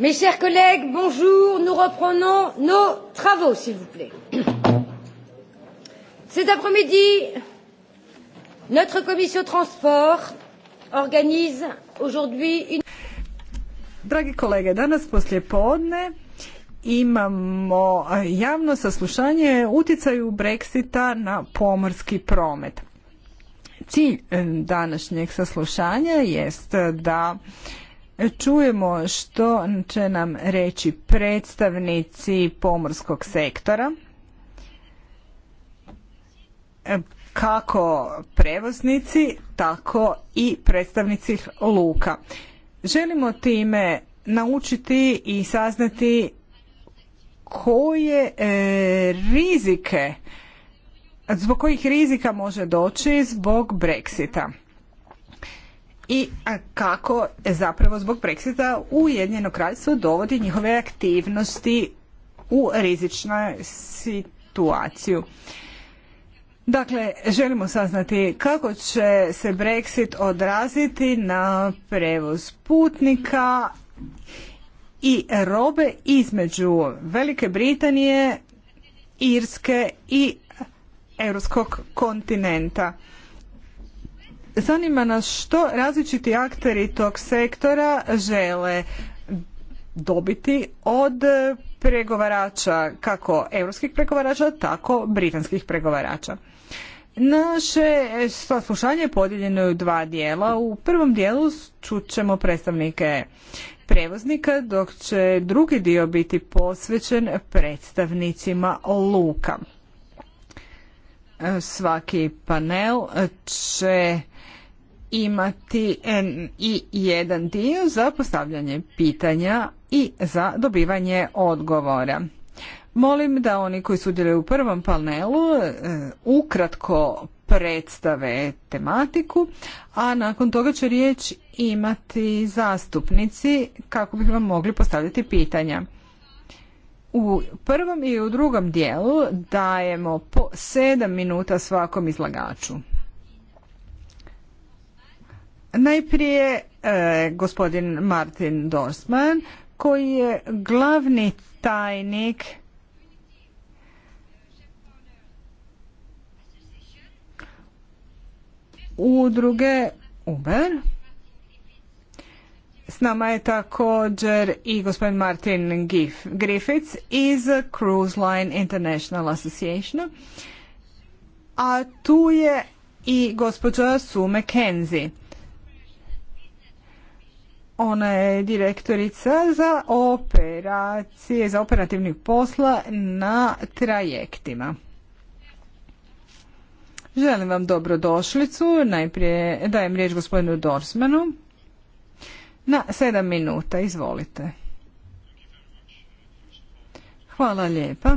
Mes chers collègues, bonjour. Nous reprenons nos travaux, s'il vous plaît. Cet après-midi, notre commission transport organise aujourd'hui une... Dragi kolege, danas poslije podne imamo javno saslušanje utjecaju Brexita na pomorski promet. Cilj e, današnjeg saslušanja jest e, da čujemo što će nam reći predstavnici pomorskog sektora, kako prevoznici, tako i predstavnici luka. Želimo time naučiti i saznati koje e, rizike, zbog kojih rizika može doći zbog Brexita i kako zapravo zbog Brexita Ujedinjeno kraljstvo dovodi njihove aktivnosti u rizičnu situaciju. Dakle, želimo saznati kako će se Brexit odraziti na prevoz putnika i robe između Velike Britanije, Irske i europskog kontinenta. Zanima nas što različiti akteri tog sektora žele dobiti od pregovarača, kako europskih pregovarača, tako britanskih pregovarača. Naše saslušanje podijeljeno u dva dijela. U prvom dijelu čut ćemo predstavnike prevoznika, dok će drugi dio biti posvećen predstavnicima luka. Svaki panel će imati i jedan dio za postavljanje pitanja i za dobivanje odgovora. Molim da oni koji sudjeluju u prvom panelu e, ukratko predstave tematiku, a nakon toga će riječ imati zastupnici kako bi vam mogli postavljati pitanja. U prvom i u drugom dijelu dajemo po sedam minuta svakom izlagaču. Najprije e, gospodin Martin Dorsman koji je glavni tajnik udruge Uber. S nama je također i gospodin Martin Griffiths iz Cruise Line International Association. A tu je i gospođa Sue McKenzie. Ona je direktorica za operacije, za operativnih posla na trajektima. Želim vam dobrodošlicu. Najprije dajem riječ gospodinu Dorsmanu. Na sedam minuta, izvolite. Hvala lijepa.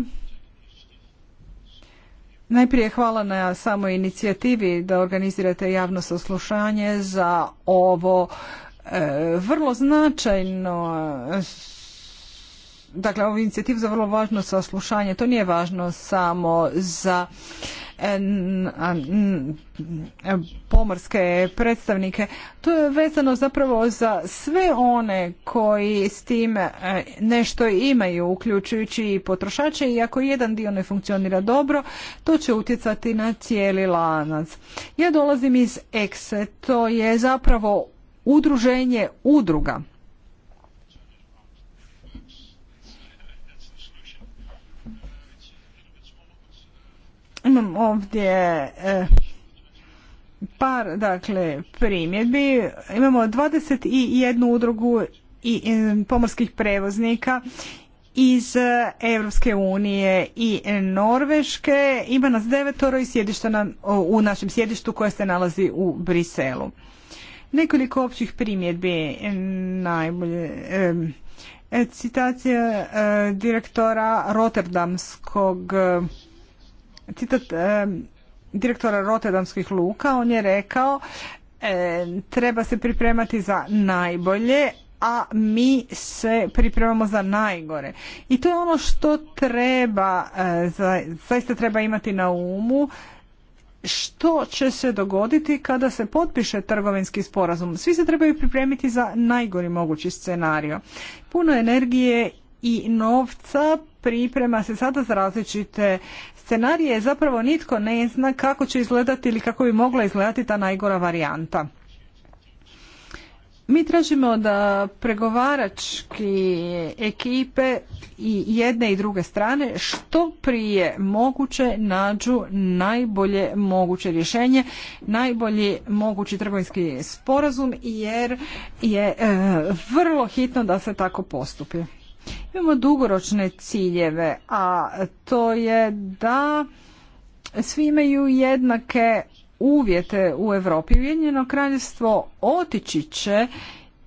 Najprije hvala na samoj inicijativi da organizirate javno saslušanje za ovo E, vrlo značajno e, dakle ovu inicijativu za vrlo važno saslušanje to nije važno samo za e, pomorske predstavnike to je vezano zapravo za sve one koji s tim nešto imaju uključujući i potrošače i ako jedan dio ne funkcionira dobro to će utjecati na cijeli lanac ja dolazim iz EXE to je zapravo udruženje udruga. Imam ovdje e, par dakle primjedbi. Imamo 21 udrugu i pomorskih prevoznika iz e, Europske unije i Norveške. Ima nas devetoro i sjedište u našem sjedištu koje se nalazi u Briselu. Nekoliko općih primjedbi najbolje. E, citacija direktora Rotterdamskog e, citat e, direktora Rotterdamskih luka, on je rekao e, treba se pripremati za najbolje, a mi se pripremamo za najgore. I to je ono što treba, zaista treba imati na umu što će se dogoditi kada se potpiše trgovinski sporazum. Svi se trebaju pripremiti za najgori mogući scenario. Puno energije i novca priprema se sada za različite scenarije. Zapravo nitko ne zna kako će izgledati ili kako bi mogla izgledati ta najgora varijanta mi tražimo da pregovarački ekipe i jedne i druge strane što prije moguće nađu najbolje moguće rješenje, najbolji mogući trgovinski sporazum jer je e, vrlo hitno da se tako postupi. Imamo dugoročne ciljeve, a to je da svi imaju jednake uvjete u Europi. Ujedinjeno kraljevstvo otići će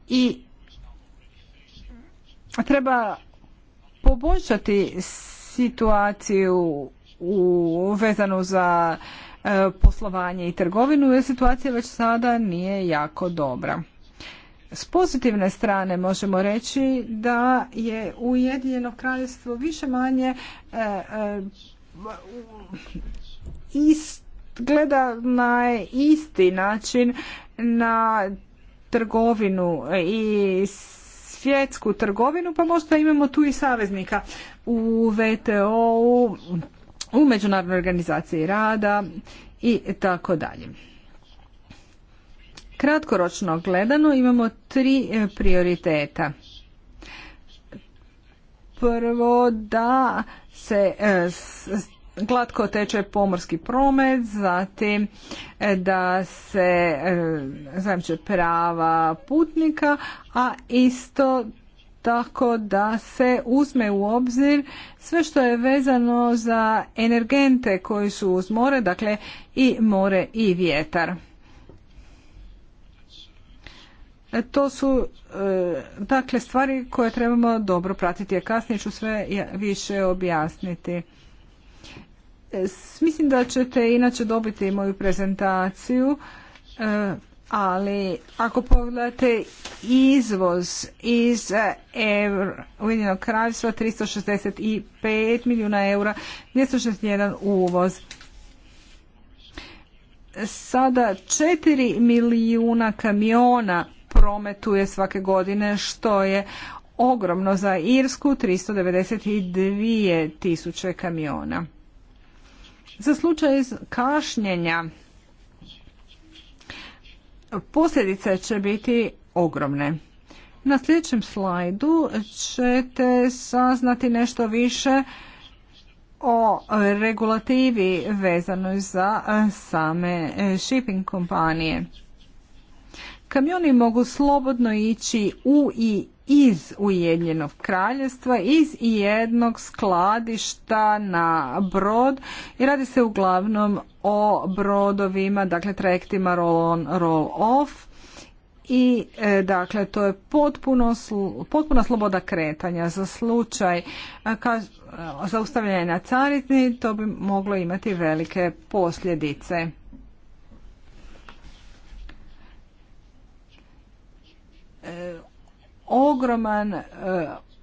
i treba poboljšati situaciju u, vezanu za e, poslovanje i trgovinu jer situacija već sada nije jako dobra. S pozitivne strane možemo reći da je Ujedinjeno kraljevstvo više manje e, e gleda na isti način na trgovinu i svjetsku trgovinu, pa možda imamo tu i saveznika u VTO-u, u Međunarodnoj organizaciji rada i tako dalje. Kratkoročno gledano imamo tri prioriteta. Prvo da se e, glatko teče pomorski promet, zatim e, da se e, zajamče prava putnika, a isto tako da se uzme u obzir sve što je vezano za energente koji su uz more, dakle i more i vjetar. E, to su dakle stvari koje trebamo dobro pratiti, a kasnije ću sve više objasniti. Mislim da ćete inače dobiti moju prezentaciju, e, ali ako pogledate izvoz iz Ujedinog kraljstva 365 milijuna eura, 261 uvoz. Sada 4 milijuna kamiona prometuje svake godine, što je ogromno za Irsku, 392 tisuće kamiona. Za slučaj kašnjenja posljedice će biti ogromne. Na sljedećem slajdu ćete saznati nešto više o regulativi vezanoj za same shipping kompanije. Kamioni mogu slobodno ići u i iz Ujedinjenog kraljevstva, iz jednog skladišta na brod i radi se uglavnom o brodovima, dakle trajektima roll on, roll off i e, dakle to je potpuno, potpuna sloboda kretanja za slučaj e, e, zaustavljanja na caritni to bi moglo imati velike posljedice ogroman e,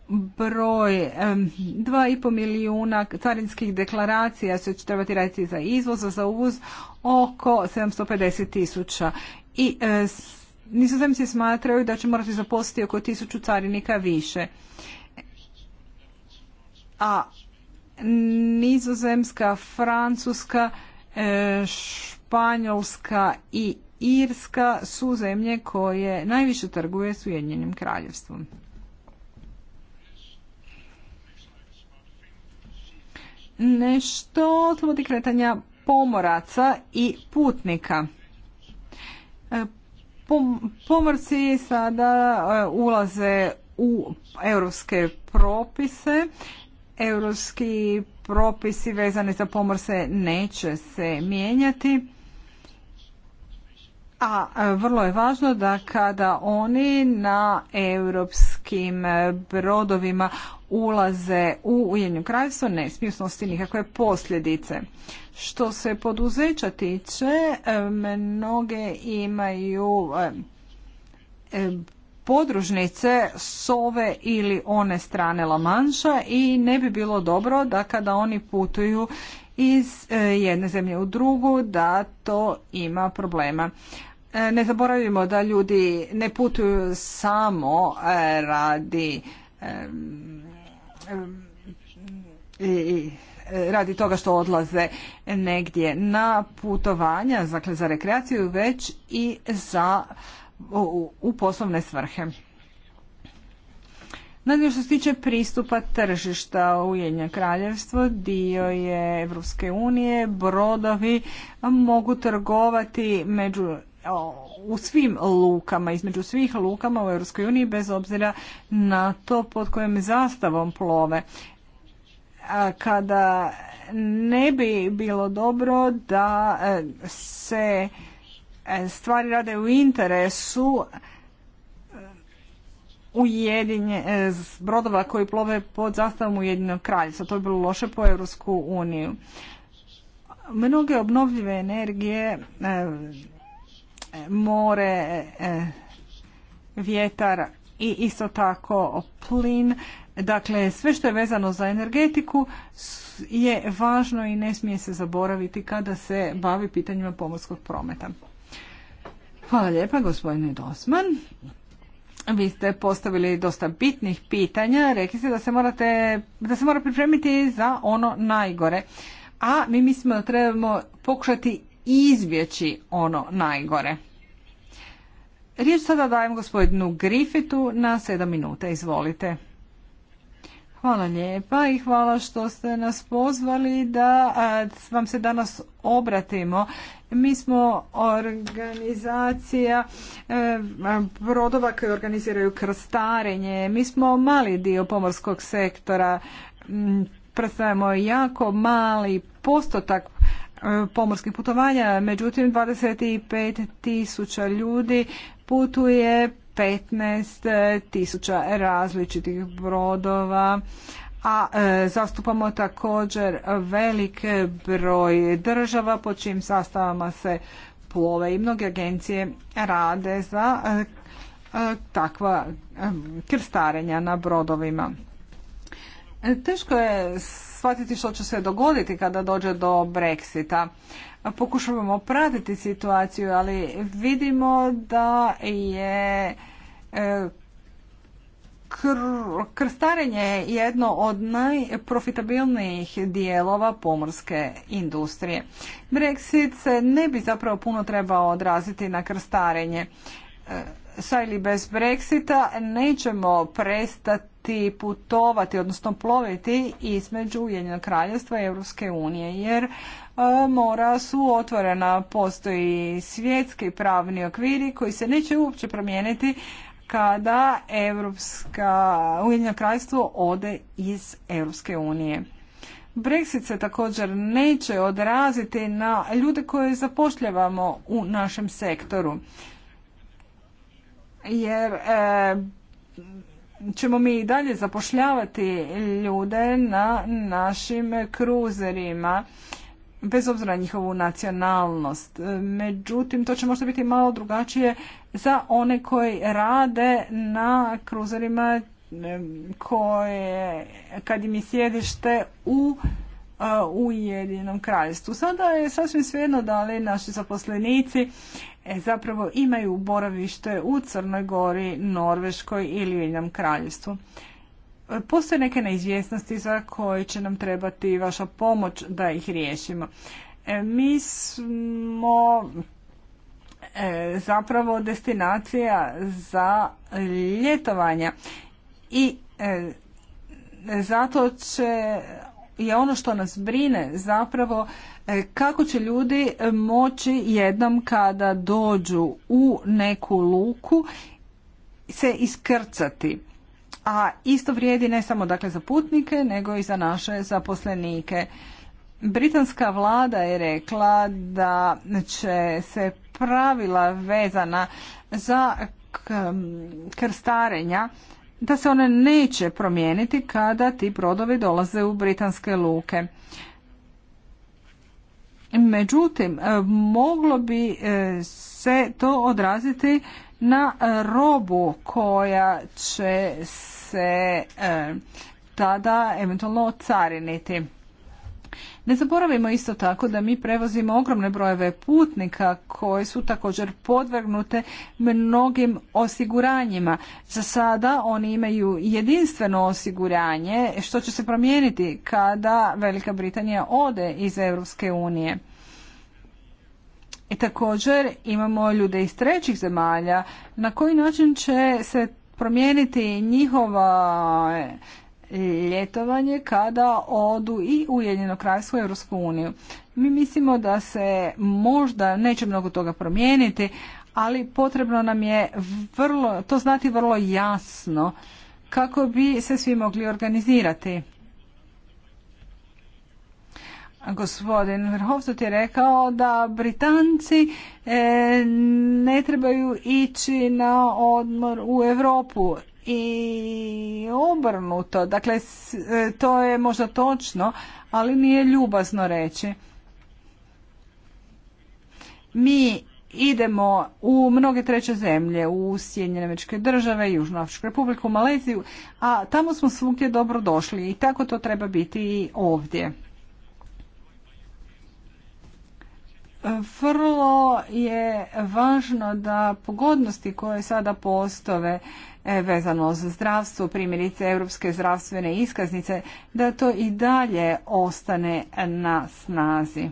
broj, 2,5 e, milijuna carinskih deklaracija će trebati raditi za izvoz, za uvoz oko 750 tisuća. I e, nizozemci smatraju da će morati zaposliti oko tisuću carinika više. A nizozemska, francuska, španjolska i Irska su zemlje koje najviše trguje s Ujedinjenim kraljevstvom. Nešto slobodi kretanja pomoraca i putnika. E, pomorci sada e, ulaze u europske propise. Europski propisi vezani za pomorce neće se mijenjati a e, vrlo je važno da kada oni na europskim e, brodovima ulaze u Ujedinjeno kraljevstvo ne smiju snositi nikakve posljedice. Što se poduzeća tiče, e, mnoge imaju podružnice s ove ili one strane La Manša i ne bi bilo dobro da kada oni putuju iz jedne zemlje u drugu da to ima problema. E, ne zaboravimo da ljudi ne putuju samo e, radi e, i radi toga što odlaze negdje na putovanja, dakle za rekreaciju, već i za u, poslovne svrhe. Nadalje što se tiče pristupa tržišta u Jednje kraljevstvo, dio je Evropske unije, brodovi mogu trgovati među u svim lukama, između svih lukama u EU bez obzira na to pod kojom zastavom plove. kada ne bi bilo dobro da e, se e, stvari rade u interesu e, ujedinje, brodova koji plove pod zastavom Ujedinjenog kraljevstva. To bi bilo loše po EU. Mnoge obnovljive energije E, more, e, vjetar i isto tako plin. Dakle, sve što je vezano za energetiku je važno i ne smije se zaboraviti kada se bavi pitanjima pomorskog prometa. Hvala lijepa, gospodine Dosman. Vi ste postavili dosta bitnih pitanja. Rekli ste da se, morate, da se mora pripremiti za ono najgore. A mi mislimo da trebamo pokušati izbjeći ono najgore. Riječ sada dajem gospodinu Griffitu na sedam minuta. Izvolite. Hvala lijepa i hvala što ste nas pozvali da vam se danas obratimo. Mi smo organizacija e, brodova koji organiziraju krstarenje. Mi smo mali dio pomorskog sektora. Predstavljamo jako mali postotak pomorskih putovanja. Međutim, 25 tisuća ljudi putuje 15 tisuća različitih brodova, a e, zastupamo također velik broj država po čim sastavama se plove i mnoge agencije rade za e, e, takva krstarenja na brodovima. Teško je shvatiti što će se dogoditi kada dođe do Brexita. Pokušavamo pratiti situaciju, ali vidimo da je e, kr krstarenje jedno od najprofitabilnijih dijelova pomorske industrije. Brexit se ne bi zapravo puno trebao odraziti na krstarenje e, sa ili bez Brexita nećemo prestati ti putovati, odnosno ploviti između Ujedinjenog kraljevstva i Europske unije, jer e, mora su otvorena, postoji svjetski pravni okviri koji se neće uopće promijeniti kada Europska, Ujedinjeno kraljevstvo ode iz Europske unije. Brexit se također neće odraziti na ljude koje zapošljavamo u našem sektoru. Jer e, ćemo mi i dalje zapošljavati ljude na našim kruzerima bez obzira na njihovu nacionalnost. Međutim, to će možda biti malo drugačije za one koji rade na kruzerima koje, kad im je sjedište u e, Ujedinom Jedinom kraljestvu. Sada je sasvim svejedno da li naši zaposlenici E, zapravo imaju boravište u Crnoj Gori, Norveškoj ili Ujedinjenom kraljevstvu. E, postoje neke neizvjesnosti za koje će nam trebati vaša pomoć da ih riješimo. E, mi smo zapravo destinacija za ljetovanja i zato će je ono što nas brine zapravo e, kako će ljudi moći jednom kada dođu u neku luku se iskrcati. A isto vrijedi ne samo dakle za putnike nego i za naše zaposlenike. Britanska vlada je rekla da će se pravila vezana za krstarenja da se one neće promijeniti kada ti brodovi dolaze u britanske luke. Međutim, e, moglo bi e, se to odraziti na robu koja će se e, tada eventualno cariniti. Ne zaboravimo isto tako da mi prevozimo ogromne brojeve putnika koje su također podvrgnute mnogim osiguranjima. Za sada oni imaju jedinstveno osiguranje što će se promijeniti kada Velika Britanija ode iz Europske unije. I također imamo ljude iz trećih zemalja. Na koji način će se promijeniti njihova ljetovanje kada odu i u Ujedinjeno krajstvo u Europsku uniju. Mi mislimo da se možda neće mnogo toga promijeniti, ali potrebno nam je vrlo, to znati vrlo jasno kako bi se svi mogli organizirati. Gospodin Verhofstadt je rekao da Britanci eh, ne trebaju ići na odmor u Europu i obrnuto. Dakle, e, to je možda točno, ali nije ljubazno reći. Mi idemo u mnoge treće zemlje, u Sjedinjene američke države, Južnoafričku republiku, Maleziju, a tamo smo svugdje dobro došli i tako to treba biti i ovdje. Vrlo je važno da pogodnosti koje sada postove E, vezano za zdravstvo, primjerice europske zdravstvene iskaznice, da to i dalje ostane na snazi.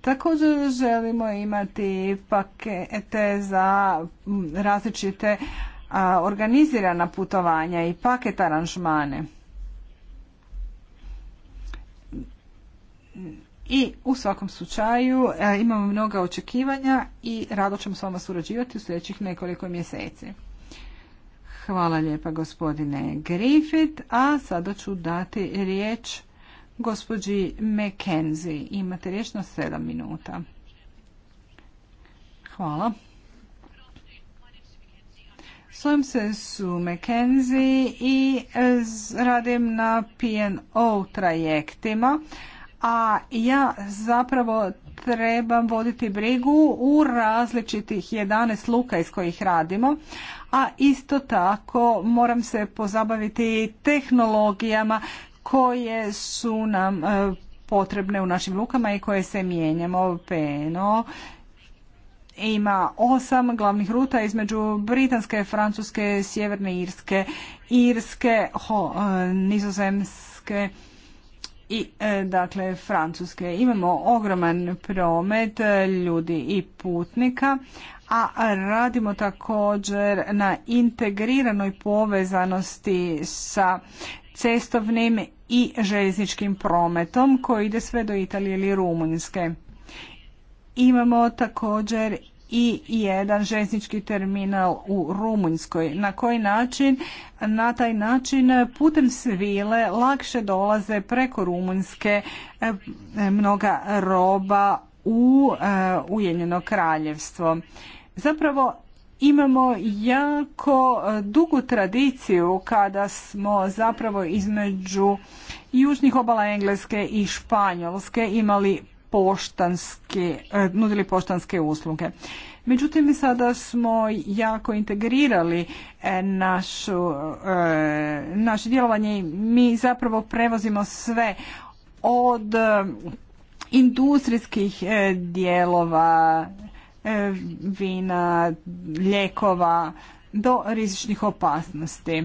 Također želimo imati pakete za različite organizirana putovanja i paket aranžmane. I u svakom slučaju e, imamo mnoga očekivanja i rado ćemo s vama surađivati u sljedećih nekoliko mjeseci. Hvala lijepa gospodine Griffith, a sada ću dati riječ gospođi McKenzie. Imate riječ na 7 minuta. Hvala. Svojim se su McKenzie i radim na PNO trajektima, a ja zapravo trebam voditi brigu u različitih 11 luka iz kojih radimo, a isto tako moram se pozabaviti tehnologijama koje su nam e, potrebne u našim lukama i koje se mijenjamo. Peno ima osam glavnih ruta između Britanske, Francuske, Sjeverne Irske, Irske, e, Nizozemske, i e, dakle Francuske. Imamo ogroman promet e, ljudi i putnika, a radimo također na integriranoj povezanosti sa cestovnim i željezničkim prometom koji ide sve do Italije ili Rumunjske. Imamo također i jedan željeznički terminal u Rumunjskoj. Na koji način? Na taj način putem svile lakše dolaze preko Rumunjske e, mnoga roba u e, Ujedinjeno kraljevstvo. Zapravo imamo jako dugu tradiciju kada smo zapravo između južnih obala Engleske i Španjolske imali poštanske, nudili poštanske usluge. Međutim, sada smo jako integrirali e, našu, e, naše djelovanje i mi zapravo prevozimo sve od e, industrijskih dijelova, vina, ljekova do rizičnih opasnosti.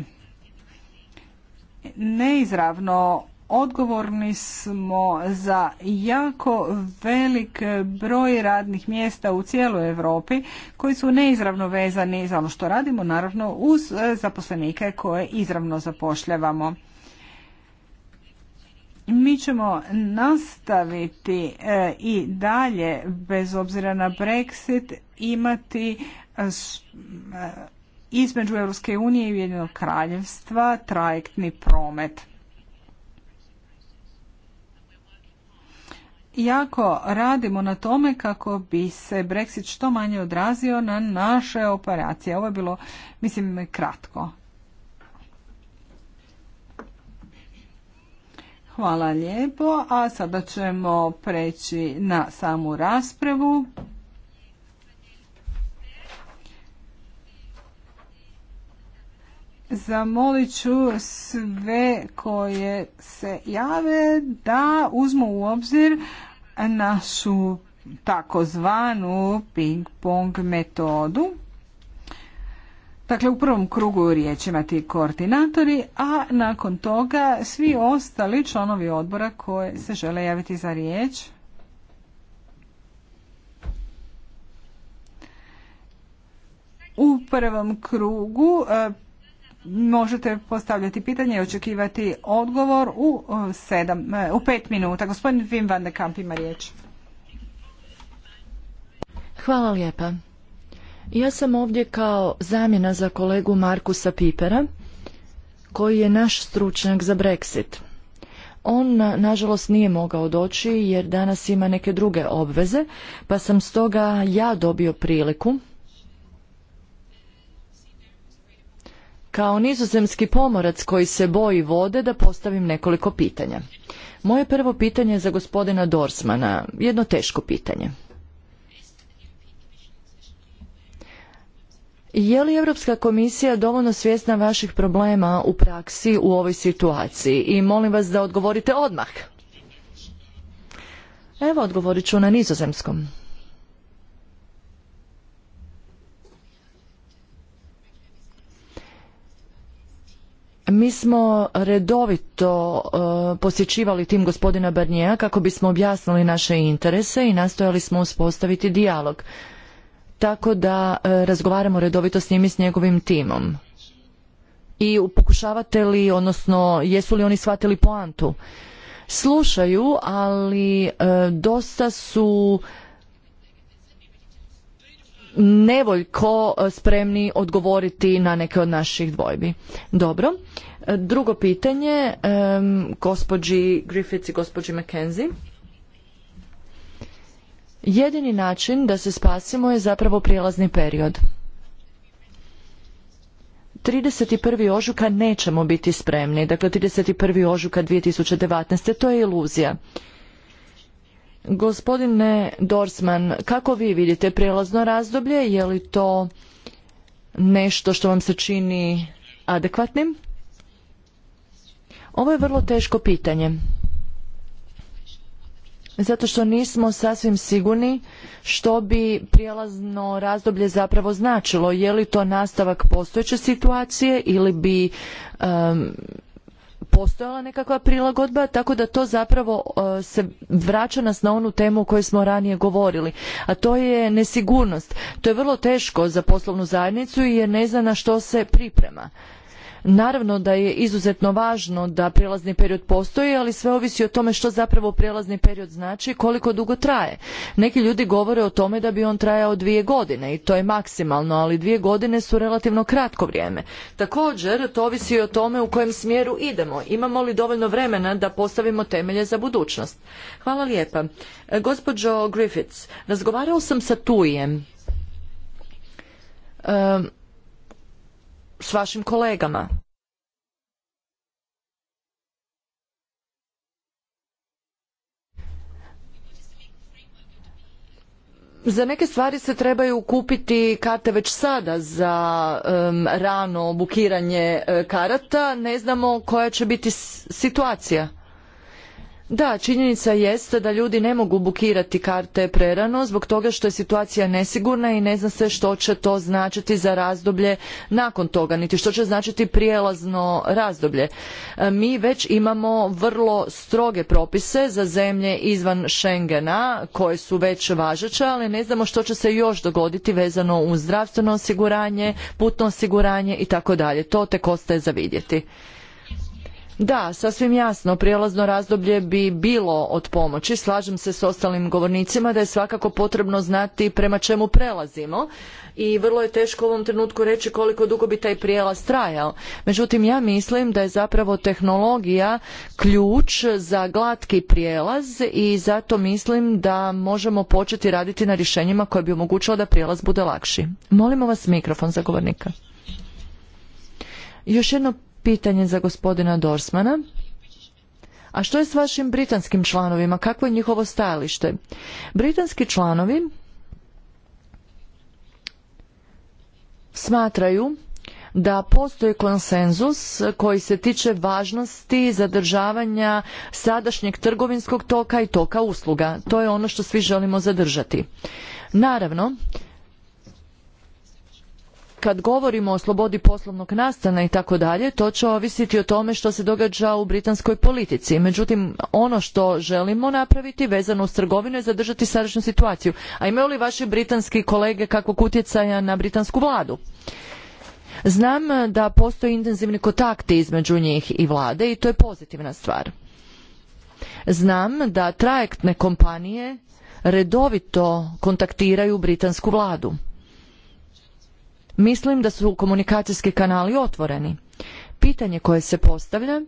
Neizravno odgovorni smo za jako velik broj radnih mjesta u cijeloj Europi koji su neizravno vezani za ono što radimo, naravno uz e, zaposlenike koje izravno zapošljavamo. Mi ćemo nastaviti e, i dalje, bez obzira na Brexit, imati e, između Europske unije i Ujedinog kraljevstva trajektni promet. jako radimo na tome kako bi se Brexit što manje odrazio na naše operacije. Ovo je bilo, mislim, kratko. Hvala lijepo, a sada ćemo preći na samu raspravu. Zamolit ću sve koje se jave da uzmu u obzir našu takozvanu ping-pong metodu. Dakle, u prvom krugu riječ imati koordinatori, a nakon toga svi ostali članovi odbora koje se žele javiti za riječ. U prvom krugu eh, možete postavljati pitanje i očekivati odgovor u, e, sedam, e, u pet minuta. Gospodin Wim van de Kamp ima riječ. Hvala lijepa. Ja sam ovdje kao zamjena za kolegu Markusa Pipera, koji je naš stručnjak za Brexit. On, nažalost, nije mogao doći jer danas ima neke druge obveze, pa sam stoga ja dobio priliku kao nizozemski pomorac koji se boji vode da postavim nekoliko pitanja. Moje prvo pitanje je za gospodina Dorsmana, jedno teško pitanje. Je li Europska komisija dovoljno svjesna vaših problema u praksi u ovoj situaciji i molim vas da odgovorite odmah. Evo odgovorit ću na nizozemskom. Mi smo redovito e, posjećivali tim gospodina Barnijeja kako bismo objasnili naše interese i nastojali smo uspostaviti dijalog. Tako da e, razgovaramo redovito s njim i s njegovim timom. I pokušavate li, odnosno jesu li oni shvatili poantu? Slušaju, ali e, dosta su nevoljko e, spremni odgovoriti na neke od naših dvojbi. Dobro. E, drugo pitanje, gospođi Griffiths i gospođi McKenzie. Jedini način da se spasimo je zapravo prijelazni period. 31. ožuka nećemo biti spremni, dakle 31. ožuka 2019. to je iluzija. Gospodine Dorsman, kako vi vidite prijelazno razdoblje? Je li to nešto što vam se čini adekvatnim? Ovo je vrlo teško pitanje. Zato što nismo sasvim sigurni što bi prijelazno razdoblje zapravo značilo. Je li to nastavak postojeće situacije ili bi postojala nekakva prilagodba, tako da to zapravo e, se vraća nas na onu temu o kojoj smo ranije govorili, a to je nesigurnost. To je vrlo teško za poslovnu zajednicu jer ne zna na što se priprema. Naravno da je izuzetno važno da prijelazni period postoji, ali sve ovisi o tome što zapravo prijelazni period znači i koliko dugo traje. Neki ljudi govore o tome da bi on trajao dvije godine i to je maksimalno, ali dvije godine su relativno kratko vrijeme. Također, to ovisi o tome u kojem smjeru idemo. Imamo li dovoljno vremena da postavimo temelje za budućnost? Hvala lijepa. E, gospođo Griffiths, razgovarao sam sa Tujem. E, s vašim kolegama. Za neke stvari se trebaju kupiti karte već sada za rano bukiranje e, karata. Ne znamo koja će biti situacija. Da, činjenica jeste da ljudi ne mogu bukirati karte prerano zbog toga što je situacija nesigurna i ne zna se što će to značiti za razdoblje nakon toga, niti što će značiti prijelazno razdoblje. E, mi već imamo vrlo stroge propise za zemlje izvan Schengena koje su već važeće, ali ne znamo što će se još dogoditi vezano uz zdravstveno osiguranje, putno osiguranje i tako dalje. To tek ostaje za vidjeti. Da, sasvim jasno, prijelazno razdoblje bi bilo od pomoći. Slažem se s ostalim govornicima da je svakako potrebno znati prema čemu prelazimo i vrlo je teško u ovom trenutku reći koliko dugo bi taj prijelaz trajao. Međutim, ja mislim da je zapravo tehnologija ključ za glatki prijelaz i zato mislim da možemo početi raditi na rješenjima koje bi omogućilo da prijelaz bude lakši. Molimo vas mikrofon za govornika. Još jedno pitanje za gospodina Dorsmana. A što je s vašim britanskim članovima? Kakvo je njihovo stajalište? Britanski članovi smatraju da postoji konsenzus koji se tiče važnosti zadržavanja sadašnjeg trgovinskog toka i toka usluga. To je ono što svi želimo zadržati. Naravno, kad govorimo o slobodi poslovnog nastana i tako dalje, to će ovisiti o tome što se događa u britanskoj politici. Međutim, ono što želimo napraviti vezano uz trgovinu je zadržati sadašnju situaciju. A imaju li vaši britanski kolege kakvog utjecaja na britansku vladu? Znam da postoje intenzivni kontakti između njih i vlade i to je pozitivna stvar. Znam da trajektne kompanije redovito kontaktiraju britansku vladu Mislim da su komunikacijski kanali otvoreni. Pitanje koje se postavlja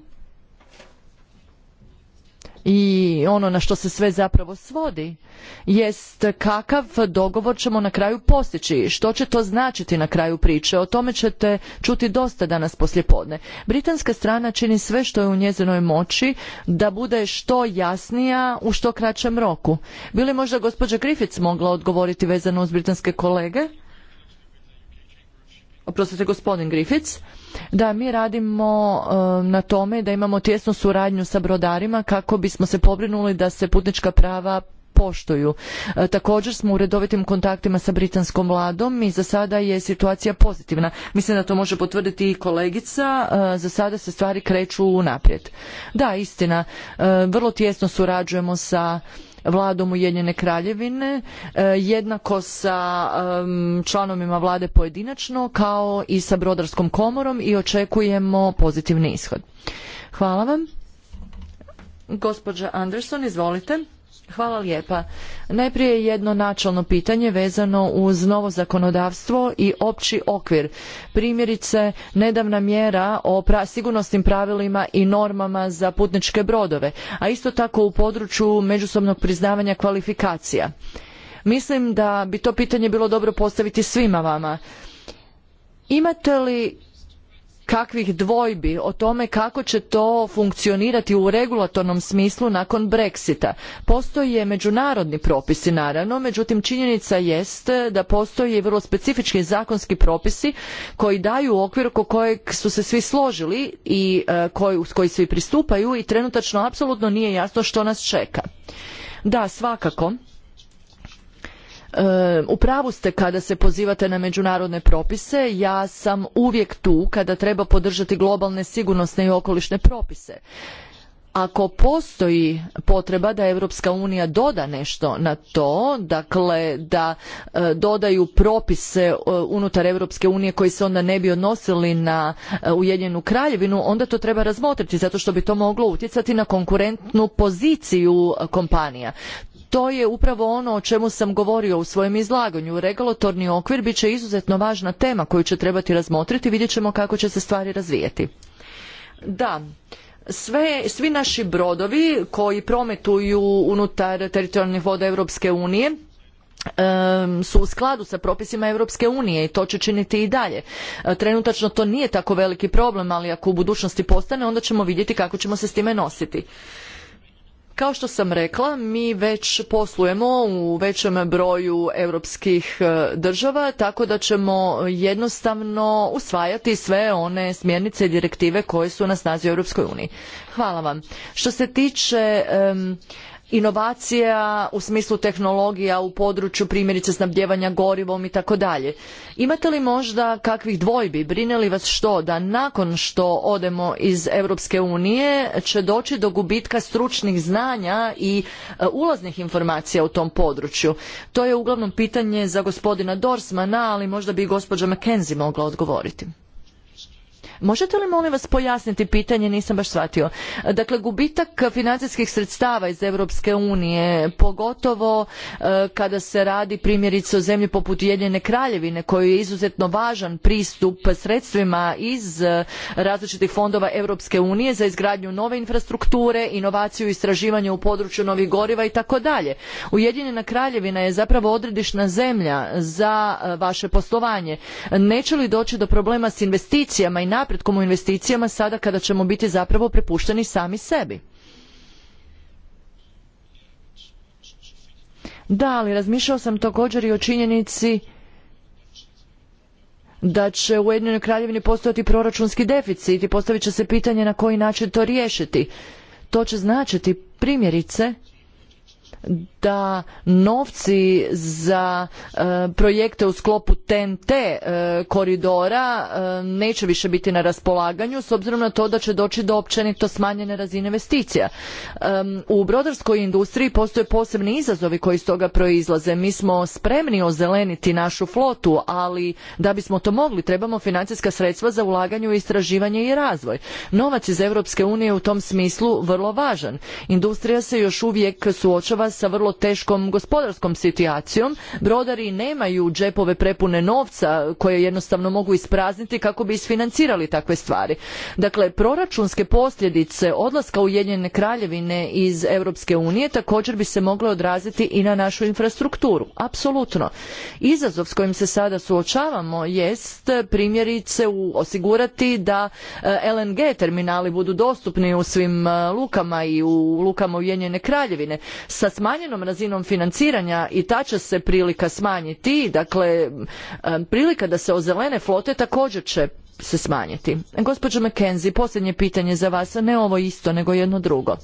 i ono na što se sve zapravo svodi jest kakav dogovor ćemo na kraju postići, što će to značiti na kraju priče, o tome ćete čuti dosta danas poslijepodne. Britanska strana čini sve što je u njezinoj moći da bude što jasnija u što kraćem roku. Bili možda gospođa Griffiths mogla odgovoriti vezano uz britanske kolege? oprostite gospodin Griffiths, da mi radimo e, na tome da imamo tjesnu suradnju sa brodarima kako bismo se pobrinuli da se putnička prava poštuju. E, također smo u redovitim kontaktima sa britanskom vladom i za sada je situacija pozitivna. Mislim da to može potvrditi i kolegica, e, za sada se stvari kreću naprijed. Da, istina, vrlo tjesno surađujemo sa vladom Ujedinjene kraljevine e, jednako sa članovima vlade pojedinačno kao i sa brodarskom komorom i očekujemo pozitivni ishod. Hvala vam. Gospođa Anderson, izvolite. Hvala lijepa. Najprije jedno načelno pitanje vezano uz novo zakonodavstvo i opći okvir. Primjerice, nedavna mjera o pra sigurnosnim pravilima i normama za putničke brodove, a isto tako u području međusobnog priznavanja kvalifikacija. Mislim da bi to pitanje bilo dobro postaviti svima vama. Imate li kakvih dvojbi o tome kako će to funkcionirati u regulatornom smislu nakon Brexita. Postoje međunarodni propisi naravno, međutim činjenica jest da postoje vrlo specifični zakonski propisi koji daju okvir oko kojeg su se svi složili i e, koji, koji svi pristupaju i trenutačno apsolutno nije jasno što nas čeka. Da, svakako u pravu ste kada se pozivate na međunarodne propise. Ja sam uvijek tu kada treba podržati globalne sigurnosne i okolišne propise. Ako postoji potreba da Europska unija doda nešto na to, dakle da e, dodaju propise e, unutar Europske unije koji se onda ne bi odnosili na e, Ujedinjenu kraljevinu, onda to treba razmotriti zato što bi to moglo utjecati na konkurentnu poziciju kompanija to je upravo ono o čemu sam govorio u svojem izlaganju. Regulatorni okvir bit će izuzetno važna tema koju će trebati razmotriti, vidjet ćemo kako će se stvari razvijeti. Da, sve, svi naši brodovi koji prometuju unutar teritorijalnih voda Europske unije su u skladu sa propisima Europske unije i to će činiti i dalje. E, trenutačno to nije tako veliki problem, ali ako u budućnosti postane, onda ćemo vidjeti kako ćemo se s time nositi. Kao što sam rekla, mi već poslujemo u većem broju europskih e, država, tako da ćemo jednostavno usvajati sve one smjernice i direktive koje su na snazi u Europskoj uniji. Hvala vam. Što se tiče inovacija u smislu tehnologija u području primjerice snabdjevanja gorivom i tako dalje. Imate li možda kakvih dvojbi? Brine li vas što da nakon što odemo iz Europske unije će doći do gubitka stručnih znanja i e, ulaznih informacija u tom području? To je uglavnom pitanje za gospodina Dorsmana, ali možda bi i gospođa McKenzie mogla odgovoriti. Možete li molim vas pojasniti pitanje, nisam baš shvatio. Dakle, gubitak financijskih sredstava iz Europske unije, pogotovo e, kada se radi primjerice o zemlji poput Ujedinjene kraljevine, kojoj je izuzetno važan pristup sredstvima iz e, različitih fondova Europske unije za izgradnju nove infrastrukture, inovaciju i istraživanje u području novih goriva i tako dalje. Ujedinjena kraljevina je zapravo odredišna zemlja za e, vaše poslovanje. Neće li doći do problema s investicijama i napretkom u investicijama sada kada ćemo biti zapravo prepušteni sami sebi. Da, ali razmišljao sam također i o činjenici da će u Ujedinjenoj kraljevini postojati proračunski deficit i postavit će se pitanje na koji način to riješiti. To će značiti primjerice da novci za e, projekte u sklopu TNT e, koridora e, neće više biti na raspolaganju s obzirom na to da će doći do općenito smanjene razine investicija. U brodarskoj industriji postoje posebni izazovi koji iz toga proizlaze. Mi smo spremni ozeleniti našu flotu, ali da bismo to mogli trebamo financijska sredstva za ulaganje u istraživanje i razvoj. Novac iz Europske unije u tom smislu vrlo važan. Industrija se još uvijek suočava sa vrlo teškom gospodarskom situacijom. Brodari nemaju džepove prepune novca koje jednostavno mogu isprazniti kako bi isfinancirali takve stvari. Dakle, proračunske posljedice odlaska Ujedinjene kraljevine iz Europske unije također bi se mogle odraziti i na našu infrastrukturu. Apsolutno. Izazov s kojim se sada suočavamo jest primjerice u osigurati da e, LNG terminali budu dostupni u svim e, lukama i u lukama Ujedinjene kraljevine. Sa smanjenom razinom financiranja i ta će se prilika smanjiti, dakle prilika da se ozelene flote također će se smanjiti. Gospođo McKenzie, posljednje pitanje za vas, ne ovo isto, nego jedno drugo.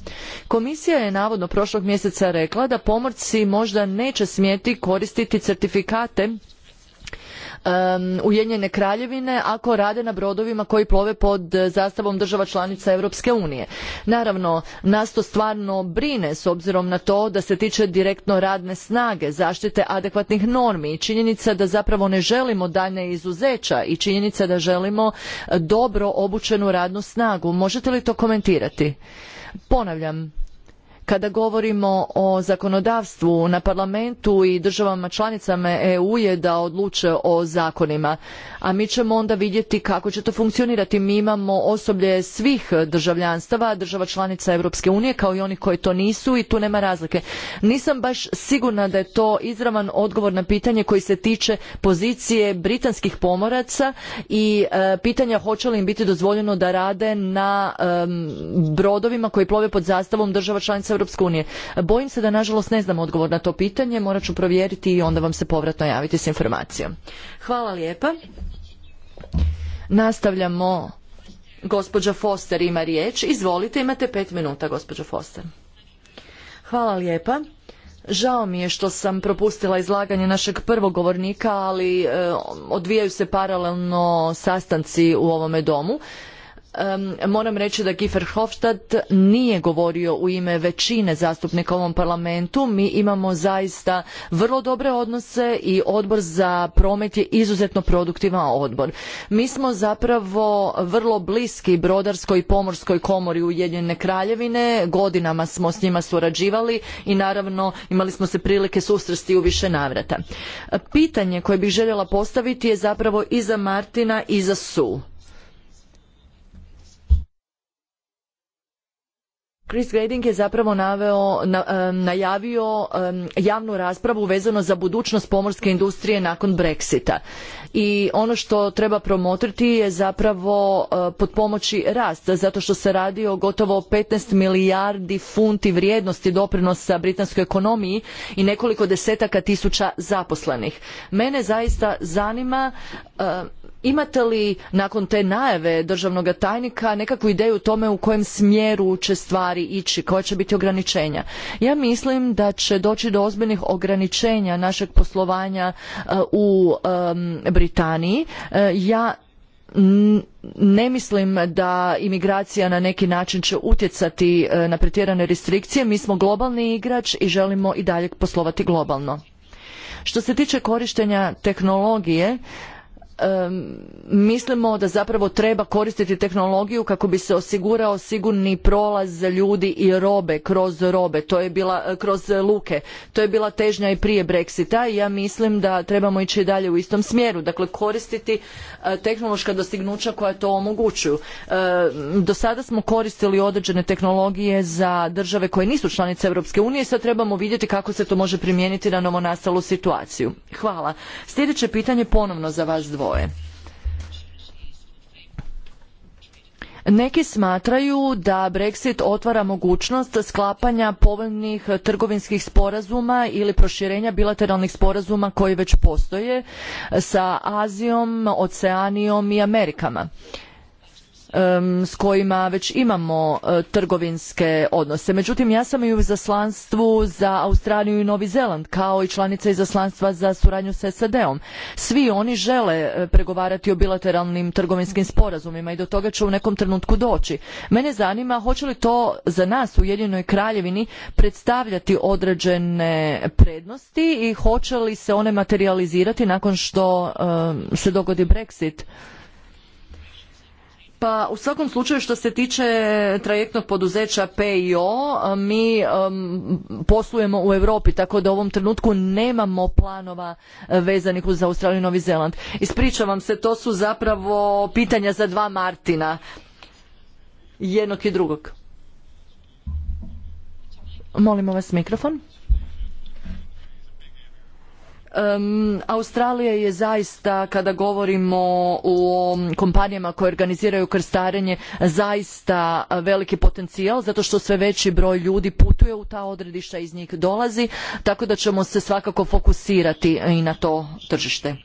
Komisija je navodno prošlog mjeseca rekla da pomorci možda neće smjeti koristiti certifikate um, Ujedinjene kraljevine ako rade na brodovima koji plove pod eh, zastavom država članica Europske unije. Naravno, nas to stvarno brine s obzirom na to da se tiče direktno radne snage, zaštite adekvatnih normi i činjenica da zapravo ne želimo daljnja izuzeća i činjenica da želimo eh, dobro obučenu radnu snagu. Možete li to komentirati? Ponavljam, kada govorimo o zakonodavstvu na parlamentu i državama članicama EU je da odluče o zakonima, a mi ćemo onda vidjeti kako će to funkcionirati. Mi imamo osoblje svih državljanstava, država članica Europske unije kao i onih koji to nisu i tu nema razlike. Nisam baš sigurna da je to izravan odgovor na pitanje koji se tiče pozicije britanskih pomoraca i e, pitanja hoće li im biti dozvoljeno da rade na brodovima koji plove pod zastavom država članica Europske Bojim se da nažalost ne znam odgovor na to pitanje, morat ću provjeriti i onda vam se povratno javiti s informacijom. Hvala lijepa. Nastavljamo. Gospođa Foster ima riječ. Izvolite, imate pet minuta, gospođo Foster. Hvala lijepa. Žao mi je što sam propustila izlaganje našeg prvog govornika, ali e, odvijaju se paralelno sastanci u ovome domu moram reći da gifer nije govorio u ime većine zastupnika u ovom parlamentu. Mi imamo zaista vrlo dobre odnose i odbor za promet je izuzetno produktivan odbor. Mi smo zapravo vrlo bliski brodarskoj i pomorskoj komori Ujedinjene kraljevine. Godinama smo s njima surađivali i naravno imali smo se prilike susresti u više navrata. Pitanje koje bih željela postaviti je zapravo i za Martina i za Su. Chris Grading je zapravo naveo, najavio javnu raspravu vezano za budućnost pomorske industrije nakon Brexita. I ono što treba promotriti je zapravo e, potpomoći rast, zato što se radi o gotovo 15 milijardi funti vrijednosti doprinosa britanskoj ekonomiji i nekoliko desetaka tisuća zaposlenih. Mene zaista zanima Imate li nakon te najave državnog tajnika nekakvu ideju o tome u kojem smjeru će stvari ići, koja će biti ograničenja? Ja mislim da će doći do ozbiljnih ograničenja našeg poslovanja uh, u um, Britaniji. Uh, ja ne mislim da imigracija na neki način će utjecati uh, na pretjerane restrikcije. Mi smo globalni igrač i želimo i dalje poslovati globalno. Što se tiče korištenja tehnologije, mislimo da zapravo treba koristiti tehnologiju kako bi se osigurao sigurni prolaz ljudi i robe kroz robe to je bila eh, kroz luke to je bila težnja i prije brexita i ja mislim da trebamo ići dalje u istom smjeru dakle koristiti eh, tehnološka dostignuća koja to omogućuju do sada smo koristili određene tehnologije za države koje nisu članice Europske unije sad trebamo vidjeti kako se to može primijeniti na novonastalu situaciju hvala sljedeće pitanje ponovno za vas dvoje neki smatraju da Brexit otvara mogućnost sklapanja povoljnih trgovinskih sporazuma ili proširenja bilateralnih sporazuma koji već postoje sa Azijom, Oceanijom i Amerikama s kojima već imamo e, trgovinske odnose. Međutim, ja sam i u izaslanstvu za Australiju i Novi Zeland, kao i članica izaslanstva za suradnju sa SAD-om. Svi oni žele e, pregovarati o bilateralnim trgovinskim sporazumima i do toga će u nekom trenutku doći. Mene zanima hoće li to za nas u Jedinoj Kraljevini predstavljati određene prednosti i hoće li se one materializirati nakon što se dogodi Brexit pa u svakom slučaju što se tiče trajektnog poduzeća PIO, mi poslujemo u Europi, tako da u ovom trenutku nemamo planova e, vezanih uz Australiju i Novi Zeland. Ispričavam se, to su zapravo pitanja za dva Martina, jednog i drugog. Molimo vas mikrofon. Australija je zaista kada govorimo o kompanijama koje organiziraju krstarenje zaista veliki potencijal zato što sve veći broj ljudi putuje u ta odredišta iz njih dolazi tako da ćemo se svakako fokusirati i na to tržište.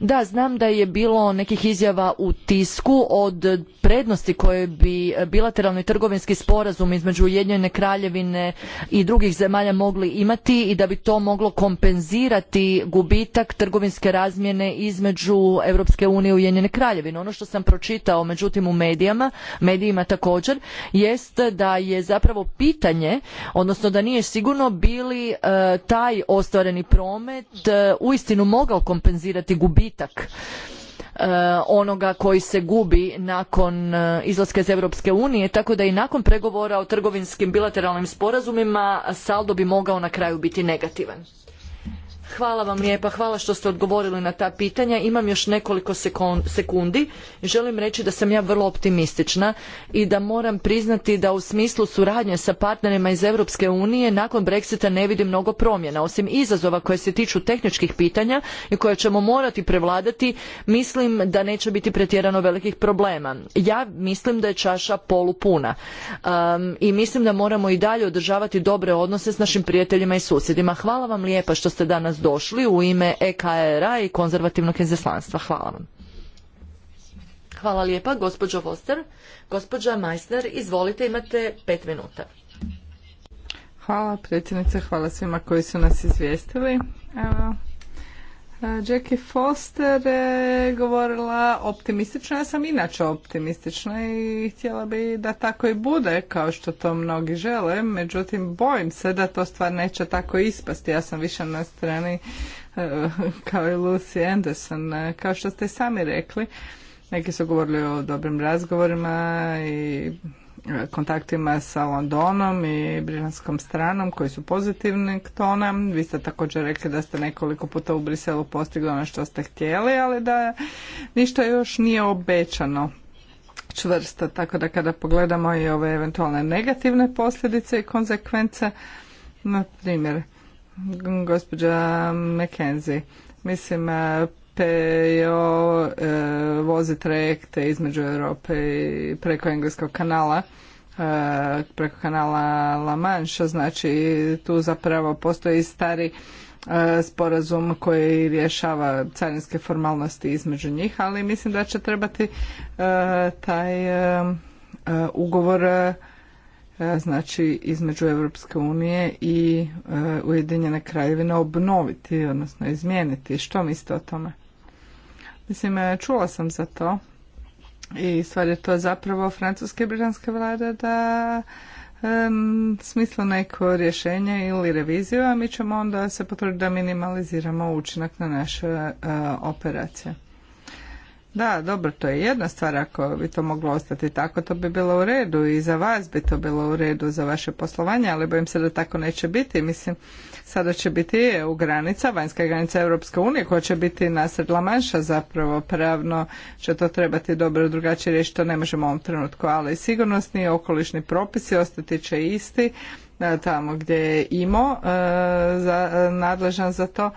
Da, znam da je bilo nekih izjava u tisku od prednosti koje bi bilateralni trgovinski sporazum između Ujedinjene kraljevine i drugih zemalja mogli imati i da bi to moglo kompenzirati gubitak trgovinske razmjene između Europske unije i Ujedinjene kraljevine. Ono što sam pročitao međutim u medijama, medijima također, jest da je zapravo pitanje, odnosno da nije sigurno bili li e, taj ostvareni promet e, uistinu mogao kompenzirati gubitak gubitak e, onoga koji se gubi nakon e, izlaska iz Europske unije, tako da i nakon pregovora o trgovinskim bilateralnim sporazumima saldo bi mogao na kraju biti negativan. Hvala vam lijepa, hvala što ste odgovorili na ta pitanja. Imam još nekoliko sekundi. Želim reći da sam ja vrlo optimistična i da moram priznati da u smislu suradnje sa partnerima iz Europske unije nakon Brexita ne vidim mnogo promjena. Osim izazova koje se tiču tehničkih pitanja i koje ćemo morati prevladati, mislim da neće biti pretjerano velikih problema. Ja mislim da je čaša polupuna um, i mislim da moramo i dalje održavati dobre odnose s našim prijateljima i susjedima. Hvala vam lijepa što ste danas došli u ime EKR-a i konzervativnog izaslanstva. Hvala vam. Hvala lijepa, gospođo Voster. Gospođa Majsner, izvolite, imate pet minuta. Hvala predsjednice, hvala svima koji su nas izvijestili. Evo, Eh, Jackie Foster je eh, govorila optimistično, ja sam inače optimistična i htjela bi da tako i bude, kao što to mnogi žele, međutim bojim se da to stvar neće tako ispasti, ja sam više na strani eh, kao i Lucy Anderson, kao što ste sami rekli, neki su govorili o dobrim razgovorima i kontaktima sa Londonom i britanskom stranom koji su pozitivni k tona. Vi ste također rekli da ste nekoliko puta u Briselu postigli ono što ste htjeli, ali da ništa još nije obećano čvrsto. Tako da kada pogledamo i ove eventualne negativne posljedice i konsekvence, na primjer, gospođa McKenzie, mislim, jo e, vozi trajekte između Europe i preko Engleskog kanala e, preko kanala La Manche, znači tu zapravo postoji stari e, sporazum koji rješava carinske formalnosti između njih, ali mislim da će trebati e, taj ugovor znači između Europske unije i Ujedinjene kraljevine obnoviti, odnosno izmijeniti. Što mislite o tome? Mislim, e, čula sam za to i stvar je to zapravo francuske i britanske vlade da um, neko rješenje ili reviziju, a mi ćemo onda se potruditi da minimaliziramo učinak na naše e, operacije. Da, dobro, to je jedna stvar ako bi to moglo ostati tako, to bi bilo u redu i za vas bi to bilo u redu za vaše poslovanje, ali bojim se da tako neće biti. Mislim, sada će biti EU granica, vanjska granica Europske unije koja će biti nasred Lamanša zapravo pravno će to trebati dobro drugačije reći, to ne možemo u ovom trenutku, ali sigurnosni i okolišni propisi ostati će isti e, tamo gdje je IMO e, nadležan za to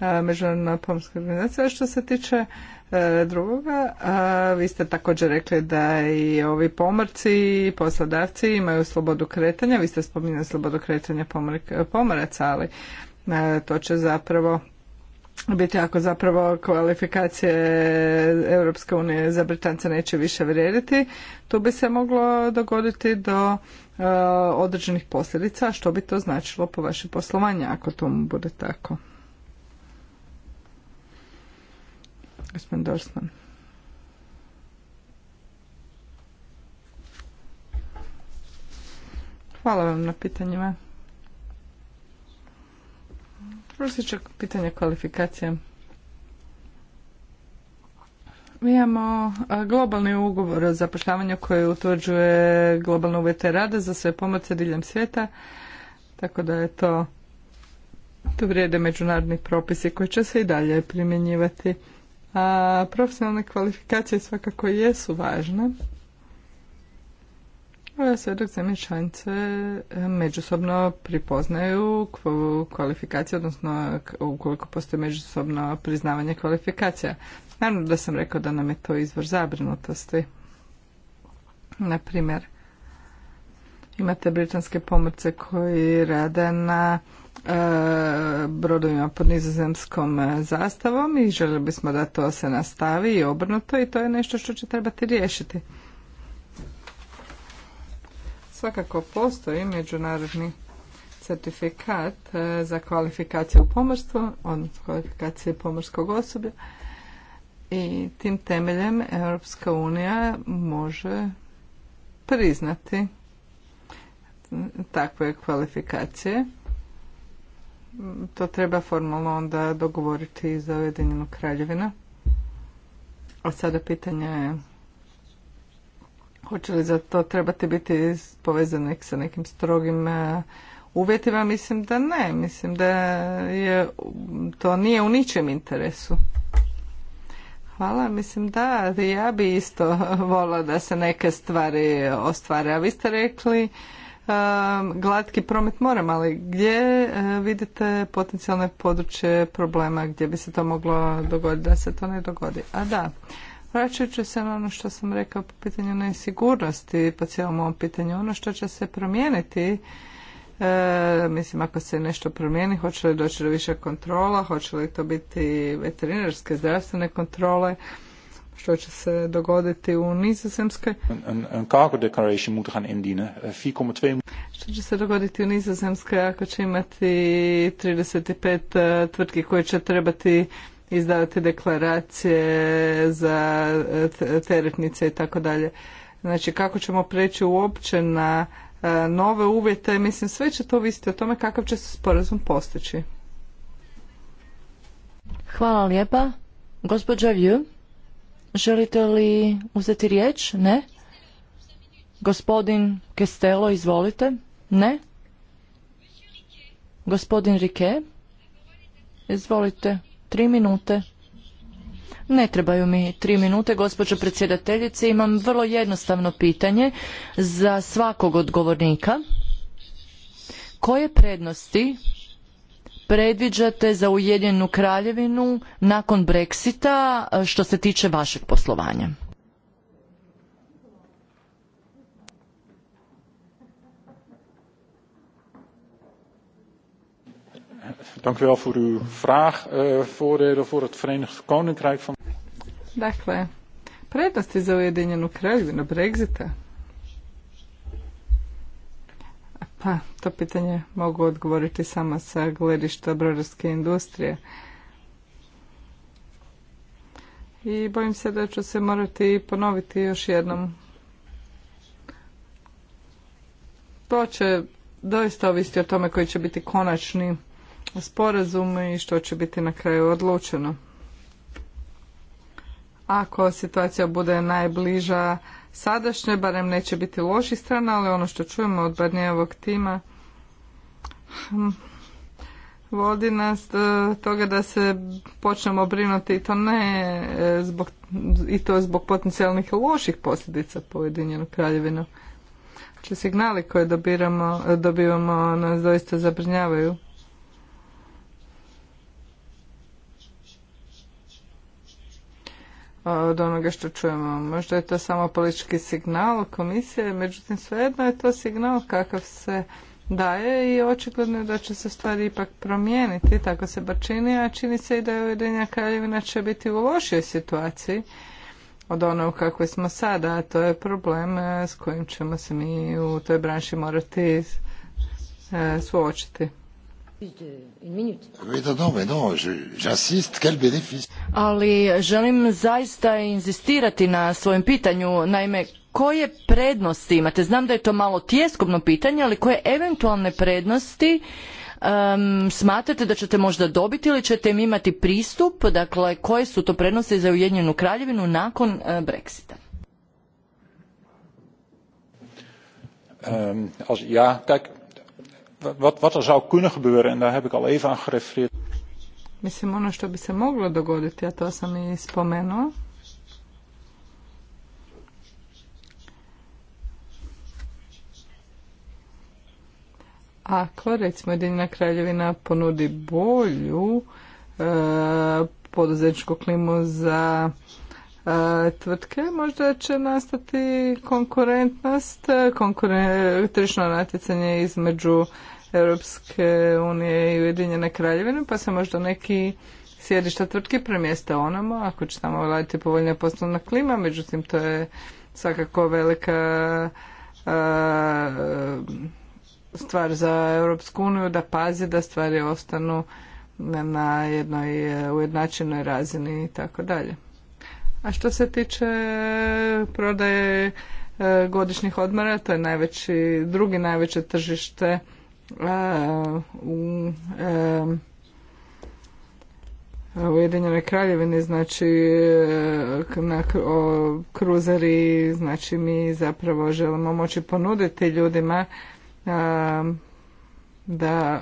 e, međunarodna pomorska organizacija. Što se tiče E, drugoga. A vi ste također rekli da i ovi pomorci i poslodavci imaju slobodu kretanja. Vi ste spominjali slobodu kretanja pomoraca, ali e, to će zapravo biti ako zapravo kvalifikacije Europske unije za Britance neće više vrijediti, tu bi se moglo dogoditi do e, određenih posljedica. Što bi to značilo po vašem poslovanju, ako tomu bude tako? Gospodin Dorsman. Hvala vam na pitanjima. Prvo se pitanje kvalifikacija. Mi imamo globalni ugovor o zapošljavanju koji utvrđuje globalne uvjete rada za sve pomoce diljem svijeta, tako da je to tu vrijede međunarodni propisi koji će se i dalje primjenjivati a profesionalne kvalifikacije svakako jesu važne. sve dok zemlje članice e, međusobno pripoznaju kvalifikacije, odnosno ukoliko postoji međusobno priznavanje kvalifikacija. Naravno da sam rekao da nam je to izvor zabrinutosti. Naprimjer, imate britanske pomorce koji rade na E, brodovima pod nizozemskom e, zastavom i željeli bismo da to se nastavi i obrnuto i to je nešto što će trebati riješiti. Svakako postoji međunarodni certifikat e, za kvalifikaciju u pomorstvu, odnosno kvalifikacije pomorskog osoblja i tim temeljem Europska unija može priznati takve kvalifikacije to treba formalno onda dogovoriti za Ujedinjenu kraljevinu. A sada pitanje je hoće li za to trebati biti povezani sa nekim strogim e, uvjetima. Mislim da ne. Mislim da je, to nije u ničem interesu. Hvala, mislim da, ja bi isto volila da se neke stvari ostvare, a vi ste rekli glatki promet moram, ali gdje e, vidite potencijalne područje problema gdje bi se to moglo dogoditi da se to ne dogodi? A da, vraćajući se na ono što sam rekao po pitanju nesigurnosti, po cijelom ovom pitanju, ono što će se promijeniti e, mislim, ako se nešto promijeni, hoće li doći do više kontrola, hoće li to biti veterinarske zdravstvene kontrole, što će se dogoditi u Nizozemskoj. Eh, što će se dogoditi u Nizozemskoj ako će imati 35 eh, tvrtki koje će trebati izdavati deklaracije za eh, teretnice i tako dalje. Znači kako ćemo preći uopće na nove uvjete, mislim sve će to ovisiti o tome kakav će se sporazum postići. Hvala lijepa. Gospođa Vju. Želite li uzeti riječ? Ne. Gospodin Kestelo, izvolite. Ne. Gospodin Rike, izvolite. Tri minute. Ne trebaju mi tri minute, gospođo predsjedateljice. Imam vrlo jednostavno pitanje za svakog odgovornika. Koje prednosti predviđate za Ujedinjenu kraljevinu nakon breksita e, što se tiče vašeg poslovanja? Dank u wel voor uw vraag. Eh, voor het Verenigd Koninkrijk van. Dakle, prednosti za Ujedinjenu kraljevinu Brexita. Pa, to pitanje mogu odgovoriti samo sa gledišta brodarske industrije. I bojim se da ću se morati ponoviti još jednom. To će doista ovisiti o tome koji će biti konačni sporazum i što će biti na kraju odlučeno. Ako situacija bude najbliža Sadašnje, barem neće biti loši strana, ali ono što čujemo od Barnijevog tima hm, vodi nas do e, toga da se počnemo brinuti i to ne e, zbog, i to zbog potencijalnih loših posljedica po Ujedinjenu kraljevinu. Znači signali koje e, dobivamo nas doista zabrinjavaju. od onoga što čujemo. Možda je to samo politički signal komisije, međutim svejedno je to signal kakav se daje i očigledno je da će se stvari ipak promijeniti, tako se bar čini, a čini se i da je Ujedinja Kraljevina će biti u lošoj situaciji od onog u kakvoj smo sada, a to je problem e, s kojim ćemo se mi u toj branši morati e, suočiti. Ali želim zaista inzistirati na svojem pitanju, naime koje prednosti imate? Znam da je to malo tjeskobno pitanje, ali koje eventualne prednosti smatrate da ćete možda dobiti ili ćete im imati pristup? Dakle, koje su to prednosti za Ujedinjenu kraljevinu nakon eh, Brexita? ja, wat, wat er zou kunnen gebeuren, en daar heb ik al even aan gerefereerd. Mislim, ono što bi se moglo dogoditi, a to sam i spomenuo, ako recimo Jedinjena kraljevina ponudi bolju e, poduzetničku klimu za e, tvrtke, možda će nastati konkurentnost, e, konkuren, tržišno natjecanje između Europske unije i Ujedinjene kraljevine, pa se možda neki sjedišta tvrtki premjeste onamo, ako će tamo vladiti povoljnija poslovna klima, međutim to je svakako velika stvar za Europsku uniju da pazi da stvari ostanu na jednoj e, ujednačenoj razini i tako dalje. A što se tiče e, prodaje e, godišnjih odmora, to je najveći, drugi najveće tržište u Ujedinjenoj kraljevini, znači e, na kruzeri, znači mi zapravo želimo moći ponuditi ljudima da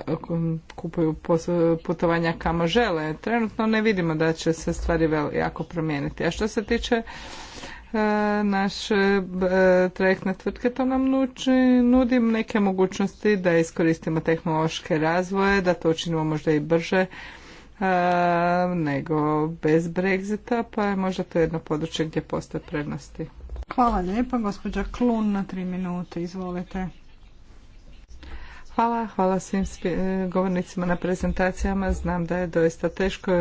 kupuju putovanja kamo žele. Trenutno ne vidimo da će se stvari jako promijeniti. A što se tiče E, naše e, trajektne tvrtke to nam nuči, nudi neke mogućnosti da iskoristimo tehnološke razvoje, da to učinimo možda i brže e, nego bez Brexita, pa je možda to jedno područje gdje postoje prednosti. Hvala lijepa, gospođa Klun na tri minute, izvolite. Hvala, hvala svim govornicima na prezentacijama. Znam da je doista teško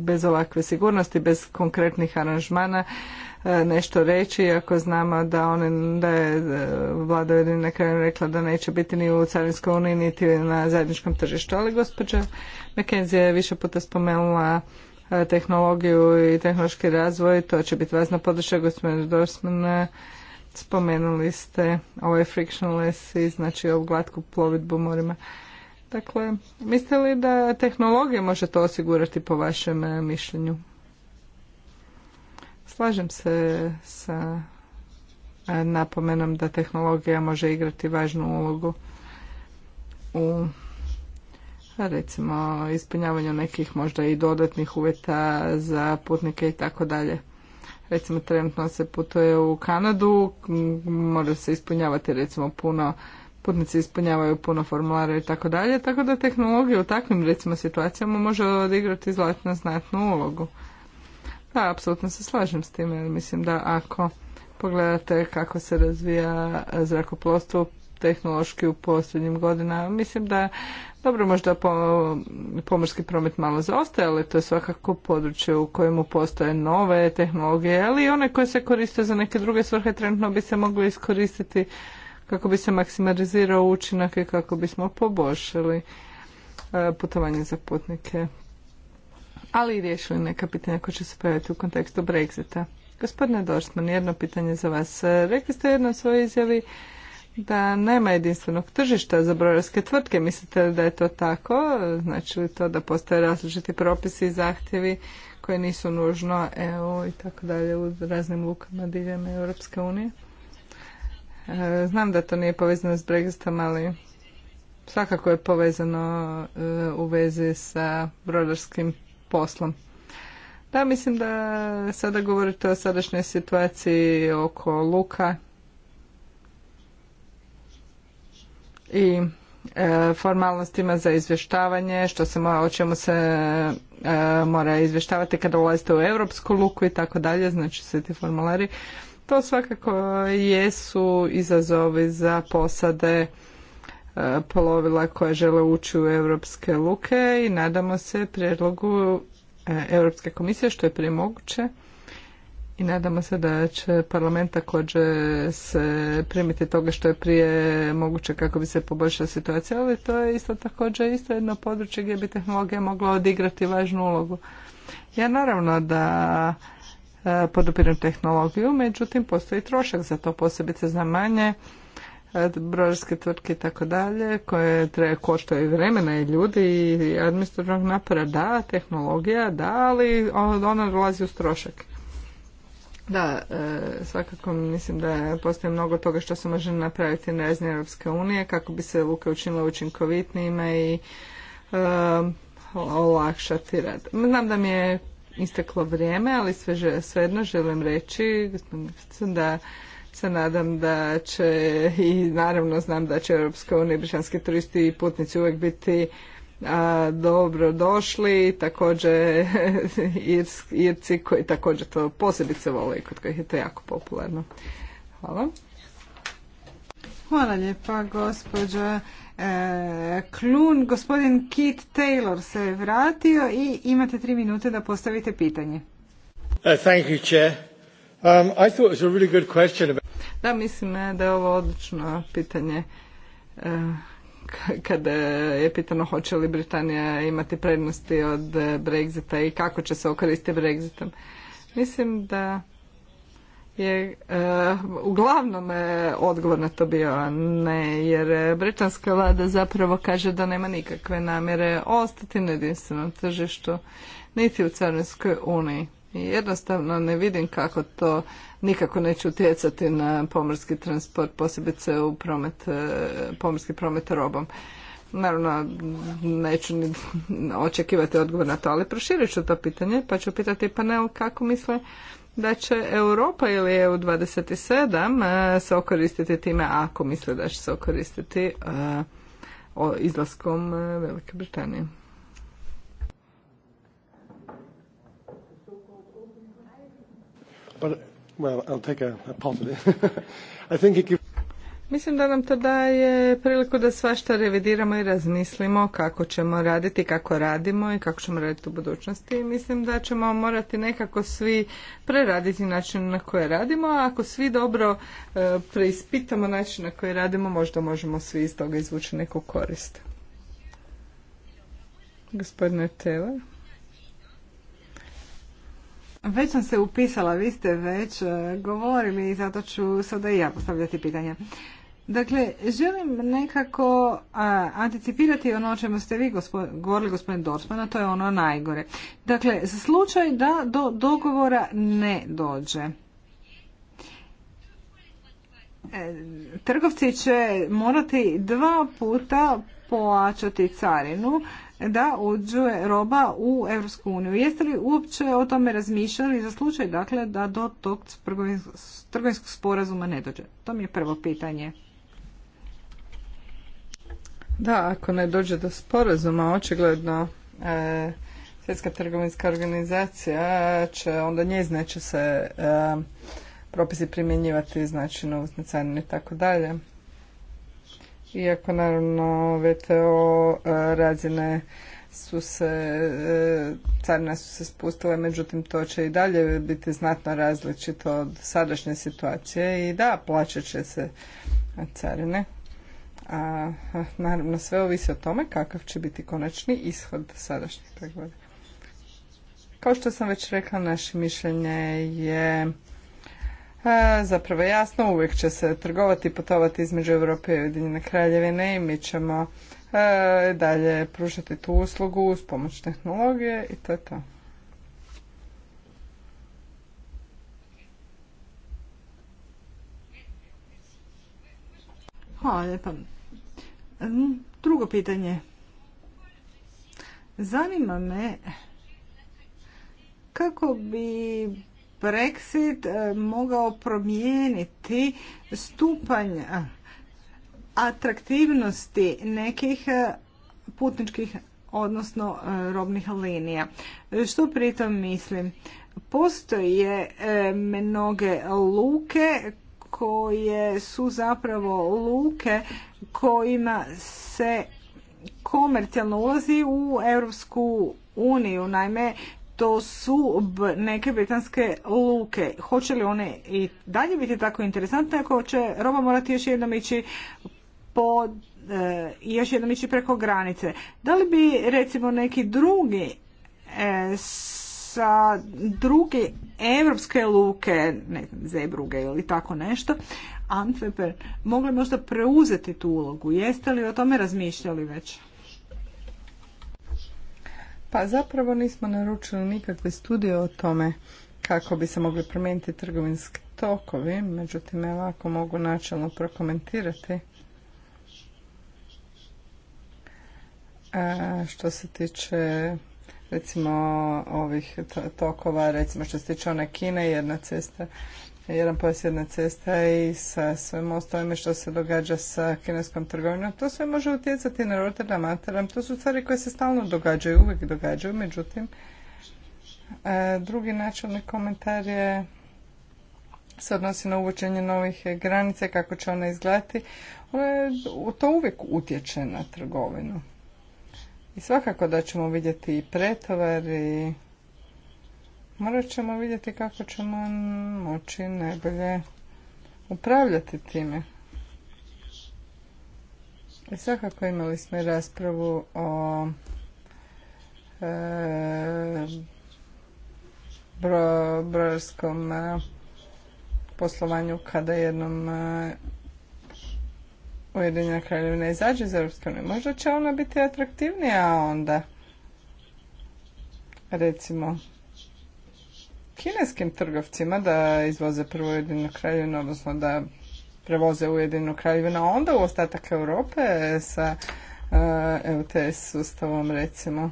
bez ovakve sigurnosti, bez konkretnih aranžmana nešto reći, iako znamo da, one, da je e, vlada Ujedinjene kraljevine rekla da neće biti ni u Carinskoj uniji niti na zajedničkom tržištu. Ali gospođa McKenzie je više puta spomenula e, tehnologiju i tehnološki razvoj, to će biti važna područja, gospodin Dorsman, spomenuli ste ovaj frictionless i znači ovu glatku plovidbu morima. Dakle, mislite li da tehnologija može to osigurati po vašem e, mišljenju? Slažem se sa e, napomenom da tehnologija može igrati važnu ulogu u recimo ispunjavanju nekih možda i dodatnih uvjeta za putnike i tako dalje. Recimo trenutno se putuje u Kanadu, mora se ispunjavati recimo puno putnici ispunjavaju puno formulara i tako dalje, tako da tehnologija u takvim recimo situacijama može odigrati zlatno znatnu ulogu. Da, pa, apsolutno se slažem s time, mislim da ako pogledate kako se razvija zrakoplovstvo tehnološki u posljednjim godinama, mislim da dobro možda pomorski promet malo zaostaje, ali to je svakako područje u kojemu postoje nove tehnologije, ali i one koje se koriste za neke druge svrhe trenutno bi se mogli iskoristiti kako bi se maksimalizirao učinak i kako bismo poboljšali e, putovanje za putnike ali i riješili neka pitanja koja će se pojaviti u kontekstu Brexita. Gospodine Dorsman, jedno pitanje za vas. Rekli ste jedno svoje izjavi da nema jedinstvenog tržišta za brojarske tvrtke. Mislite li da je to tako? Znači li to da postoje različiti propisi i zahtjevi koje nisu nužno EU i tako dalje u raznim lukama diljem Europske unije? E, znam da to nije povezano s Brexitom, ali svakako je povezano e, u vezi sa brodarskim poslom. Da, mislim da sada govorite o sadašnjoj situaciji oko luka i e, formalnostima za izvještavanje, što se mora, o čemu se e, mora izvještavati kada ulazite u europsku luku i tako dalje, znači svi ti formulari. To svakako jesu izazovi za posade polovila koja žele ući u europske luke i nadamo se prijedlogu e, Europske komisije što je prije moguće i nadamo se da će parlament također se primiti toga što je prije moguće kako bi se poboljšala situacija, ali to je isto također isto jedno područje gdje bi tehnologija mogla odigrati važnu ulogu. Ja naravno da e, podupiram tehnologiju, međutim postoji trošak za to posebice za manje brodarske tvrtke i tako dalje, koje treba košta i vremena i ljudi i administrativnog napora, da, tehnologija, da, ali ona dolazi u trošak. Da, e, svakako mislim da postoji mnogo toga što se može napraviti na razini Europske unije kako bi se luke učinila učinkovitnijima i e, olakšati rad. Znam da mi je isteklo vrijeme, ali sve, svejedno želim reći da se nadam da će i naravno znam da će Europska unija i turisti i putnici uvijek biti a, dobro došli također Irci koji također to posebice vole i kod kojih je to jako popularno. Hvala. Hvala lijepa gospođa e, Klun. Gospodin Kit Taylor se je vratio i imate tri minute da postavite pitanje. Uh, thank you, Chair. Um, I thought it was a really good question da, mislim e, da je ovo odlično pitanje e, kada je pitano hoće li Britanija imati prednosti od e, Brexita i kako će se okoristiti Brexitom. Mislim da je uglavnom odgovor na to bio ne, jer britanska vlada zapravo kaže da nema nikakve namjere ostati na jedinstvenom tržištu niti u Carinskoj uniji. Jednostavno ne vidim kako to nikako neće utjecati na pomorski transport, posebice u promet, e, pomorski promet robom. Naravno, neću ni očekivati odgovor na to, ali proširit ću to pitanje, pa ću pitati panel kako misle da će Europa ili EU27 e, se okoristiti time, ako misle da će se okoristiti e, izlaskom Velike Britanije. Mislim da nam to daje priliku da svašta revidiramo i razmislimo kako ćemo raditi, kako radimo i kako ćemo raditi u budućnosti. Mislim da ćemo morati nekako svi preraditi način na koji radimo, a ako svi dobro e, preispitamo način na koji radimo, možda možemo svi iz toga izvući neku korist. Gospodine Taylor. Već sam se upisala, vi ste već e, govorili i zato ću sada i ja postavljati pitanje. Dakle, želim nekako anticipirati ono o čemu ste vi govorili gospodin Dorsman, a to je ono najgore. Dakle, za slučaj da do dogovora ne dođe. E, trgovci će morati dva puta plaćati carinu da uđe roba u Europsku uniju. Jeste li uopće o tome razmišljali za slučaj dakle, da do tog trgovinskog sporazuma ne dođe? To mi je prvo pitanje. Da, ako ne dođe do sporazuma, očigledno e, Svjetska trgovinska organizacija će, onda njezine će se e, propisi primjenjivati, znači novostne carine i tako dalje. Iako naravno VTO e, razine su se, e, carine su se spustile, međutim to će i dalje biti znatno različito od sadašnje situacije i da, plaćat će se carine. A, naravno sve ovisi o tome kakav će biti konačni ishod sadašnjih pregovora. Kao što sam već rekla, naše mišljenje je zapravo jasno, uvijek će se trgovati i putovati između Europe i Ujedinjene kraljevine i mi ćemo e, dalje pružati tu uslugu s pomoć tehnologije i to je to. Drugo pitanje. Zanima me kako bi Brexit e, mogao promijeniti stupanj atraktivnosti nekih e, putničkih odnosno e, robnih linija. Što pritom mislim? Postoje mnoge luke koje su zapravo luke kojima se komercijalno ulazi u Europsku uniju. Naime, to su neke britanske luke. Hoće li one i dalje biti tako interesantne ako će roba morati još jednom ići po e, još jednom ići preko granice. Da li bi recimo neki drugi e, sa druge evropske luke, ne znam, Zebruge ili tako nešto, Antwerpen, mogli možda preuzeti tu ulogu? Jeste li o tome razmišljali već? Pa zapravo nismo naručili nikakve studije o tome kako bi se mogli promijeniti trgovinski tokovi, međutim ja ovako mogu načelno prokomentirati. E, što se tiče recimo ovih tokova, recimo što se tiče one Kine, jedna cesta jedan pojas cesta i sa svojim ostalime što se događa sa kineskom trgovinom. To sve može utjecati na Rotterdam, Amsterdam. To su stvari koje se stalno događaju, uvijek događaju. Međutim, e, drugi načelni komentar je se odnosi na uvođenje novih granice, kako će ona izgledati. To uvijek utječe na trgovinu. I svakako da ćemo vidjeti i pretovar i Morat ćemo vidjeti kako ćemo moći najbolje upravljati time. I e, svakako imali smo i raspravu o e, brojarskom e, poslovanju kada jednom e, Ujedinjena kraljevina izađe iz Europske Možda će ona biti atraktivnija onda recimo kineskim trgovcima da izvoze prvo Ujedinu kraljevinu, odnosno da prevoze Ujedinu kraljevinu, a onda u ostatak Europe sa EUTS eh, sustavom recimo.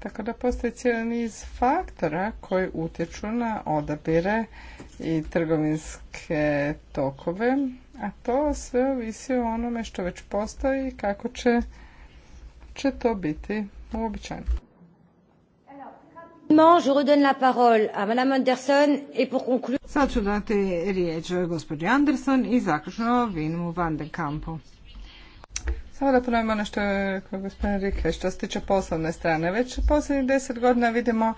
Tako da postoji cijeli niz faktora koji utječu na odabire i trgovinske tokove, a to sve ovisi o onome što već postoji i kako će, će to biti uobičajeno. Sad ću dati riječ gospođi Anderson i zaključno Vinu van den Kampu. Samo da ponovimo ono što je gospodin Rike, što se tiče poslovne strane. Već posljednjih deset godina vidimo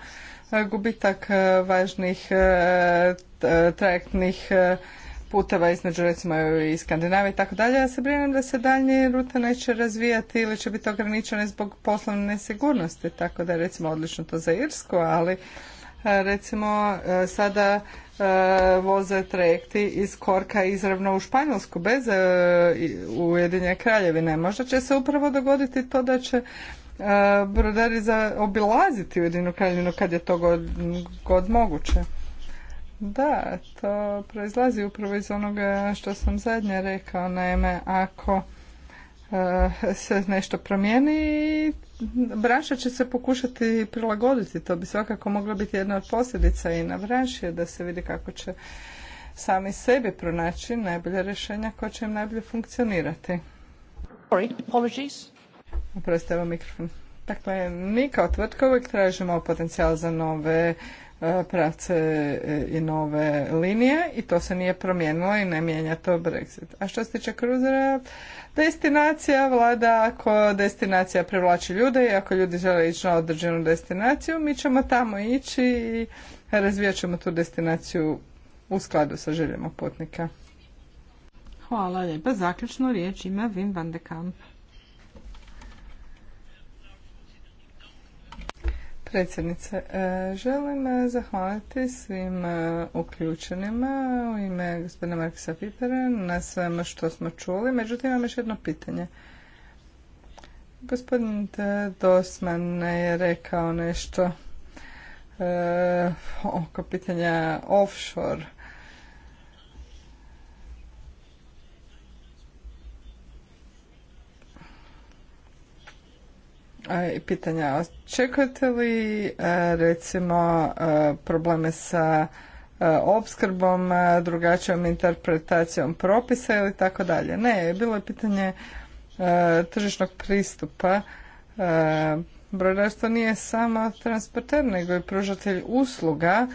e, gubitak e, važnih e, trajektnih puteva između recimo i Skandinavije i tako dalje, ja se brinem da se dalje rute neće razvijati ili će biti ograničene zbog poslovne nesigurnosti, tako da je recimo odlično to za Irsku, ali e, recimo e, sada e, voze trajekti iz Korka izravno u Španjolsku bez Ujedinje kraljevine. Možda će se upravo dogoditi to da će brodari za obilaziti Ujedinu kraljevinu kad je to god moguće. Da, to proizlazi upravo iz onoga što sam zadnje rekao. Naime, ako eh, se nešto promijeni branša će se pokušati prilagoditi. To bi svakako moglo biti jedna od posljedica i na branši da se vidi kako će sami sebi pronaći najbolje rješenja koja će im najbolje funkcionirati. Sorry, mikrofon. Dakle, mi kao tvrtka uvijek tražimo potencijal za nove E, pravce e, i nove linije i to se nije promijenilo i ne mijenja to Brexit. A što se tiče kruzera, destinacija vlada ako destinacija privlači ljude i ako ljudi žele ići na određenu destinaciju, mi ćemo tamo ići i razvijat ćemo tu destinaciju u skladu sa željama putnika. Hvala lijepa. Zaključno riječ ima van de Kamp. predsjednice. E, želim e, zahvaliti svim e, uključenima u ime gospodina Markisa Pipera na svemu što smo čuli. Međutim, imam još jedno pitanje. Gospodin Dosman je rekao nešto oko pitanja offshore i pitanja. Očekujete li e, recimo e, probleme sa e, opskrbom, drugačijom interpretacijom propisa ili tako dalje? Ne, bilo je pitanje tržišnog pristupa. Brodarstvo nije samo transporter, nego i pružatelj usluga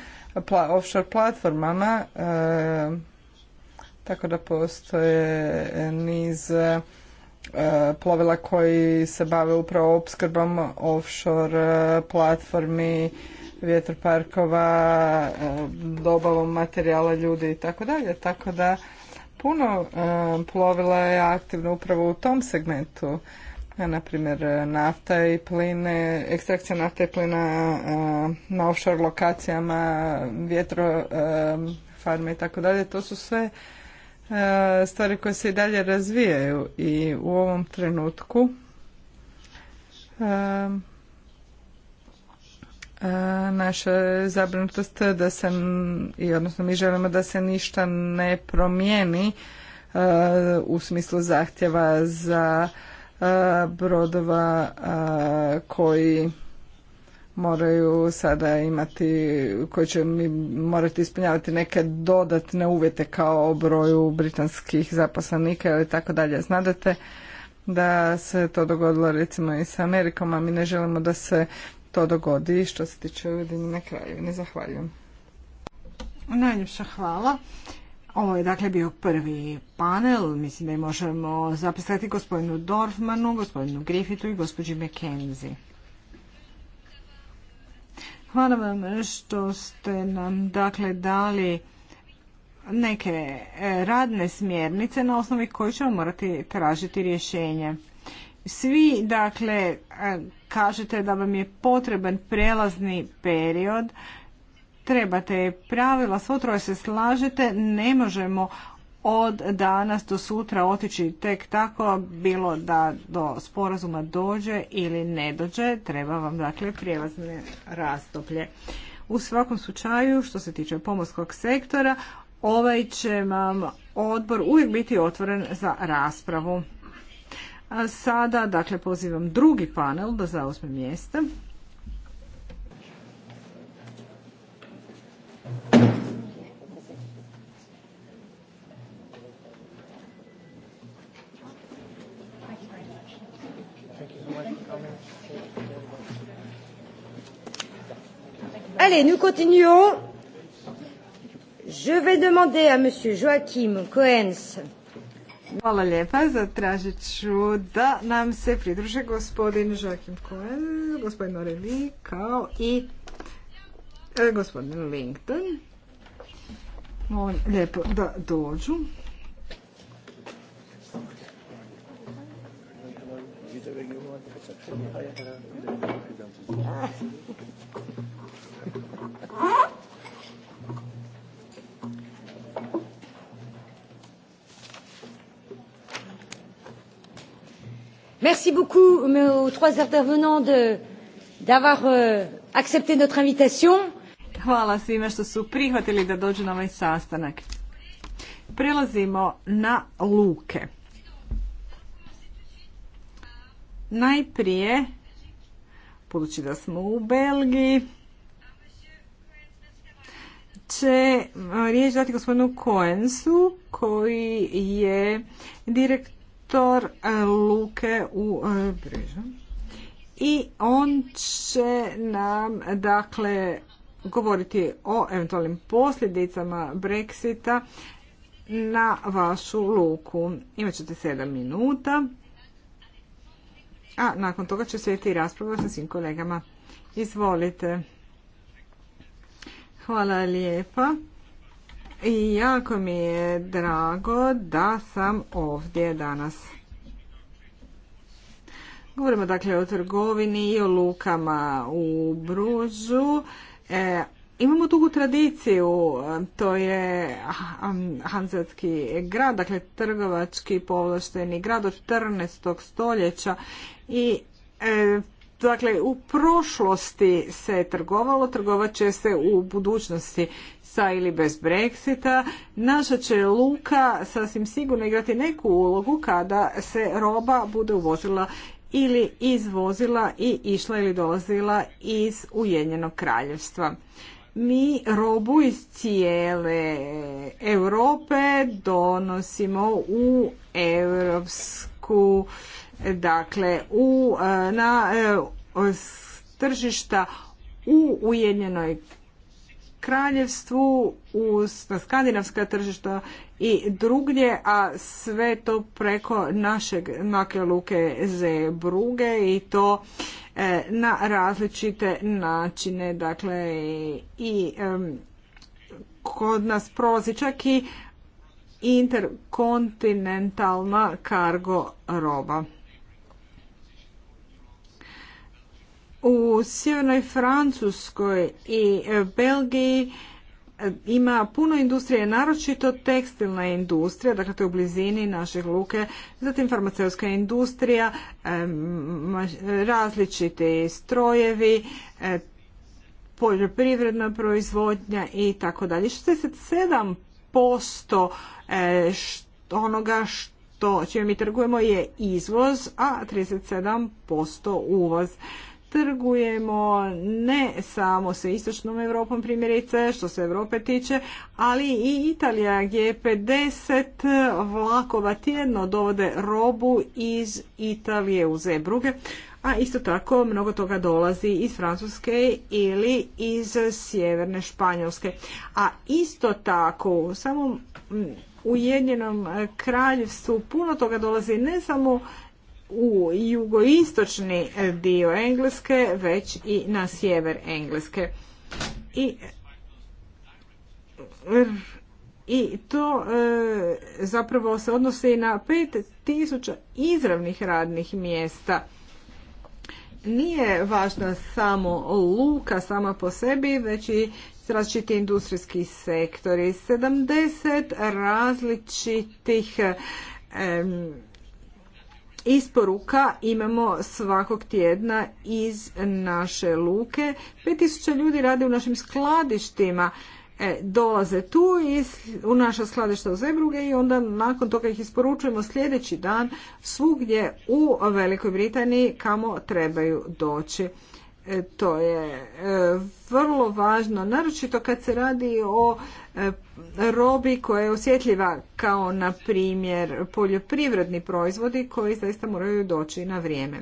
offshore platformama, tako da postoje niz E, plovila koji se bave upravo opskrbom offshore e, platformi, vjetroparkova, e, dobavom materijala ljudi i tako dalje. Tako da puno plovila je aktivno upravo u tom segmentu. Na primjer, nafta i pline, ekstrakcija nafte i plina na offshore lokacijama, vjetro farme i tako dalje. To su sve E, stvari koje se i dalje razvijaju i u ovom trenutku e, e, naša zabrinutost da se i odnosno mi želimo da se ništa ne promijeni u smislu zahtjeva za brodova koji moraju sada imati, koji će mi morati ispunjavati neke dodatne uvjete kao o broju britanskih zaposlenika ili tako dalje. Znadete da se to dogodilo recimo i sa Amerikom, a mi ne želimo da se to dogodi što se tiče Ujedinjene Ne Zahvaljujem. Najljepša hvala. Ovo je dakle bio prvi panel, mislim da možemo zapisati gospodinu Dorfmanu, gospodinu Griffitu i gospođi McKenzie. Hvala vam što ste nam dakle dali neke e, radne smjernice na osnovi koje ćemo morati tražiti rješenje. Svi dakle e, kažete da vam je potreban prelazni period, trebate pravila, svo troje se slažete, ne možemo od danas do sutra otići tek tako, bilo da do sporazuma dođe ili ne dođe, treba vam dakle prijelazne razdoblje. U svakom slučaju, što se tiče pomorskog sektora, ovaj će vam odbor uvijek biti otvoren za raspravu. A sada, dakle, pozivam drugi panel da zauzme mjesto. Allez, nous continuons. Je vais demander à monsieur Joachim Coens. Hvala lijepa, zatražit ću da nam se pridruže gospodin Joachim Coen gospodin Oreli, kao i e, gospodin Lincoln Molim lijepo da dođu. Ah. Merci beaucoup aux trois intervenants d'avoir euh, accepté notre invitation. Hvala svima što su prihvatili da dođu na ovaj sastanak. Prelazimo na luke. Najprije, budući da smo u Belgiji, će eh, riječ dati gospodinu Koensu, koji je direktor direktor e, Luke u e, brežu. I on će nam, dakle, govoriti o eventualnim posljedicama Brexita na vašu luku. ćete 7 minuta. A nakon toga će i rasprava sa svim kolegama. Izvolite. Hvala lijepa. I jako mi je drago da sam ovdje danas. Govorimo dakle o trgovini i o lukama u Bružu. E, imamo dugu tradiciju, to je Hanzatski grad, dakle trgovački povlašteni grad od 14. stoljeća i e, Dakle, u prošlosti se trgovalo, trgovat će se u budućnosti sa ili bez Brexita, naša će luka sasvim sigurno igrati neku ulogu kada se roba bude uvozila ili izvozila i išla ili dolazila iz Ujedinjenog kraljevstva. Mi robu iz cijele Europe donosimo u europsku, dakle u, na e, tržišta u Ujedinjenoj kraljevstvu, na skandinavska tržišta i drugdje, a sve to preko našeg makle luke Zebruge i to e, na različite načine, dakle i e, kod nas prolazi čak i interkontinentalna kargo roba. U sjevernoj Francuskoj i e, Belgiji e, ima puno industrije, naročito tekstilna industrija, dakle to je u blizini našeg luke, zatim farmaceutska industrija, e, različiti strojevi, poljoprivredna proizvodnja i tako dalje. posto onoga što čime mi trgujemo je izvoz, a 37% uvoz trgujemo ne samo sa istočnom Europom primjerice što se Europe tiče, ali i Italija gdje 50 vlakova tjedno dovode robu iz Italije u Zebruge, a isto tako mnogo toga dolazi iz Francuske ili iz sjeverne Španjolske. A isto tako u samom mm, Ujedinjenom kraljevstvu puno toga dolazi ne samo u jugoistočni dio Engleske, već i na sjever Engleske. I, i to e, zapravo se odnosi na 5000 izravnih radnih mjesta. Nije važna samo luka sama po sebi, već i različiti industrijski sektori. 70 različitih isporuka imamo svakog tjedna iz naše luke. 5000 ljudi radi u našim skladištima. E, dolaze tu iz, u naša skladišta u Zebruge i onda nakon toga ih isporučujemo sljedeći dan svugdje u Velikoj Britaniji kamo trebaju doći. E, to je e, vrlo važno, naročito kad se radi o e, robi koja je osjetljiva kao na primjer poljoprivredni proizvodi koji zaista moraju doći na vrijeme.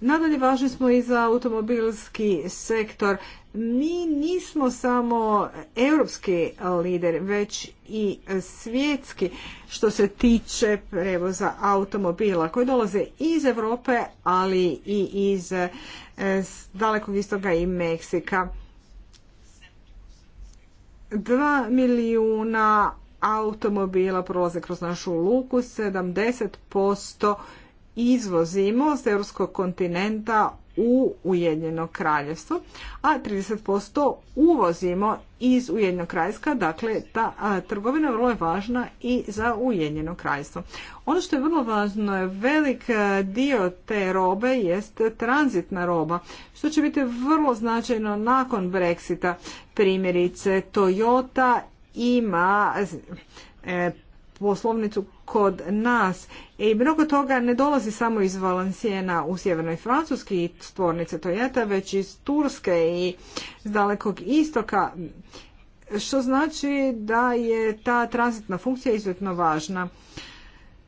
Nadalje važni smo i za automobilski sektor mi nismo samo europski lider, već i svjetski što se tiče prevoza automobila koji dolaze iz Europe, ali i iz e, dalekog istoga i Meksika. Dva milijuna automobila prolaze kroz našu luku, 70% izvozimo s europskog kontinenta u Ujedinjeno kraljevstvo, a 30% uvozimo iz Ujedinjenog kraljevstva, dakle ta trgovina vrlo je važna i za Ujedinjeno kraljevstvo. Ono što je vrlo važno je velik dio te robe jest tranzitna roba, što će biti vrlo značajno nakon Brexita. Primjerice Toyota ima e, poslovnicu kod nas i mnogo toga ne dolazi samo iz Valencijena u sjevernoj Francuski i stvornice Toyota, već iz Turske i s dalekog istoka, što znači da je ta transitna funkcija izuzetno važna.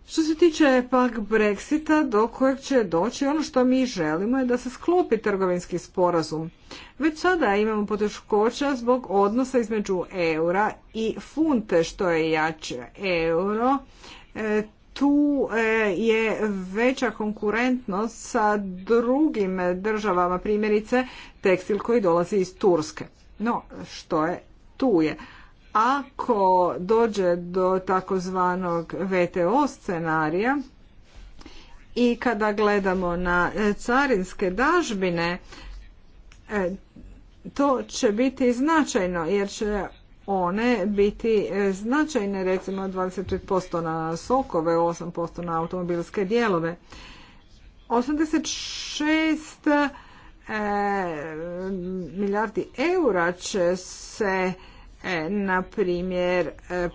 Što se tiče pak Brexita, do kojeg će doći, ono što mi želimo je da se sklopi trgovinski sporazum. Već sada imamo poteškoća zbog odnosa između eura i funte, što je jače euro. E, tu e, je veća konkurentnost sa drugim državama, primjerice tekstil koji dolazi iz Turske. No, što je tu je. Ako dođe do takozvanog VTO scenarija i kada gledamo na e, carinske dažbine, e, to će biti značajno jer će one biti e, značajne, recimo 25% na sokove, 8% na automobilske dijelove. 86 milijardi eura će se E, na primjer e,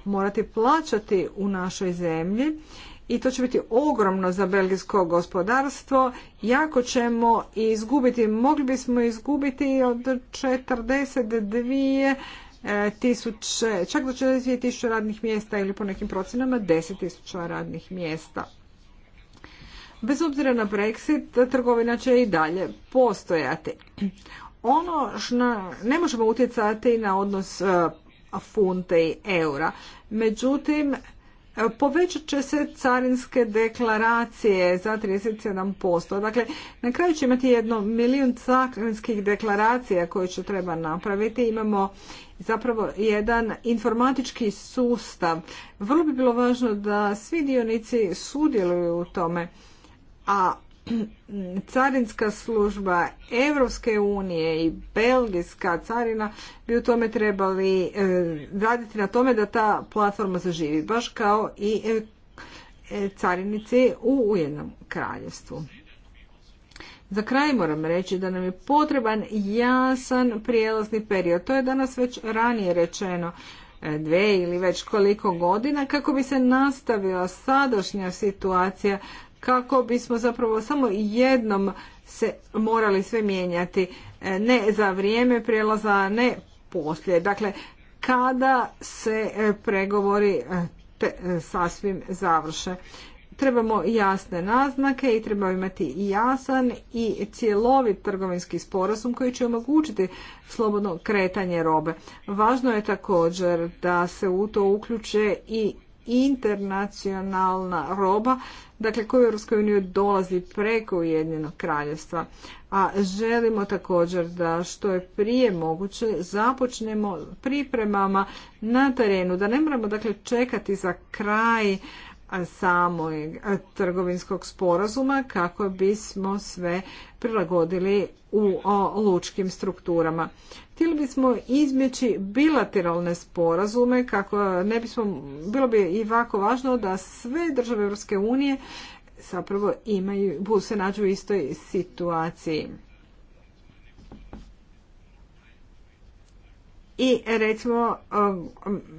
morati plaćati u našoj zemlji i to će biti ogromno za belgijsko gospodarstvo. Jako ćemo izgubiti, mogli bismo izgubiti od 42 e, tisuće, čak do 42 tisuće radnih mjesta ili po nekim procenama 10 tisuća radnih mjesta. Bez obzira na Brexit, trgovina će i dalje postojati. Ono što ne možemo utjecati na odnos e, funte i eura. Međutim, e, povećat će se carinske deklaracije za 37%. Dakle, na kraju će imati jedno milijun carinskih deklaracija koje će treba napraviti. Imamo zapravo jedan informatički sustav. Vrlo bi bilo važno da svi dionici sudjeluju u tome. A carinska služba Europske unije i belgijska carina bi u tome trebali e, raditi na tome da ta platforma zaživi, baš kao i e, carinici u Ujednom kraljevstvu. Za kraj moram reći da nam je potreban jasan prijelazni period. To je danas već ranije rečeno e, dve ili već koliko godina kako bi se nastavila sadašnja situacija kako bismo zapravo samo jednom se morali sve mijenjati, e, ne za vrijeme prijelaza, ne poslije. Dakle, kada se e, pregovori e, sasvim završe. Trebamo jasne naznake i treba imati jasan i cjelovit trgovinski sporazum koji će omogućiti slobodno kretanje robe. Važno je također da se u to uključe i internacionalna roba dakle koji u Europskoj uniji dolazi preko Ujedinjenog kraljevstva. A želimo također da što je prije moguće započnemo pripremama na terenu, da ne moramo dakle čekati za kraj e, samog e, trgovinskog sporazuma kako bismo sve prilagodili u lučkim strukturama. Htjeli bismo izbjeći bilateralne sporazume kako ne bismo, bilo bi i ovako važno da sve države Europske unije zapravo imaju, budu se nađu u istoj situaciji. I recimo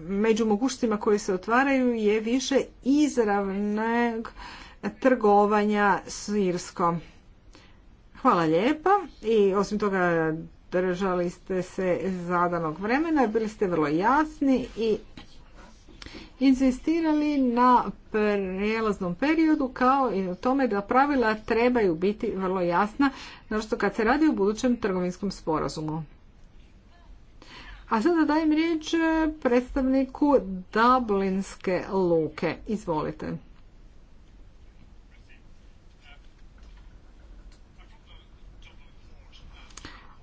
među mogućnostima koje se otvaraju je više izravnog trgovanja s Irskom. Hvala lijepa i osim toga držali ste se zadanog vremena, bili ste vrlo jasni i inzistirali na prijelaznom periodu kao i u tome da pravila trebaju biti vrlo jasna, našto kad se radi o budućem trgovinskom sporazumu. A sada dajem riječ predstavniku Dublinske luke. Izvolite.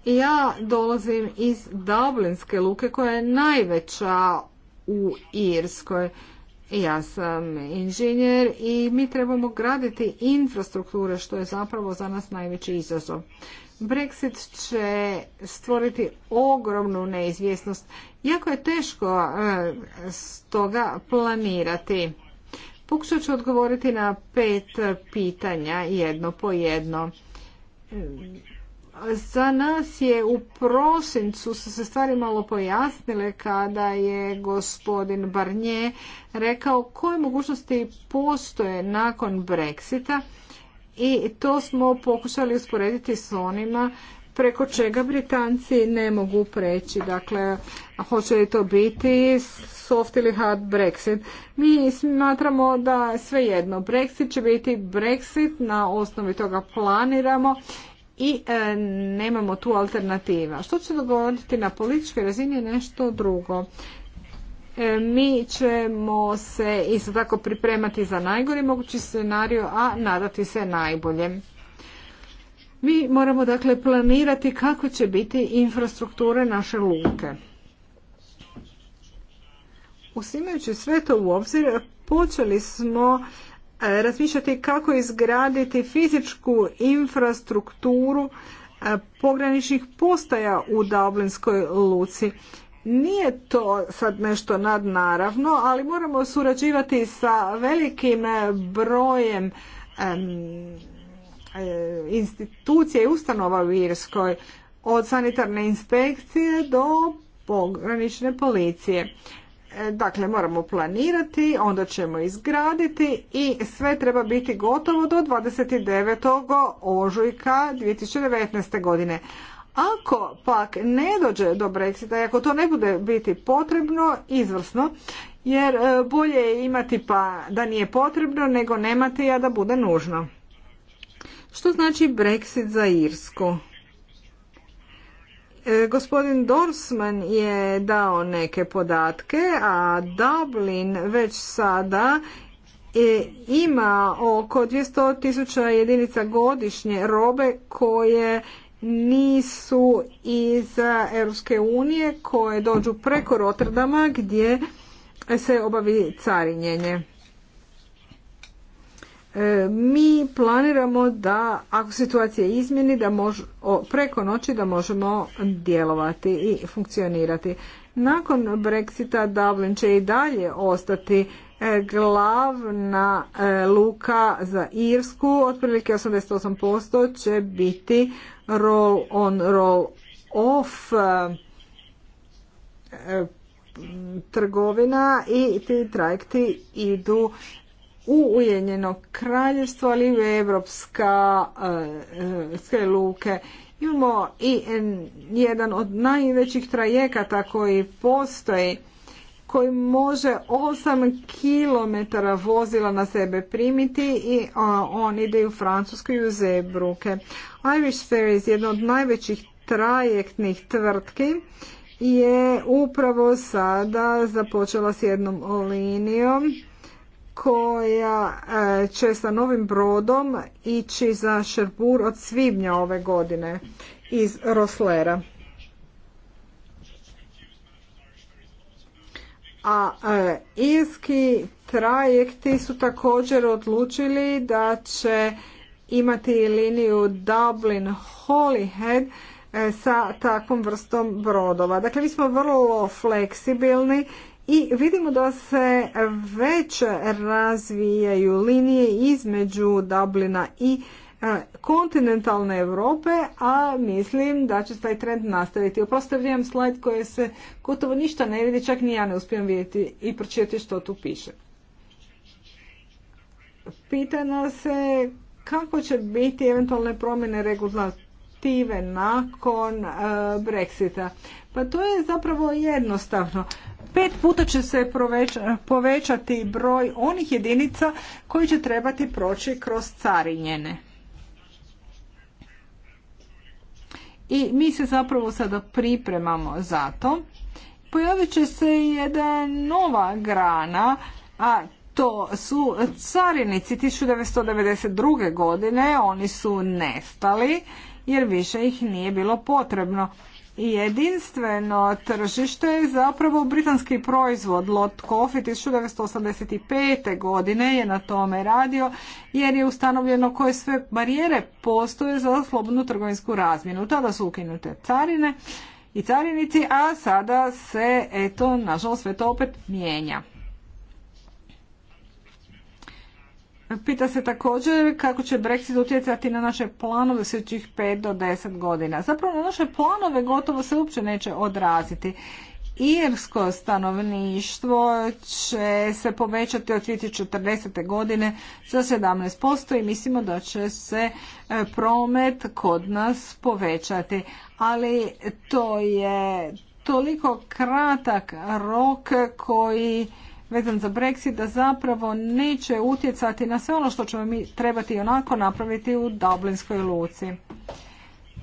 Ja dolazim iz Dublinske luke koja je najveća u Irskoj. Ja sam inženjer i mi trebamo graditi infrastrukture što je zapravo za nas najveći izazov. Brexit će stvoriti ogromnu neizvjesnost. Jako je teško e, stoga planirati. Pokušat ću odgovoriti na pet pitanja jedno po jedno. Za nas je u prosincu su se stvari malo pojasnile kada je gospodin Barnje rekao koje mogućnosti postoje nakon Brexita i to smo pokušali usporediti s onima preko čega Britanci ne mogu preći. Dakle, hoće li to biti soft ili hard Brexit? Mi smatramo da svejedno. Brexit će biti Brexit, na osnovi toga planiramo i e, nemamo tu alternativa. Što će dogoditi na političkoj razini je nešto drugo. E, mi ćemo se isto tako pripremati za najgori mogući scenariju, a nadati se najbolje. Mi moramo dakle planirati kako će biti infrastrukture naše luke. Usimajući sve to u obzir, počeli smo E, razmišljati kako izgraditi fizičku infrastrukturu e, pograničnih postaja u Dublinskoj luci. Nije to sad nešto nadnaravno, ali moramo surađivati sa velikim brojem e, institucija i ustanova u Irskoj, od sanitarne inspekcije do pogranične policije. E, dakle, moramo planirati, onda ćemo izgraditi i sve treba biti gotovo do 29. ožujka 2019. godine. Ako pak ne dođe do Brexita i ako to ne bude biti potrebno, izvrsno, jer e, bolje je imati pa da nije potrebno nego nemati a da bude nužno. Što znači Brexit za Irsku? E, gospodin Dorsman je dao neke podatke, a Dublin već sada e, ima oko 200.000 tisuća jedinica godišnje robe koje nisu iz Europske unije koje dođu preko Rotterdama gdje se obavi carinjenje. E, mi planiramo da ako situacija izmjeni da mož, preko noći da možemo djelovati i funkcionirati. Nakon Brexita Dublin će i dalje ostati e, glavna e, luka za Irsku, otprilike 88% će biti roll on roll off trgovina i ti trajekti idu u Ujedinjeno kraljevstvo, ali i u evropska eh, luke. Imamo i jedan od najvećih trajekata koji postoji koji može 8 kilometara vozila na sebe primiti i on ide u Francusku i u Zebruke. Irish Ferries, jedna od najvećih trajektnih tvrtki, je upravo sada započela s jednom linijom koja e, će sa novim brodom ići za Šerbur od svibnja ove godine iz Roslera. A e, irski trajekti su također odlučili da će imati liniju Dublin Holyhead e, sa takvom vrstom brodova. Dakle, mi smo vrlo fleksibilni i vidimo da se već razvijaju linije između Dublina i e, kontinentalne Europe, a mislim da će se taj trend nastaviti. Oprostavljam slajd koji se gotovo ništa ne vidi, čak ni ja ne uspijem vidjeti i pročitati što tu piše. Pitano se kako će biti eventualne promjene regulative nakon e, Brexita. Pa to je zapravo jednostavno pet puta će se povećati broj onih jedinica koji će trebati proći kroz carinjene. I mi se zapravo sada pripremamo za to. Pojavit će se jedna nova grana, a to su carinici 1992. godine, oni su nestali jer više ih nije bilo potrebno jedinstveno tržište je zapravo britanski proizvod. Lot Coffee 1985. godine je na tome radio jer je ustanovljeno koje sve barijere postoje za slobodnu trgovinsku razmjenu. Tada su ukinute carine i carinici, a sada se eto, nažalost, sve to opet mijenja. Pita se također kako će Brexit utjecati na naše planove sljedećih 5 do 10 godina. Zapravo na naše planove gotovo se uopće neće odraziti. Irsko stanovništvo će se povećati od 2040. godine za 17% i mislimo da će se e, promet kod nas povećati. Ali to je toliko kratak rok koji vezan za Brexit da zapravo neće utjecati na sve ono što ćemo mi trebati onako napraviti u Dublinskoj luci.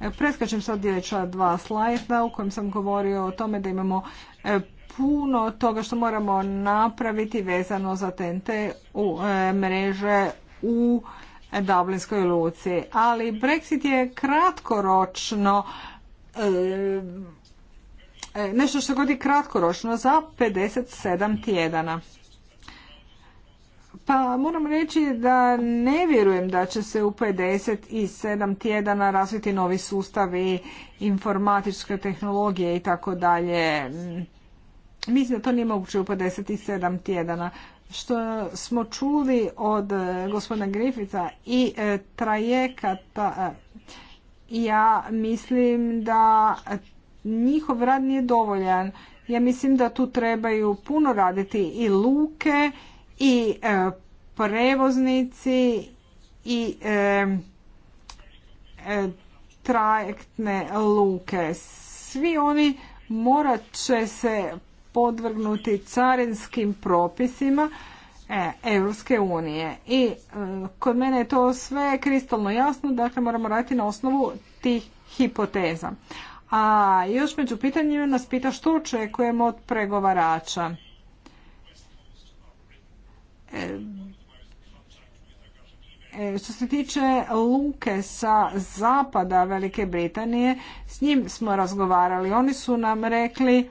E, preskačem sad dječa dva slajda u kojem sam govorio o tome da imamo e, puno toga što moramo napraviti vezano za TNT u e, mreže u Dublinskoj luci. Ali Brexit je kratkoročno E, nešto što godi kratkoročno za 57 tjedana. Pa moram reći da ne vjerujem da će se u 57 tjedana razviti novi sustavi informatičke tehnologije i tako dalje. Mislim da to nije moguće u 57 tjedana. Što smo čuli od gospodina Grifica i e, trajekata, e, ja mislim da njihov rad nije dovoljan. Ja mislim da tu trebaju puno raditi i luke i e, prevoznici i e, e, trajektne luke. Svi oni morat će se podvrgnuti carinskim propisima Europske unije. I kod mene je to sve kristalno jasno, dakle moramo raditi na osnovu tih hipoteza. A još među pitanjima nas pita što očekujemo od pregovarača. E, e, što se tiče luke sa zapada Velike Britanije, s njim smo razgovarali. Oni su nam rekli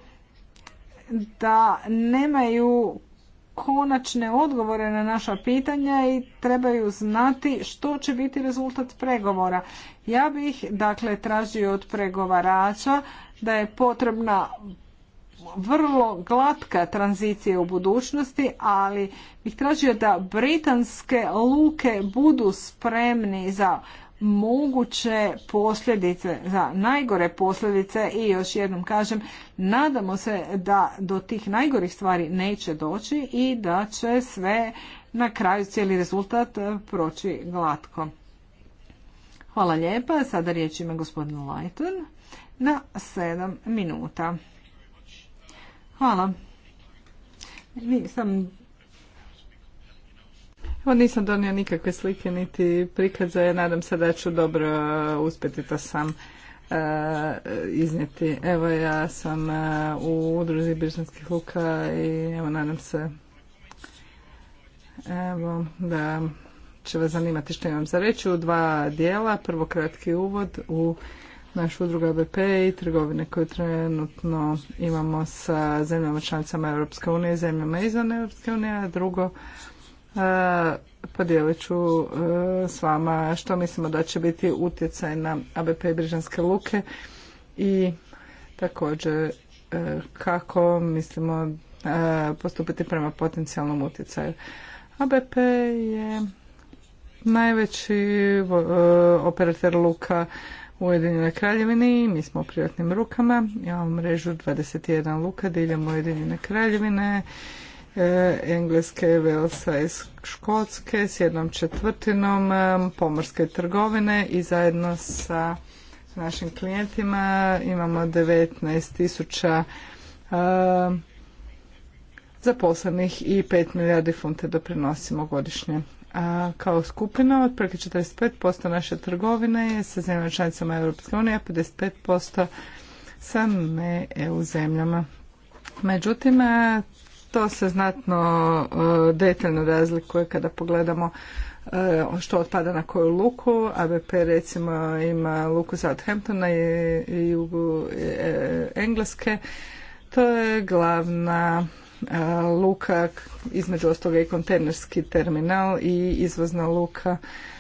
da nemaju konačne odgovore na naša pitanja i trebaju znati što će biti rezultat pregovora. Ja bih dakle tražio od pregovarača da je potrebna vrlo glatka tranzicija u budućnosti, ali bih tražio da britanske luke budu spremni za moguće posljedice, za najgore posljedice i još jednom kažem, nadamo se da do tih najgorih stvari neće doći i da će sve na kraju cijeli rezultat eh, proći glatko. Hvala lijepa. Sada riječ ima gospodin Lajton na sedam minuta. Hvala. Nisam Evo nisam donio nikakve slike niti prikaze, nadam se da ću dobro e, uspjeti to sam e, iznijeti. Evo ja sam e, u udruzi Bižanskih luka i evo nadam se evo, da će vas zanimati što imam za reći u dva dijela. Prvo kratki uvod u našu udrugu BP i trgovine koju trenutno imamo sa zemljama članicama Europske unije i zemljama izvan Europske unije, a drugo podijelit ću e, s vama što mislimo da će biti utjecaj na ABP Brižanske luke i također e, kako mislimo e, postupiti prema potencijalnom utjecaju. ABP je najveći operator luka u Ujedinjenoj kraljevini. Mi smo u privatnim rukama. Imamo mrežu 21 luka diljem Ujedinjene kraljevine E, engleske, Velsa i Škotske s jednom četvrtinom e, pomorske trgovine i zajedno sa našim klijentima imamo 19 tisuća e, zaposlenih i 5 milijardi funte doprinosimo godišnje. A kao skupina otprilike 45% naše trgovine je sa zemljama članicama Europske unije, a 55% sa ne EU zemljama. Međutim, to se znatno e, detaljno razlikuje kada pogledamo e, što otpada na koju luku. ABP recimo ima luku Southamptona i jugu e, Engleske. To je glavna luka, između ostoga i kontejnerski terminal i izvozna luka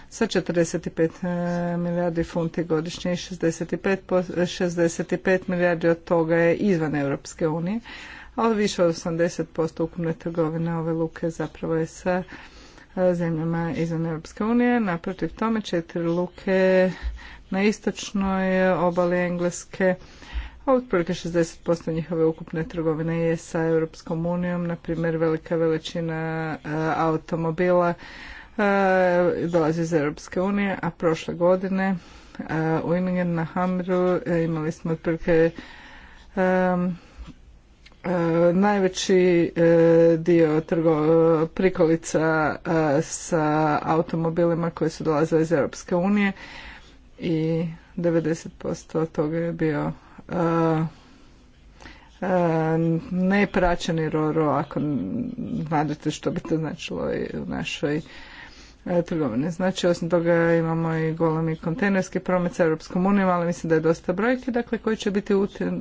sa 45 milijardi funti godišnje i 65, 65 milijardi od toga je izvan Europske unije ali više od 80% ukupne trgovine ove luke zapravo je sa e, zemljama izvan Europske unije. Naprotiv tome četiri luke na istočnoj obali Engleske, a otprilike 60% njihove ukupne trgovine je sa Europskom unijom, na primjer velika veličina e, automobila e, dolazi iz Europske unije, a prošle godine u Imingen na Hamru imali smo otprilike E, najveći e, dio trgo, prikolica e, sa automobilima koji su dolazili iz Europske unije i 90% toga je bio nepraćeni roro ako znate što bi to značilo u našoj E, trgovine. Znači, osim toga imamo i golemi kontejnerski promet sa Europskom unijom, ali mislim da je dosta brojki, dakle, koji će biti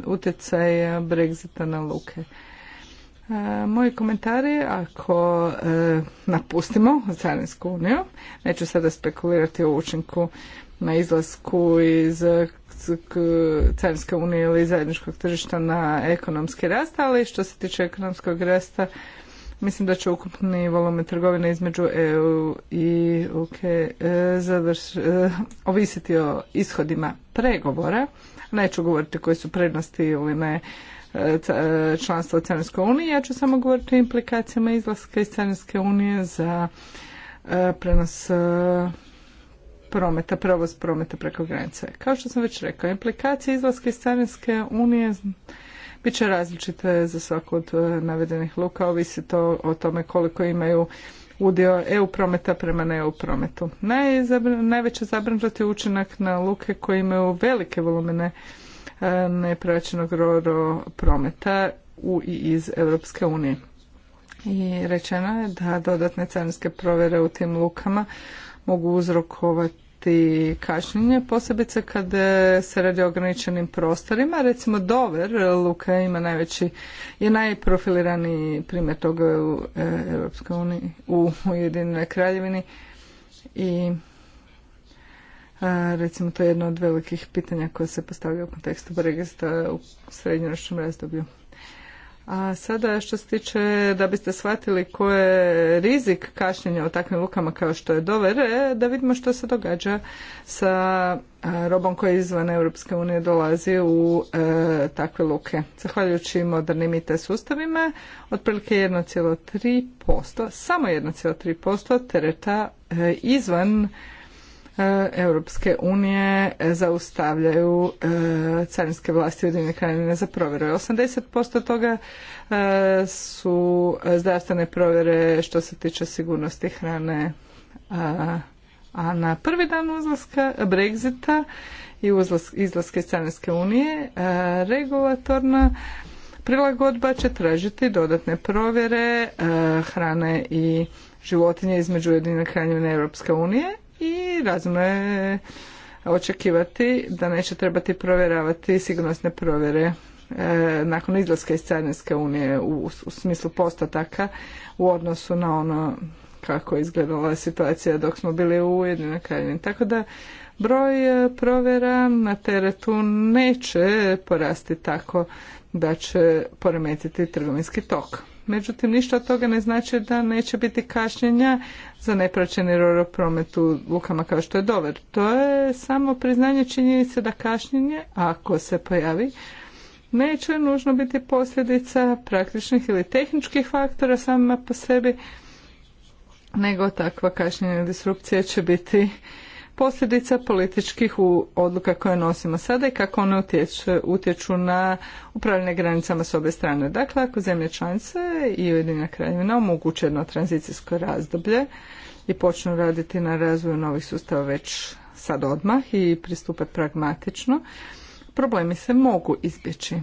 utjecaj e, Brexita na luke. E, moji komentari, ako napustimo Carinsku uniju, neću sada spekulirati o učinku na izlasku iz Carinske unije ili zajedničkog tržišta na ekonomski rast, ali što se tiče ekonomskog rasta, Mislim da će ukupni volumen trgovine između EU i UK e, završ, e, ovisiti o ishodima pregovora. Neću govoriti koje su prednosti ili ne e, članstva u Carinskoj uniji, ja ću samo govoriti o implikacijama izlaska iz Carinske unije za prenos prometa, provoz prometa preko granice. Kao što sam već rekao, implikacije izlaska iz Carinske unije bit će različite za svaku od eh, navedenih luka, ovisi to o tome koliko imaju udio EU prometa prema ne EU prometu. Najveće zabranžati učinak na luke koje imaju velike volumene eh, nepraćenog roro prometa u i iz Europske unije. I rečeno je da dodatne carinske provjere u tim lukama mogu uzrokovati i kašnjenje, posebice kad e, se radi o ograničenim prostorima. Recimo Dover, Luka ima najveći, je najprofiliraniji primjer toga u e, Europskoj uniji, u Ujedinjenoj kraljevini i e, recimo to je jedno od velikih pitanja koje se postavlja u kontekstu Brexita u srednjoročnom razdoblju. A sada što se tiče da biste shvatili ko je rizik kašnjenja u takvim lukama kao što je dover, e, da vidimo što se događa sa robom koja izvan Europske unije dolazi u e, takve luke. Zahvaljujući modernim IT sustavima, otprilike 1,3%, samo 1,3% tereta e, izvan E, Europske unije zaustavljaju e, carinske vlasti Ujedinjene kraljevine za provjeru. 80% toga e, su zdravstvene provjere što se tiče sigurnosti hrane a na prvi dan uzlaska Brexita i izlaske iz Carinske unije regulatorna prilagodba će tražiti dodatne provjere hrane i životinje između Ujedinjene kraljevine Europske unije i razumno je očekivati da neće trebati provjeravati sigurnosne provjere e, nakon izlaska iz Carinske unije u, smislu postataka u odnosu na ono kako je izgledala situacija dok smo bili u Ujedinjenoj Tako da broj e, provjera na teretu neće porasti tako da će poremetiti trgovinski tok. Međutim, ništa od toga ne znači da neće biti kašnjenja za nepraćeni roro promet u lukama kao što je dover. To je samo priznanje činjenice da kašnjenje, ako se pojavi, neće nužno biti posljedica praktičnih ili tehničkih faktora samima po sebi, nego takva kašnjenja i disrupcija će biti posljedica političkih odluka koje nosimo sada i kako one utječu, na upravljanje granicama s obe strane. Dakle, ako zemlje članice i ujedinja kraljevina omoguće jedno tranzicijsko razdoblje i počnu raditi na razvoju novih sustava već sad odmah i pristupe pragmatično, problemi se mogu izbjeći.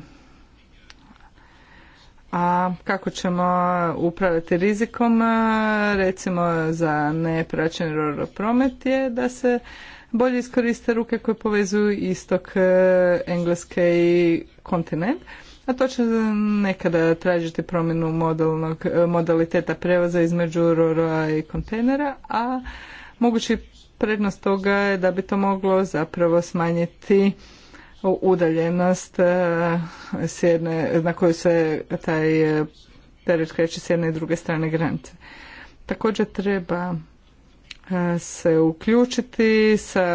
A kako ćemo upravljati rizikom, recimo za nepraćen promet je da se bolje iskoriste ruke koje povezuju istok e, Engleske i kontinent, a to će nekada tražiti promjenu e, modaliteta prevoza između roroa i kontejnera, a mogući prednost toga je da bi to moglo zapravo smanjiti udaljenost e, s jedne, na koju se taj e, teret kreće s jedne i druge strane granice. Također treba se uključiti sa,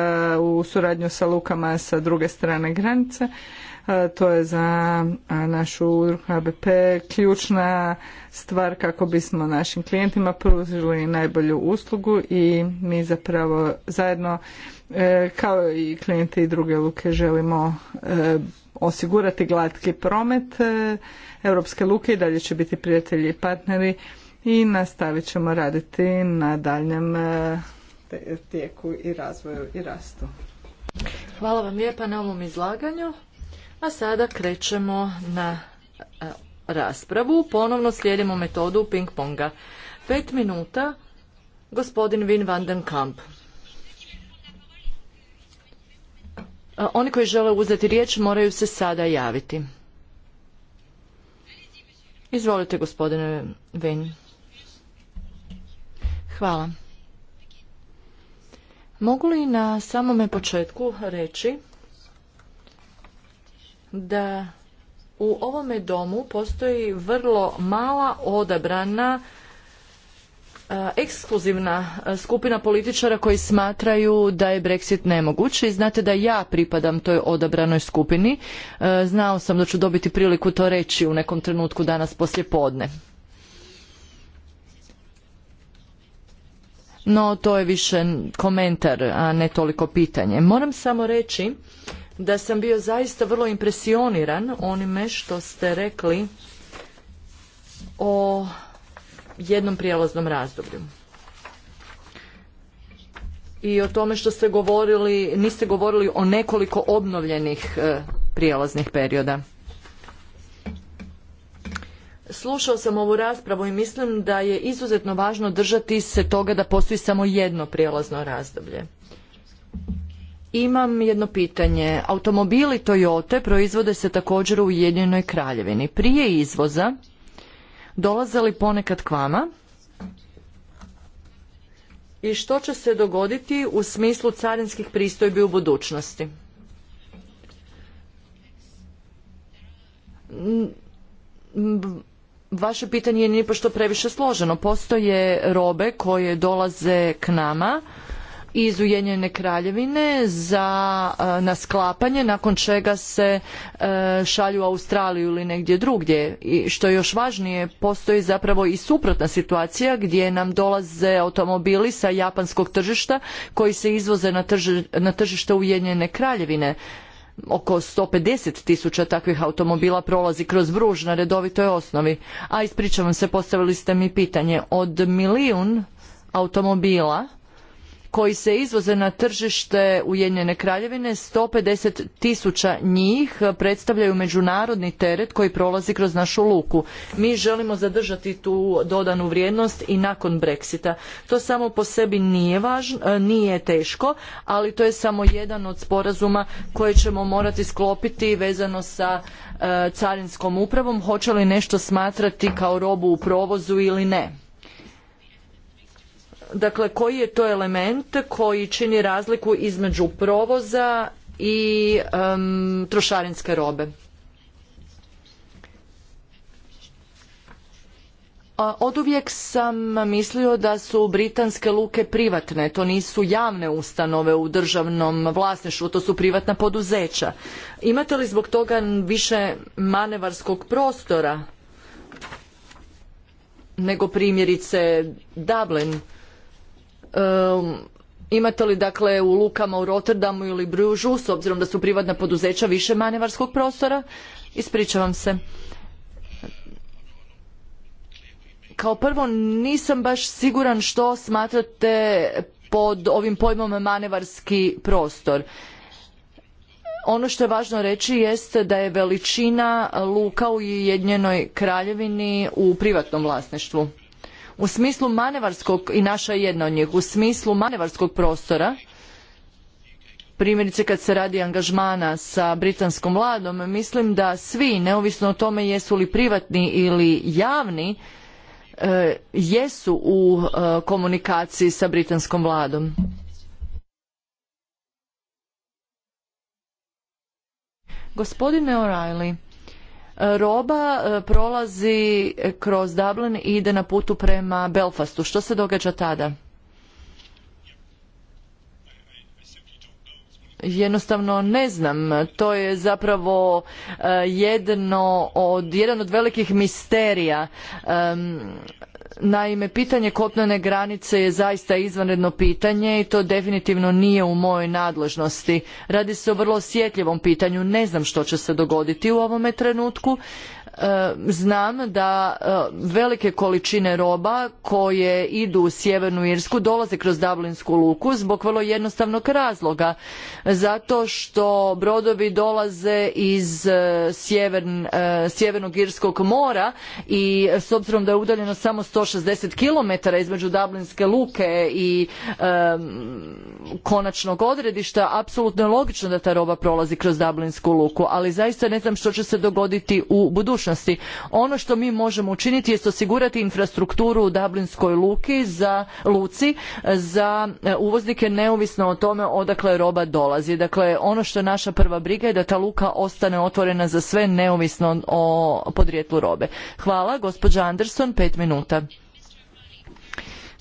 u suradnju sa lukama sa druge strane granice. To je za našu udruku ABP ključna stvar kako bismo našim klijentima pružili najbolju uslugu i mi zapravo zajedno e, kao i klijenti i druge luke želimo e, osigurati glatki promet. E, Europske luke i dalje će biti prijatelji i partneri i nastavit ćemo raditi na daljem e, tijeku i razvoju i rastu. Hvala vam lijepa na ovom izlaganju. A sada krećemo na e, raspravu. Ponovno slijedimo metodu ping-ponga. Pet minuta, gospodin Vin van den Kamp. E, oni koji žele uzeti riječ moraju se sada javiti. Izvolite gospodine Wim. Hvala. Mogu li na samome početku reći da u ovome domu postoji vrlo mala odabrana e, ekskluzivna e, skupina političara koji smatraju da je Brexit nemoguć i znate da ja pripadam toj odabranoj skupini. E, znao sam da ću dobiti priliku to reći u nekom trenutku danas poslje podne. no to je više komentar, a ne toliko pitanje. Moram samo reći da sam bio zaista vrlo impresioniran onime što ste rekli o jednom prijelaznom razdoblju i o tome što ste govorili, niste govorili o nekoliko obnovljenih e, prijelaznih perioda. Slušao sam ovu raspravu i mislim da je izuzetno važno držati se toga da postoji samo jedno prijelazno razdoblje. Imam jedno pitanje. Automobili Toyota proizvode se također u Ujedinjenoj kraljevini. Prije izvoza dolaze li ponekad k vama? I što će se dogoditi u smislu carinskih pristojbi u budućnosti? vaše pitanje je pošto previše složeno. Postoje robe koje dolaze k nama iz Ujedinjene kraljevine za e, na sklapanje nakon čega se e, šalju u Australiju ili negdje drugdje i što je još važnije postoji zapravo i suprotna situacija gdje nam dolaze automobili sa japanskog tržišta koji se izvoze na, na tržište Ujedinjene kraljevine oko 150 tisuća takvih automobila prolazi kroz Bruž na redovitoj osnovi. A ispričavam se, postavili ste mi pitanje. Od milijun automobila koji se izvoze na tržište Ujedinjene kraljevine, 150 tisuća njih predstavljaju međunarodni teret koji prolazi kroz našu luku. Mi želimo zadržati tu dodanu vrijednost i nakon Brexita. To samo po sebi nije, važno, e, nije teško, ali to je samo jedan od sporazuma koje ćemo morati sklopiti vezano sa e, carinskom upravom, hoće li nešto smatrati kao robu u provozu ili ne. Dakle, koji je to element koji čini razliku između provoza i um, trošarinske robe? Oduvijek sam mislio da su britanske luke privatne, to nisu javne ustanove u državnom vlasništvu, to su privatna poduzeća. Imate li zbog toga više manevarskog prostora nego primjerice Dublin? imate li dakle u lukama u Rotterdamu ili Bružu, s obzirom da su privatna poduzeća više manevarskog prostora? Ispričavam se. Kao prvo, nisam baš siguran što smatrate pod ovim pojmom manevarski prostor. Ono što je važno reći jeste da je veličina luka u Ujedinjenoj kraljevini u privatnom vlasništvu u smislu manevarskog i naša je jedna od njih u smislu manevarskog prostora primjerice kad se radi angažmana sa britanskom vladom mislim da svi neovisno o tome jesu li privatni ili javni e, jesu u e, komunikaciji sa britanskom vladom gospodine O'Reilly roba e, prolazi kroz Dublin i ide na putu prema Belfastu. Što se događa tada? Jednostavno ne znam. To je zapravo e, jedno od, jedan od velikih misterija. Naime, pitanje kopnene granice je zaista izvanredno pitanje i to definitivno nije u mojoj nadležnosti. Radi se o vrlo osjetljivom pitanju, ne znam što će se dogoditi u ovome trenutku. E, znam da e, velike količine roba koje idu u sjevernu Irsku dolaze kroz Dublinsku luku zbog vrlo jednostavnog razloga zato što brodovi dolaze iz e, sjevernog Irskog mora i s obzirom da je udaljeno samo 160 km između Dublinske luke i konačnog odredišta apsolutno je logično da ta roba prolazi kroz Dublinsku luku ali zaista ne znam što će se dogoditi u budućnosti ono što mi možemo učiniti jest osigurati infrastrukturu u Dublinskoj luki za luci za e, uvoznike neovisno o tome odakle roba dolazi. Dakle, ono što je naša prva briga je da ta luka ostane otvorena za sve neovisno o podrijetlu robe. Hvala, gospođa Anderson, pet minuta.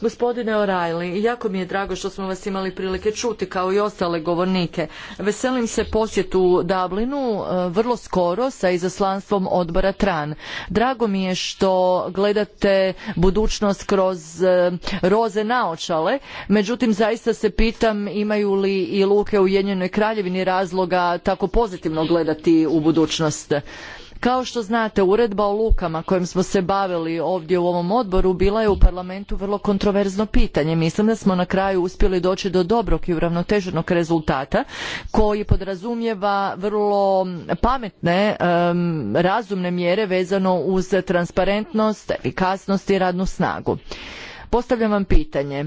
Gospodine O'Reilly, jako mi je drago što smo vas imali prilike čuti kao i ostale govornike. Veselim se posjetu Dublinu e, vrlo skoro sa izaslanstvom odbora TRAN. Drago mi je što gledate budućnost kroz e, roze naočale, međutim zaista se pitam imaju li i luke u Ujedinjenoj Kraljevini razloga tako pozitivno gledati u budućnost. Kao što znate, uredba o lukama kojom smo se bavili ovdje u ovom odboru bila je u parlamentu vrlo kontroverzno pitanje. Mislim da smo na kraju uspjeli doći do dobrog i uravnoteženog rezultata koji podrazumijeva vrlo pametne, razumne mjere vezano uz transparentnost, efikasnost i radnu snagu. Postavljam vam pitanje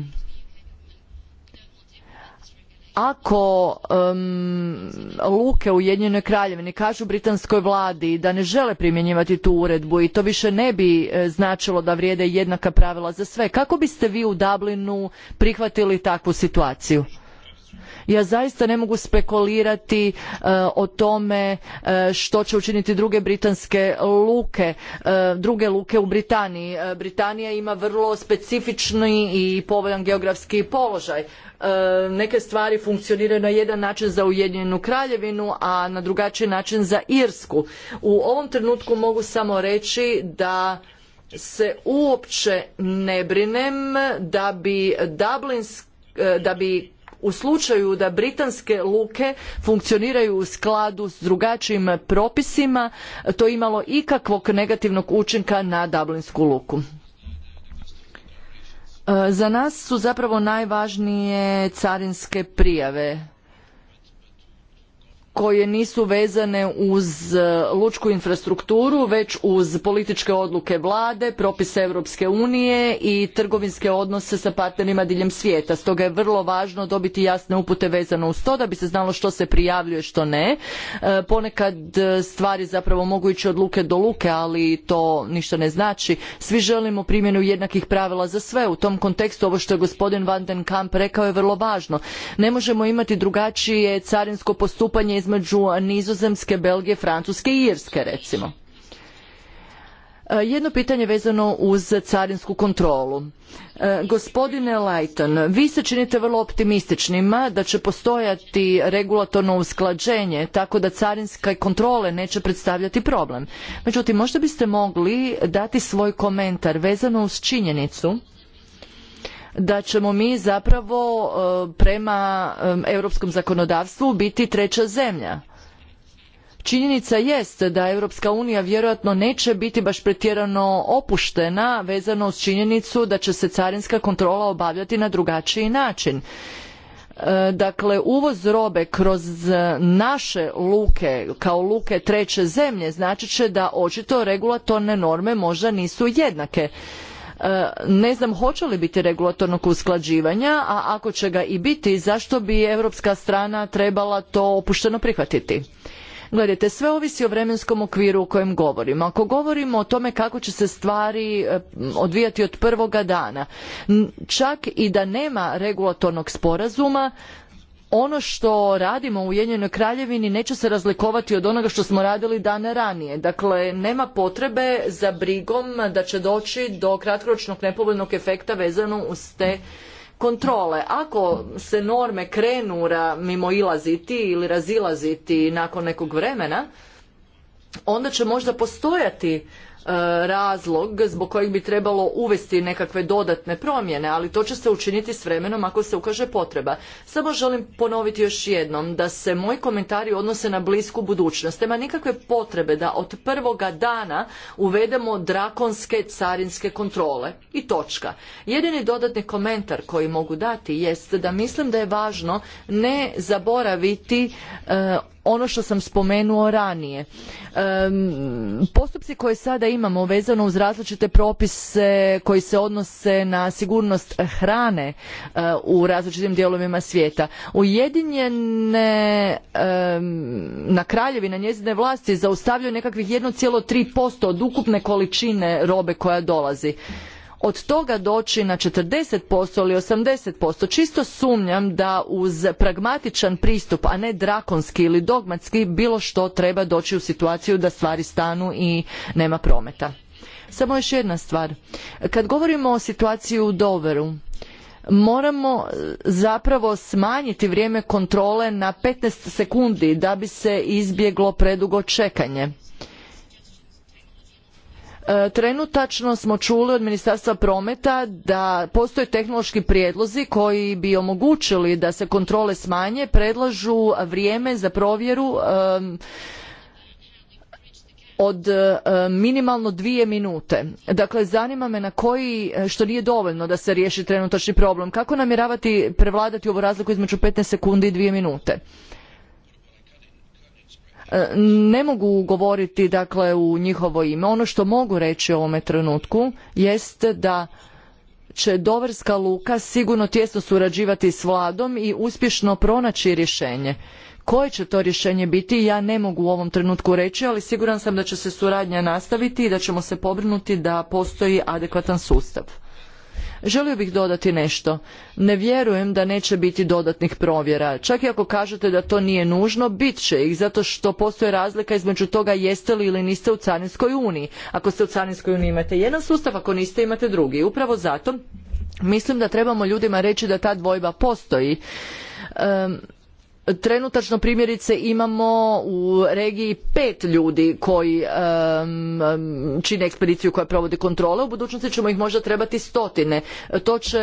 ako Luke luke ujedinjenoj kraljevini kažu britanskoj vladi da ne žele primjenjivati tu uredbu i to više ne bi e, značilo da vrijede jednaka pravila za sve kako biste vi u dublinu prihvatili takvu situaciju? ja zaista ne mogu spekulirati e, o tome e, što će učiniti druge britanske luke e, druge luke u britaniji britanija ima vrlo specifični i povoljan geografski položaj neke stvari funkcioniraju na jedan način za ujedinjenu kraljevinu a na drugačiji način za irsku u ovom trenutku mogu samo reći da se uopće ne brinem da bi Dublin, da bi u slučaju da britanske luke funkcioniraju u skladu s drugačijim propisima to imalo ikakvog negativnog učinka na dublinsku luku. E, za nas su zapravo najvažnije carinske prijave koje nisu vezane uz e, lučku infrastrukturu, već uz političke odluke vlade, propise Europske unije i trgovinske odnose sa partnerima diljem svijeta. Stoga je vrlo važno dobiti jasne upute vezano uz to da bi se znalo što se prijavljuje, što ne. E, ponekad e, stvari zapravo mogu ići od luke do luke, ali to ništa ne znači. Svi želimo primjenu jednakih pravila za sve. U tom kontekstu ovo što je gospodin Van den Kamp rekao je vrlo važno. Ne možemo imati drugačije carinsko postupanje između Nizozemske, Belgije, Francuske i Irske recimo. E, jedno pitanje vezano uz carinsku kontrolu. E, gospodine Leighton, vi se činite vrlo optimističnima da će postojati regulatorno usklađenje tako da carinske kontrole neće predstavljati problem. Međutim, možda biste mogli dati svoj komentar vezano uz činjenicu da ćemo mi zapravo e, prema europskom zakonodavstvu biti treća zemlja. Činjenica jest da Europska unija vjerojatno neće biti baš pretjerano opuštena vezano uz činjenicu da će se carinska kontrola obavljati na drugačiji način. E, dakle, uvoz robe kroz naše luke kao luke treće zemlje znači će da očito regulatorne norme možda nisu jednake. E, ne znam hoće li biti regulatornog usklađivanja, a ako će ga i biti, zašto bi europska strana trebala to opušteno prihvatiti? Gledajte, sve ovisi o vremenskom okviru o kojem govorimo. Ako govorimo o tome kako će se stvari e, odvijati od prvoga dana, čak i da nema regulatornog sporazuma, ono što radimo u Ujedinjenoj Kraljevini neće se razlikovati od onoga što smo radili dane ranije. Dakle, nema potrebe za brigom da će doći do kratkoročnog nepovoljnog efekta vezano uz te kontrole. Ako se norme krenu mimo ilaziti ili razilaziti nakon nekog vremena, onda će možda postojati E, razlog zbog kojeg bi trebalo uvesti nekakve dodatne promjene, ali to će se učiniti s vremenom ako se ukaže potreba. Samo želim ponoviti još jednom da se moji komentari odnose na blisku budućnost. Nema nikakve potrebe da od prvoga dana uvedemo drakonske carinske kontrole. I točka. Jedini dodatni komentar koji mogu dati jest da mislim da je važno ne zaboraviti e, ono što sam spomenuo ranije. Postupci koje sada imamo vezano uz različite propise koji se odnose na sigurnost hrane e, u različitim dijelovima svijeta. Ujedinjene na kraljevi, njezine vlasti zaustavljaju nekakvih 1,3% od ukupne količine robe koja dolazi od toga doći na 40% ili 80%. Čisto sumnjam da uz pragmatičan pristup, a ne drakonski ili dogmatski, bilo što treba doći u situaciju da stvari stanu i nema prometa. Samo još jedna stvar. Kad govorimo o situaciji u Doveru, moramo e, zapravo smanjiti vrijeme kontrole na 15 sekundi da bi se izbjeglo predugo čekanje. E, trenutačno smo čuli od Ministarstva prometa da postoje tehnološki prijedlozi koji bi omogućili da se kontrole smanje, predlažu vrijeme za provjeru od e, minimalno dvije minute. Dakle, zanima me na koji, e, što nije dovoljno da se riješi trenutačni problem, kako namjeravati prevladati ovu razliku između 15 sekundi i dvije minute? E, ne mogu govoriti dakle u njihovo ime. Ono što mogu reći u ovome trenutku jest da će dovarska luka sigurno tjesno surađivati s vladom i uspješno pronaći rješenje. Koje će to rješenje biti ja ne mogu u ovom trenutku reći, ali siguran sam da će se suradnja nastaviti i da ćemo se pobrinuti da postoji adekvatan sustav. Želio bih dodati nešto. Ne vjerujem da neće biti dodatnih provjera. Čak i ako kažete da to nije nužno, bit će ih, zato što postoje razlika između toga jeste li ili niste u Carinskoj uniji. Ako ste u Carinskoj uniji imate jedan sustav, ako niste imate drugi. Upravo zato mislim da trebamo ljudima reći da ta dvojba postoji trenutačno primjerice imamo u regiji pet ljudi koji čine ekspediciju koja provodi kontrole u budućnosti ćemo ih možda trebati stotine to će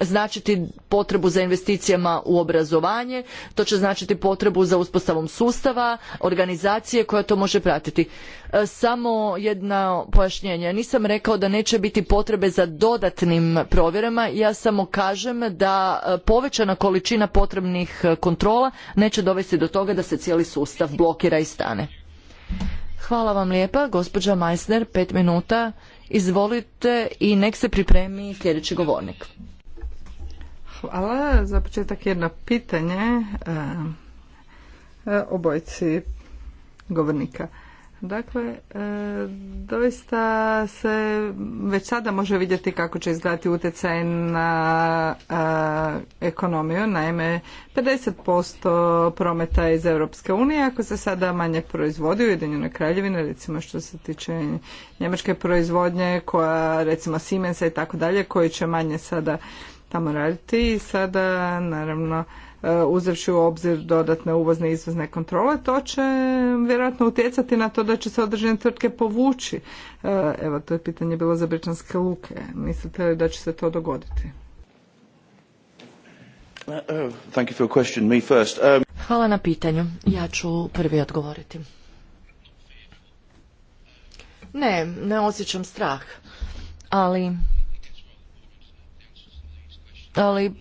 značiti potrebu za investicijama u obrazovanje to će značiti potrebu za uspostavom sustava organizacije koja to može pratiti e, samo jedno pojašnjenje nisam rekao da neće biti potrebe za dodatnim provjerama ja samo kažem da e, povećana količina potrebnih E, kontrola neće dovesti do toga da se cijeli sustav blokira i stane. Hvala vam lijepa, gospođa Meissner, pet minuta, izvolite i nek se pripremi sljedeći govornik. Hvala, za početak jedno pitanje e, e obojci govornika. Dakle, e, doista se već sada može vidjeti kako će izgledati utjecaj na e, ekonomiju. Naime, 50% prometa iz Europske unije, ako se sada manje proizvodi u Ujedinjenoj kraljevini, recimo što se tiče njemačke proizvodnje, koja recimo Siemensa i tako dalje, koji će manje sada tamo raditi i sada naravno E, uzevši u obzir dodatne uvozne i izvozne kontrole, to će vjerojatno utjecati na to da će se određene tvrtke povući. E, evo, to je pitanje bilo za britanske luke. Mislite li da će se to dogoditi? Uh, uh, um, Hvala na pitanju. Ja ću prvi odgovoriti. Ne, ne osjećam strah, ali ali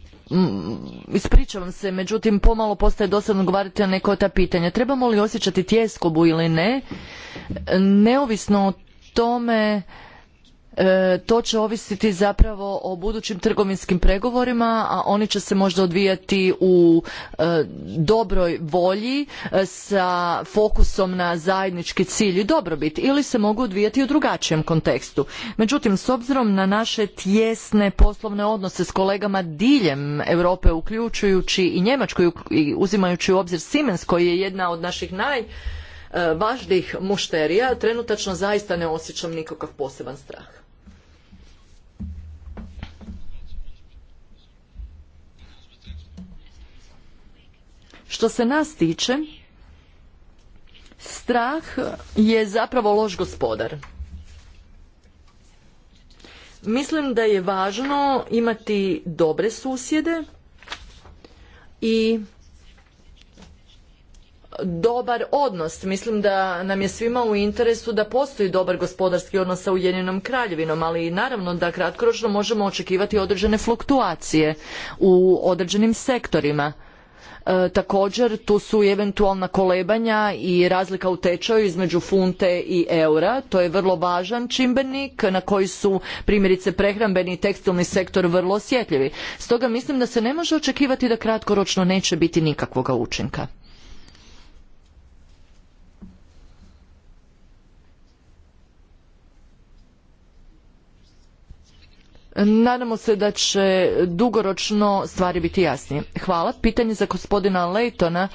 ispričavam se, međutim pomalo postaje dosadno govoriti na neko ta pitanja. Trebamo li osjećati tjeskobu ili ne, neovisno o tome E, to će ovisiti zapravo o budućim trgovinskim pregovorima, a oni će se možda odvijati u e, dobroj volji e, sa fokusom na zajednički cilj i dobrobit ili se mogu odvijati u drugačijem kontekstu. Međutim, s obzirom na naše tjesne poslovne odnose s kolegama diljem Europe, uključujući i Njemačku i uzimajući u obzir Siemens koji je jedna od naših naj mušterija, trenutačno zaista ne osjećam nikakav poseban strah. Što se nas tiče, strah je zapravo loš gospodar. Mislim da je važno imati dobre susjede i dobar odnos. Mislim da nam je svima u interesu da postoji dobar gospodarski odnos sa Ujedinjenom kraljevinom, ali naravno da kratkoročno možemo očekivati određene fluktuacije u određenim sektorima. E, također tu su i eventualna kolebanja i razlika u tečaju između funte i eura. To je vrlo važan čimbenik na koji su primjerice prehrambeni i tekstilni sektor vrlo osjetljivi. Stoga mislim da se ne može očekivati da kratkoročno neće biti nikakvoga učinka. Nadamo se da će dugoročno stvari biti jasnije. Hvala. Pitanje za gospodina Lejtona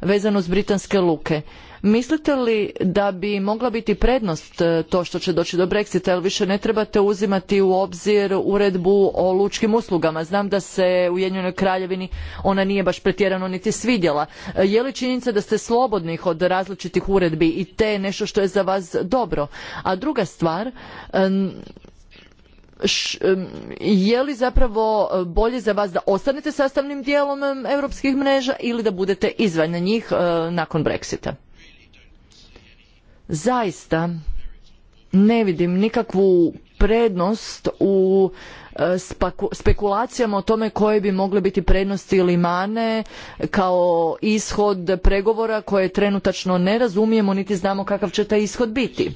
vezano s britanske luke. Mislite li da bi mogla biti prednost e, to što će doći do Brexita, jer više ne trebate uzimati u obzir uredbu o lučkim uslugama? Znam da se u Ujedinjenoj kraljevini ona nije baš pretjerano niti svidjela. E, je li činjenica da ste slobodni od različitih uredbi i te nešto što je za vas dobro? A druga stvar, je li zapravo eh, bolje za vas da ostanete sastavnim dijelom europskih mreža ili da budete izvan njih eh, nakon Brexita? Zaista ne vidim nikakvu prednost u eh, spekulacijama o tome koje bi mogle biti prednosti ili mane kao ishod pregovora koje trenutačno ne razumijemo niti znamo kakav će taj ishod biti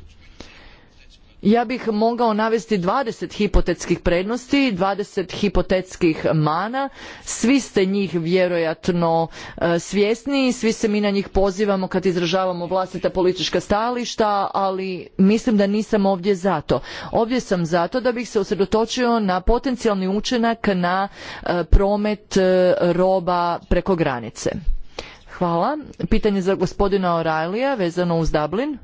ja bih mogao navesti 20 hipotetskih prednosti, 20 hipotetskih mana, svi ste njih vjerojatno e, svjesni i svi se mi na njih pozivamo kad izražavamo vlastita politička stajališta, ali mislim da nisam ovdje zato. Ovdje sam zato da bih se usredotočio na potencijalni učinak na e, promet e, roba preko granice. Hvala. Pitanje za gospodina O'Reillya vezano uz Dublin.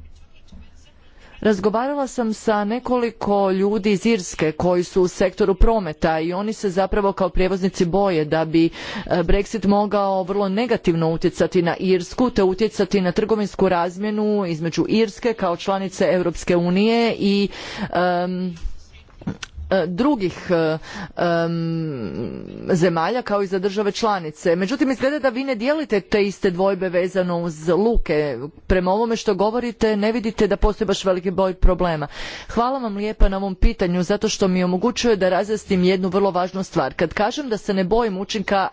Razgovarala sam sa nekoliko ljudi iz Irske koji su u sektoru prometa i oni se zapravo kao prijevoznici boje da bi e, Brexit mogao vrlo negativno utjecati na Irsku te utjecati na trgovinsku razmjenu između Irske kao članice Europske unije i E, drugih e, zemalja kao i za države članice. Međutim, izgleda da vi ne dijelite te iste dvojbe vezano uz luke. Prema ovome što govorite ne vidite da postoji baš veliki broj problema. Hvala vam lijepa na ovom pitanju zato što mi omogućuje da razjasnim jednu vrlo važnu stvar. Kad kažem da se ne bojim učinka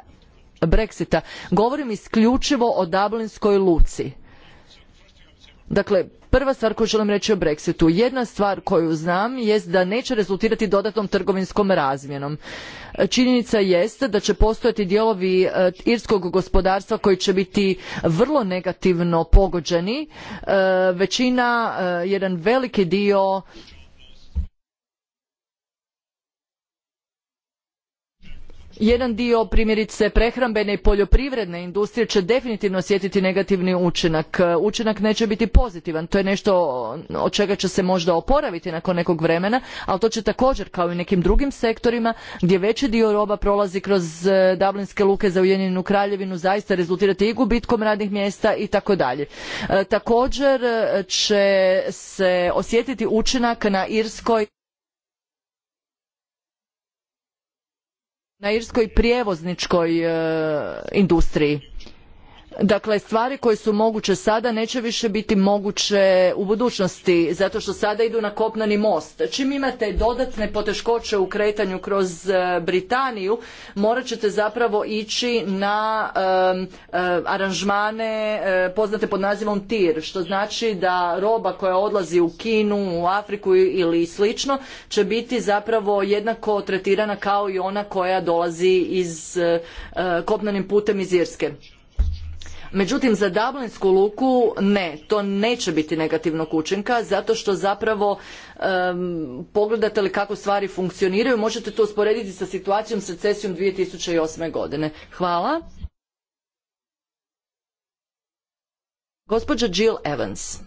Brexita, govorim isključivo o Dublinskoj luci. Dakle, Prva stvar koju želim reći o Brexitu. Jedna stvar koju znam jest da neće rezultirati dodatnom trgovinskom razmjenom. Činjenica jest da će postojati dijelovi e, irskog gospodarstva koji će biti vrlo negativno pogođeni. E, većina, e, jedan veliki dio jedan dio primjerice prehrambene i poljoprivredne industrije će definitivno osjetiti negativni učinak e, učinak neće biti pozitivan to je nešto od čega će se možda oporaviti nakon nekog vremena ali to će također kao i nekim drugim sektorima gdje veći dio roba prolazi kroz e, Dublinske luke za ujedinjenu kraljevinu zaista rezultirati i gubitkom radnih mjesta i tako dalje e, također će se osjetiti učinak na irskoj na irskoj prijevozničkoj e, industriji. Dakle, stvari koje su moguće sada neće više biti moguće u budućnosti, zato što sada idu na kopnani most. Čim imate dodatne poteškoće u kretanju kroz e, Britaniju, morat ćete zapravo ići na e, aranžmane e, poznate pod nazivom TIR, što znači da roba koja odlazi u Kinu, u Afriku ili slično, će biti zapravo jednako tretirana kao i ona koja dolazi iz kopnenim putem iz Irske. Međutim, za Dublinsku luku ne, to neće biti negativnog učinka zato što zapravo pogledate li kako stvari funkcioniraju, možete to usporediti sa situacijom s recesijom 2008. godine. Hvala. Gospođa Jill Evans.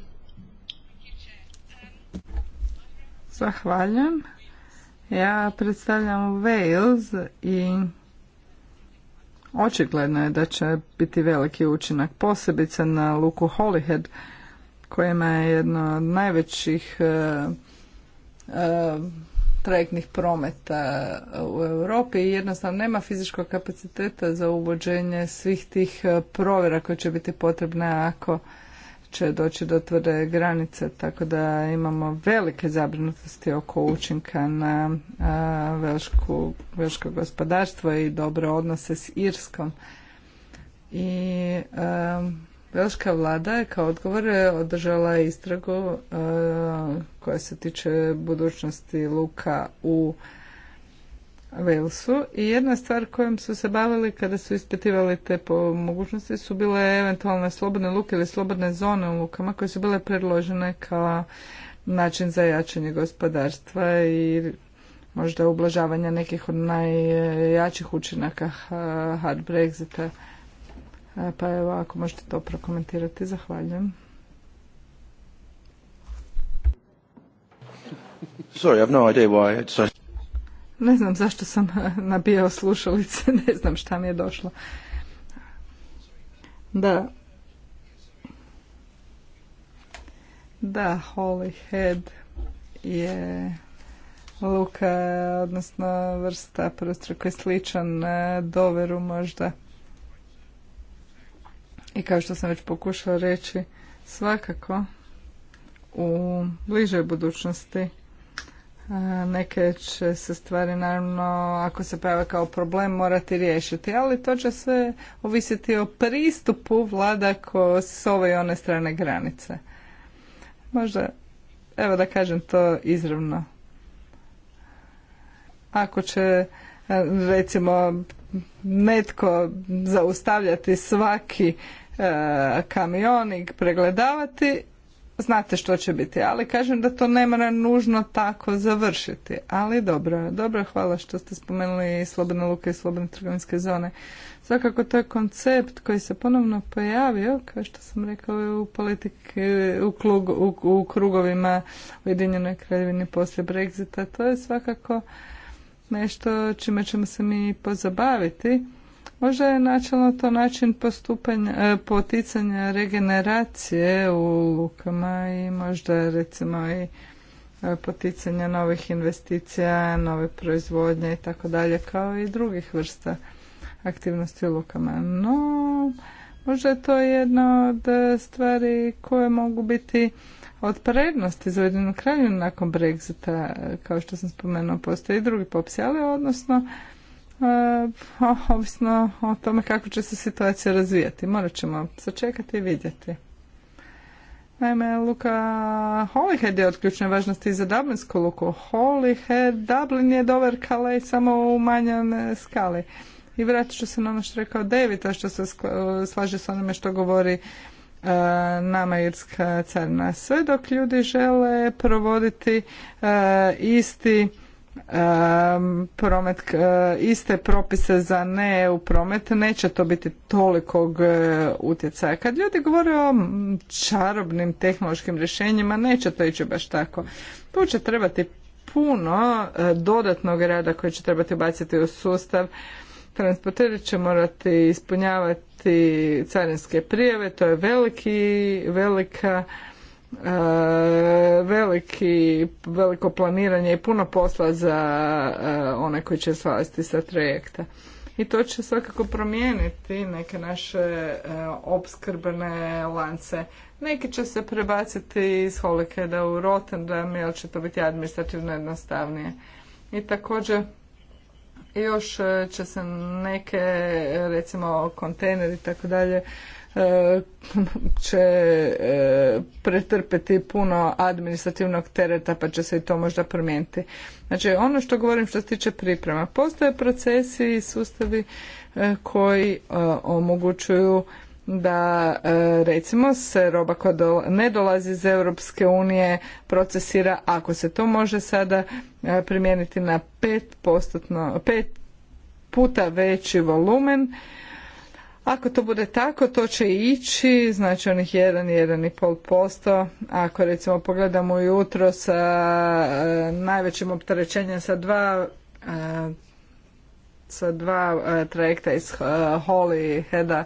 Zahvaljujem. Ja predstavljam Wales i Očigledno je da će biti veliki učinak posebice na luku Holyhead kojima je jedno od najvećih e, e trajektnih prometa u Europi i jednostavno nema fizičkog kapaciteta za uvođenje svih tih e, provjera koje će biti potrebne ako će doći do tvrde granice, tako da imamo velike zabrinutosti oko učinka na velšku, velško gospodarstvo i dobre odnose s Irskom. I a, Velška vlada je kao odgovor održala istragu koja se tiče budućnosti luka u Walesu i jedna stvar kojom su se bavili kada su ispitivali te po mogućnosti su bile eventualne slobodne luke ili slobodne zone u lukama koje su bile predložene kao način za jačanje gospodarstva i možda ublažavanja nekih od najjačih učinaka hard Brexita. Pa evo, ako možete to prokomentirati, zahvaljujem. Sorry, have no idea why. Ne znam zašto sam nabijao slušalice, ne znam šta mi je došlo. Da. Da, Holy Head je luka, odnosno vrsta prostora koji je sličan e, doveru možda. I kao što sam već pokušala reći, svakako u bližoj budućnosti Neke će se stvari, naravno, ako se pojave kao problem, morati riješiti, ali to će sve ovisiti o pristupu vlada ko s ove i one strane granice. Možda, evo da kažem to izravno. Ako će, e, recimo, netko zaustavljati svaki e, kamion i pregledavati, znate što će biti, ali kažem da to ne mora nužno tako završiti. Ali dobro, dobro, hvala što ste spomenuli i slobodne luke i slobodne trgovinske zone. Svakako to je koncept koji se ponovno pojavio, kao što sam rekao u politike, u, u krugovima Ujedinjenoj kraljevini poslije Brexita. To je svakako nešto čime ćemo se mi pozabaviti Možda je načelno to način postupanja, e, poticanja regeneracije u lukama i možda recimo i e, poticanja novih investicija, nove proizvodnje i tako dalje, kao i drugih vrsta aktivnosti u lukama. No, možda je to jedna od e, stvari koje mogu biti od za Ujedinu kraljevinu nakon Brexita, kao što sam spomenuo, postoje i drugi popsi, ali odnosno E, ovisno o tome kako će se situacija razvijati. Morat ćemo sačekati i vidjeti. Naime, luka Holyhead je od ključne važnosti za Dublinsku luku. Holyhead, Dublin je dobar kale samo u manjane skali. I vratit ću se na ono što rekao David, a što se e, slaže s onime što govori e, nama Irska carina. Sve dok ljudi žele provoditi isti promet, eh, iste propise za ne EU promet, neće to biti tolikog eh, utjecaja. Kad ljudi govore o čarobnim tehnološkim rješenjima, neće to ići baš tako. Tu će trebati puno eh, dodatnog rada koji će trebati baciti u sustav. Transporteri će morati ispunjavati carinske prijeve, to je veliki, velika E, veliki, veliko planiranje i puno posla za e, one koji će slaviti sa trajekta. I to će svakako promijeniti neke naše e, opskrbne lance. Neki će se prebaciti iz Holikeda u Rotterdam jer će to biti administrativno jednostavnije. I također još će se neke recimo kontejneri i tako dalje E, će e, pretrpeti puno administrativnog tereta pa će se i to možda promijeniti. Znači ono što govorim što se tiče priprema, postoje procesi i sustavi e, koji omogućuju da recimo se roba koja ne dolazi iz Europske unije procesira ako se to može sada primijeniti na pet pet puta veći volumen ako to bude tako, to će ići, znači onih 1, 1,5%. Ako recimo pogledamo jutro sa e, najvećim opterećenjem sa dva e, sa dva e, trajekta iz Holly Heda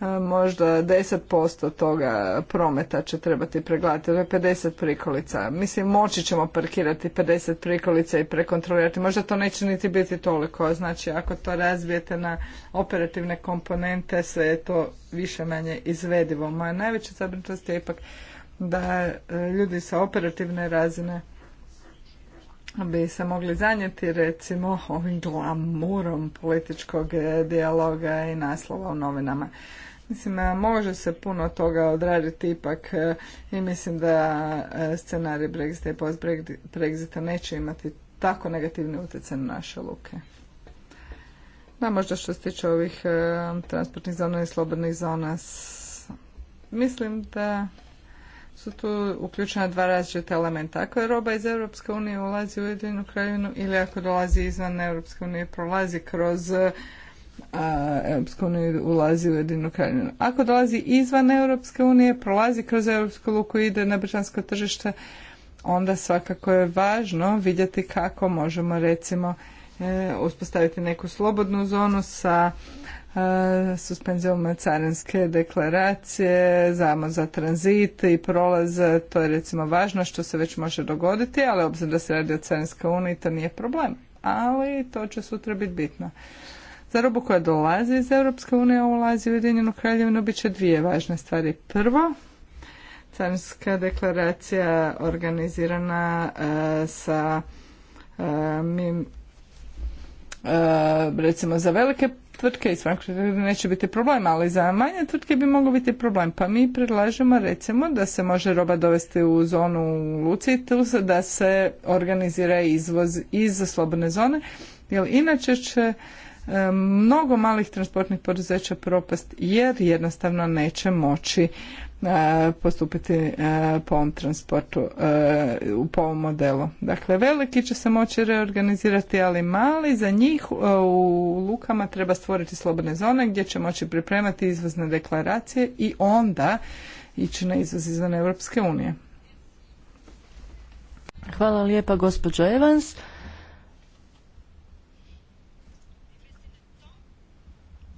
E, možda 10% toga prometa će trebati pregledati, to 50 prikolica. Mislim, moći ćemo parkirati 50 prikolica i prekontrolirati. Možda to neće niti biti toliko, znači ako to razvijete na operativne komponente, sve je to više manje izvedivo. Moja najveća zabrinutost je ipak da e, ljudi sa operativne razine bi se mogli zanijeti recimo ovim glamurom političkog e, dijaloga i naslova u novinama. Mislim, e, može se puno toga odraditi ipak e, i mislim da scenarij Brexita i post-Brexita neće imati tako negativni utjecaj na naše luke. Da, možda što se tiče ovih transportnih zona i slobodnih zona, mislim da su tu uključena dva različita elementa. Ako je roba iz Europske unije ulazi u jedinu krajinu ili ako dolazi izvan Europske unije prolazi kroz Europsku uniju ulazi u jedinu krajinu. Ako dolazi izvan Europske unije, prolazi kroz Europsku luku i ide na britansko tržište, onda svakako je važno vidjeti kako možemo recimo e, uspostaviti neku slobodnu zonu sa E, suspenzijom carinske deklaracije, zajmo za tranzit i prolaz, to je recimo važno što se već može dogoditi, ali obzirom da se radi o carinskoj uniji to nije problem, ali to će sutra biti bitno. Za koja dolazi iz Europske unije, ulazi u Ujedinjenu kraljevinu, bit će dvije važne stvari. Prvo, carinska deklaracija organizirana e, sa e, E, recimo za velike tvrtke iz Frankfurta neće biti problem, ali za manje tvrtke bi moglo biti problem. Pa mi predlažemo recimo da se može roba dovesti u zonu Lucitus, da se organizira izvoz iz slobodne zone, jer inače će e, mnogo malih transportnih poduzeća propast jer jednostavno neće moći E, postupiti e, po ovom transportu, e, po ovom modelu. Dakle, veliki će se moći reorganizirati, ali mali za njih u lukama treba stvoriti slobodne zone gdje će moći pripremati izvozne deklaracije i onda ići na izvoz izvan Europske unije. Hvala lijepa gospođo Evans.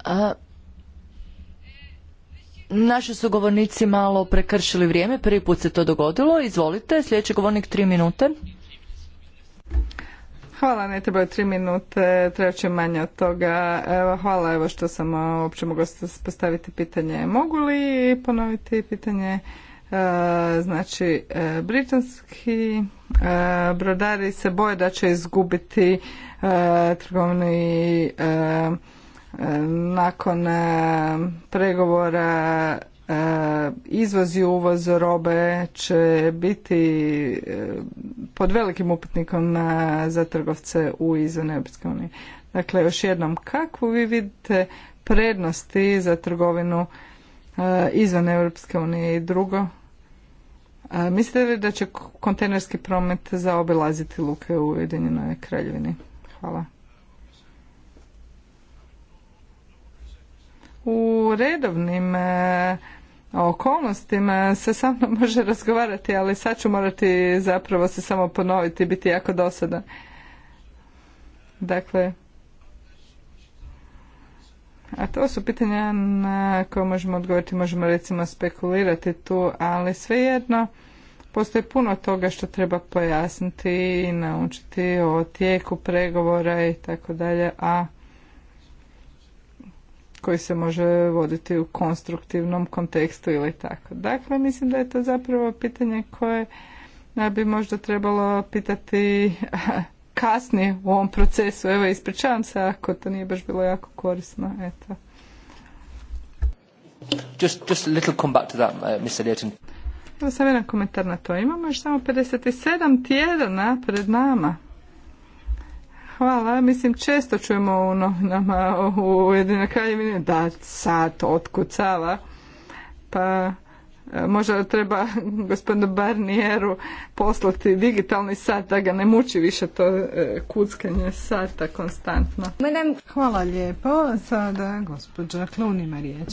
A Naši su govornici malo prekršili vrijeme, prvi put se to dogodilo. Izvolite, sljedeći govornik tri minute. Hvala, ne treba tri minute, treba će manje od toga. Evo, hvala evo što sam uopće mogla postaviti pitanje. Mogu li ponoviti pitanje? E, znači, e, britanski e, brodari se boje da će izgubiti trgovni nakon e, pregovora e, izvoz i uvoz robe će biti e, pod velikim upitnikom za trgovce u izvan Europske unije. Dakle, još jednom, kakvu vi vidite prednosti za trgovinu izvan Europske unije i drugo? Mislite li da će kontejnerski promet zaobilaziti luke u Ujedinjenoj kraljevini? Hvala. u redovnim e, okolnostima se sa mnom može razgovarati, ali sad ću morati zapravo se samo ponoviti i biti jako dosadan. Dakle, a to su pitanja na koje možemo odgovoriti, možemo recimo spekulirati tu, ali svejedno postoji puno toga što treba pojasniti i naučiti o tijeku pregovora i tako dalje, a koji se može voditi u konstruktivnom kontekstu ili tako. Dakle, mislim da je to zapravo pitanje koje bi možda trebalo pitati kasnije u ovom procesu. Evo, ispričavam se ako to nije baš bilo jako korisno. Eto. Just, just a little come back to that, uh, Evo sam jedan komentar na to. Imamo još samo 57 tjedana pred nama. Hvala. Mislim, često čujemo u novinama u Ujedinoj da sat otkucava. Pa e, možda treba gospodinu Barnijeru poslati digitalni sat da ga ne muči više to e, kuckanje sata konstantno. Hvala lijepo. Sada gospođa Klun ima riječ.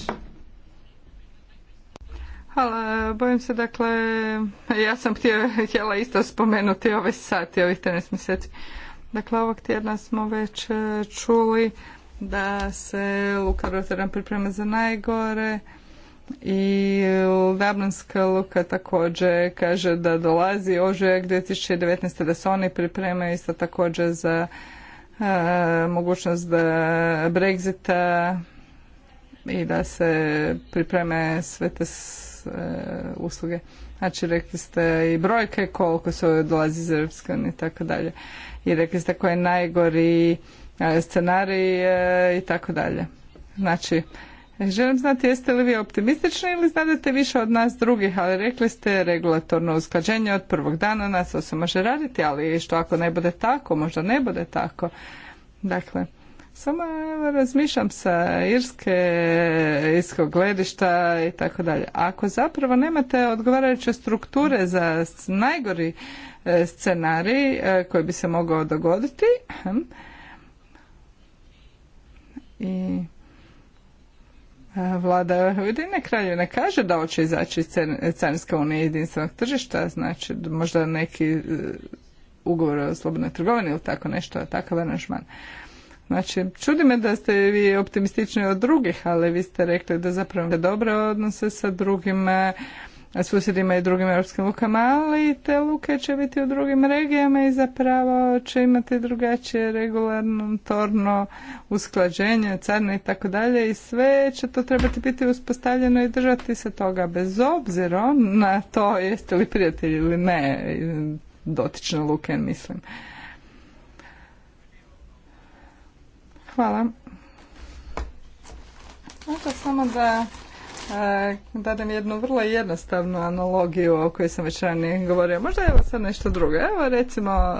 Hvala, bojim se dakle, ja sam htjela isto spomenuti ovaj sat i ovih 13 mjeseci. Dakle, ovog tjedna smo već e, čuli da se Luka Rotterdam priprema za najgore i Dablinska e, luka također kaže da dolazi ožujak 2019. da se oni pripreme isto također za e, mogućnost da Brexita i da se pripreme sve te usluge. Znači rekli ste i brojke koliko se dolazi iz Europske i tako dalje i rekli ste koji je najgori e, scenarij e, i tako dalje. Znači, želim znati jeste li vi optimistični ili znate više od nas drugih, ali rekli ste regulatorno usklađenje od prvog dana nas to se može raditi, ali što ako ne bude tako, možda ne bude tako. Dakle, samo razmišljam sa irske, iskog gledišta i tako dalje. Ako zapravo nemate odgovarajuće strukture za najgori E, scenarij e, koji bi se mogao dogoditi. I e, vlada Ujedine ne kaže da hoće izaći iz Carinska unija jedinstvenog tržišta, znači možda neki ugovor o slobodnoj trgovini ili tako nešto, takav aranžman. Znači, čudi me da ste vi optimistični od drugih, ali vi ste rekli da zapravo dobre odnose sa drugim susjedima i drugim europskim lukama, ali te luke će biti u drugim regijama i zapravo će imati drugačije torno usklađenje, carne i tako dalje i sve će to trebati biti uspostavljeno i držati se toga bez obzira na to jeste li prijatelji ili ne dotične luke, mislim. Hvala. samo da dadem jednu vrlo jednostavnu analogiju o kojoj sam već ranije govorila. Možda evo sad nešto drugo. Evo recimo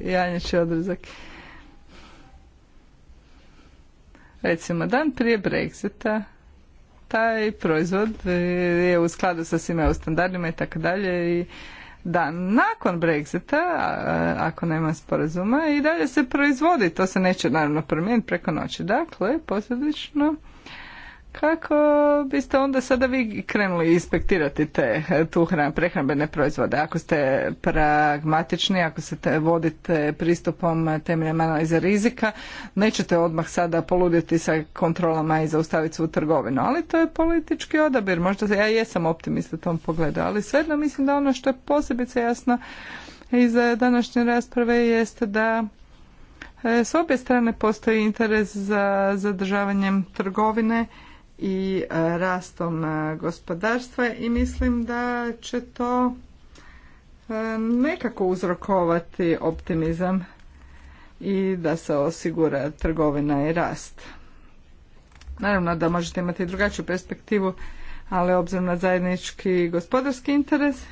janjeći odrezak. Recimo dan prije Brexita taj proizvod je u skladu sa svim EU standardima i tako dalje i da nakon Brexita, ako nema sporazuma, i dalje se proizvodi. To se neće naravno promijeniti preko noći. Dakle, posljedično kako biste onda sada vi krenuli inspektirati te tu hran, prehrambene proizvode? Ako ste pragmatični, ako se te vodite pristupom temeljem analize rizika, nećete odmah sada poluditi sa kontrolama i zaustaviti svu trgovinu. Ali to je politički odabir. Možda ja jesam optimist u tom pogledu, ali svejedno mislim da ono što je posebice jasno iz današnje rasprave jeste da e, s obje strane postoji interes za zadržavanjem trgovine i e, rastom e, gospodarstva i mislim da će to e, nekako uzrokovati optimizam i da se osigura trgovina i rast. Naravno da možete imati drugačiju perspektivu, ali obzirom na zajednički gospodarski interes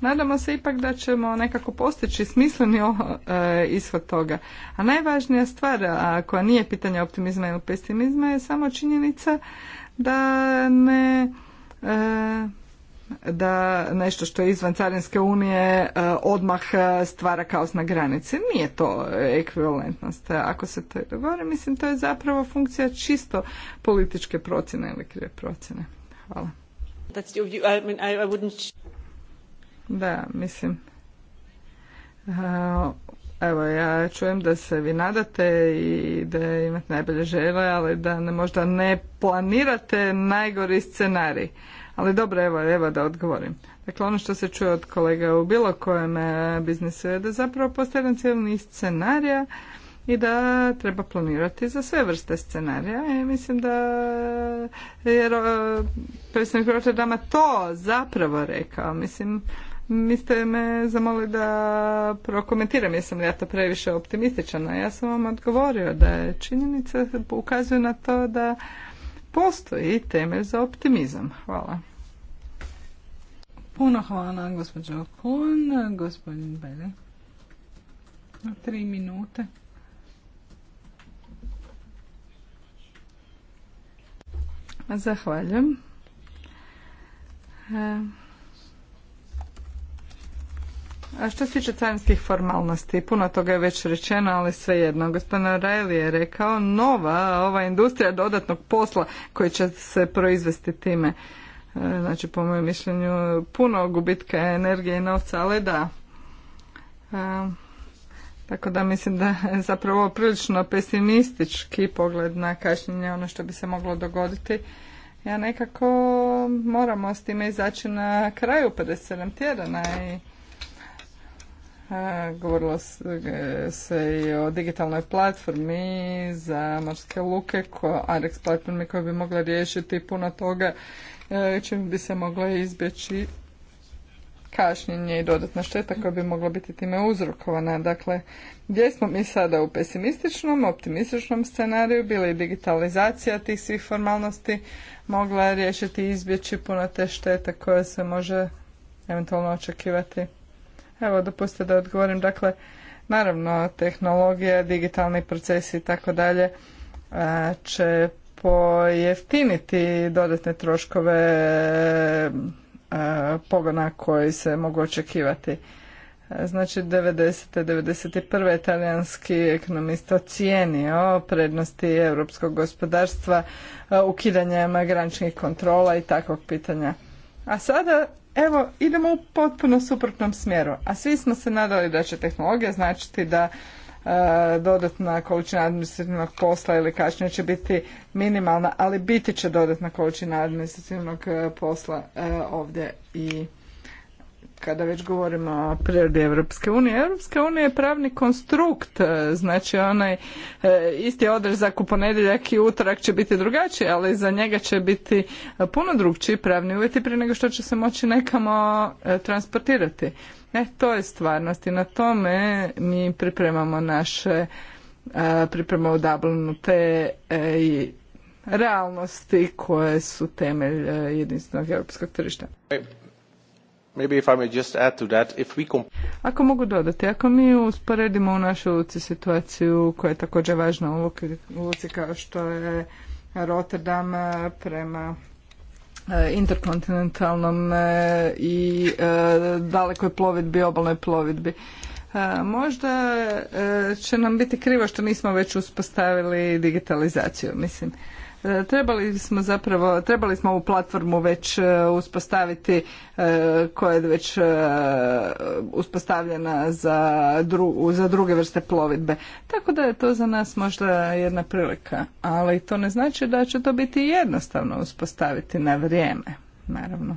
Nadamo se ipak da ćemo nekako postići smisleni e, ishod toga. A najvažnija stvar, a koja nije pitanje optimizma ili pesimizma, je samo činjenica da ne e, da nešto što je izvan Carinske unije e, odmah stvara kaos na granici. Nije to ekvivalentnost. Ako se to govori, mislim, to je zapravo funkcija čisto političke procjene ili krive procjene. Hvala. Da, mislim. E, evo, ja čujem da se vi nadate i da imate najbolje žele, ali da ne, možda ne planirate najgori scenarij. Ali dobro, evo, evo da odgovorim. Dakle, ono što se čuje od kolega u bilo kojem e, biznisu je da zapravo postoje jedan cijeli scenarija i da treba planirati za sve vrste scenarija i mislim da je e, predsjednik Rotterdama to zapravo rekao. Mislim, Niste me zamolili da prokomentiram, jesam li ja to previše optimističan, ja sam vam odgovorio da je činjenica ukazuje na to da postoji temelj za optimizam. Hvala. Puno hvala, gospođo Kun, gospodin Na tri minute. Zahvaljujem. E, a što se tiče carinskih formalnosti, puno toga je već rečeno, ali svejedno. Gospodin Rajli je rekao, nova ova industrija dodatnog posla koji će se proizvesti time. E, znači, po mojem mišljenju, puno gubitka energije i novca, ali da. E, tako da mislim da je zapravo prilično pesimistički pogled na kašnjenje ono što bi se moglo dogoditi. Ja nekako moramo s time izaći na kraju 57 tjedana i Govorilo e, se i o digitalnoj platformi za morske luke, AREX platformi koja bi mogla riješiti puno toga e, čim bi se mogla izbjeći kašnjenje i dodatna šteta koja bi mogla biti time uzrokovana. Dakle, gdje smo mi sada u pesimističnom, optimističnom scenariju, bila i digitalizacija tih svih formalnosti mogla riješiti i izbjeći puno te štete koja se može eventualno očekivati Evo, dopustite da odgovorim. Dakle, naravno, tehnologija, digitalni procesi i tako dalje e, će pojeftiniti dodatne troškove e, pogona koji se mogu očekivati. E, znači, 90. 91. italijanski ekonomist ocijenio prednosti europskog gospodarstva ukidanjem graničnih kontrola i takvog pitanja. A sada evo, idemo u potpuno suprotnom smjeru. A svi smo se nadali da će tehnologija značiti da e, dodatna količina administrativnog posla ili kašnje će biti minimalna, ali biti će dodatna količina administrativnog e, posla e, ovdje i kada već govorimo o prirodi Europske unije, Europska unija je pravni konstrukt, e, znači onaj e, isti odrezak u ponedjeljak i utorak će biti drugačiji, ali za njega će biti puno drugčiji pravni uvjeti prije nego što će se moći nekamo e, transportirati. E, to je stvarnost i na tome mi pripremamo naše pripremamo u Dublinu te realnosti koje su temelj jedinstvenog europskog tržišta ako mogu dodati, ako mi usporedimo u našoj luci situaciju koja je također važna u luci kao što je Rotterdam e, prema e, interkontinentalnom e, i dalekoj plovidbi, obalnoj plovidbi. Možda e, će nam biti krivo što nismo već uspostavili digitalizaciju, mislim. E, trebali smo zapravo, trebali smo ovu platformu već e, uspostaviti koja je već uspostavljena za, za druge vrste plovidbe. Tako da je to za nas možda jedna prilika, ali to ne znači da će to biti jednostavno uspostaviti na vrijeme, naravno.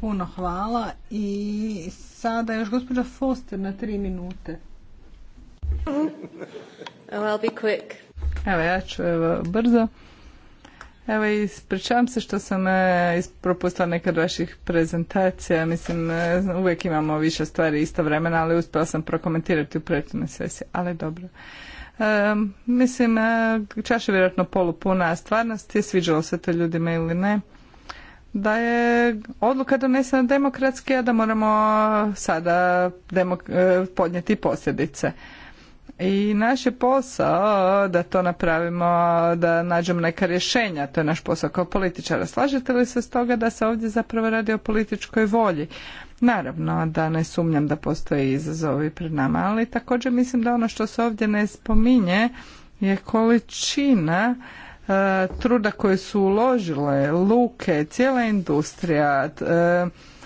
Puno hvala i sada još gospođa Foster na tri minute. Oh, be Evo ja ću brzo. Evo ispričavam se što sam e, propustila nekad vaših prezentacija. Mislim, e, uvijek imamo više stvari isto vremena, ali uspjela sam prokomentirati u prethodnoj sesiji. Ali dobro. E, mislim, e, čaša je vjerojatno polupuna, stvarnosti sviđalo se to ljudima ili ne da je odluka donesena demokratski, a da moramo sada e, podnijeti posljedice. I naš je posao da to napravimo, da nađemo neka rješenja, to je naš posao kao političara. Slažete li se s toga da se ovdje zapravo radi o političkoj volji? Naravno da ne sumnjam da postoje izazovi pred nama, ali također mislim da ono što se ovdje ne spominje je količina E, truda koje su uložile luke, cijela industrija, e,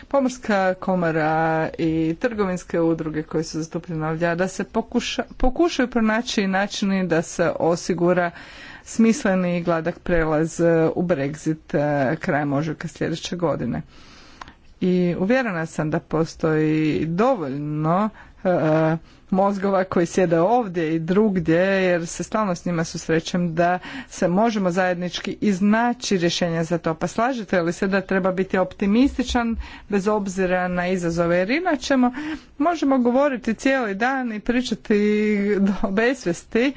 pomorska komora i trgovinske udruge koje su zastupljene ovdje, da se pokuša, pokušaju pronaći načini da se osigura smisleni i gladak prelaz e, u Brexit krajem ožujka sljedeće godine. I uvjerena sam da postoji dovoljno E, mozgova koji sjede ovdje i drugdje jer se stalno s njima susrećem da se možemo zajednički iznaći rješenja za to. Pa slažete li se da treba biti optimističan bez obzira na izazove jer inače možemo govoriti cijeli dan i pričati do besvesti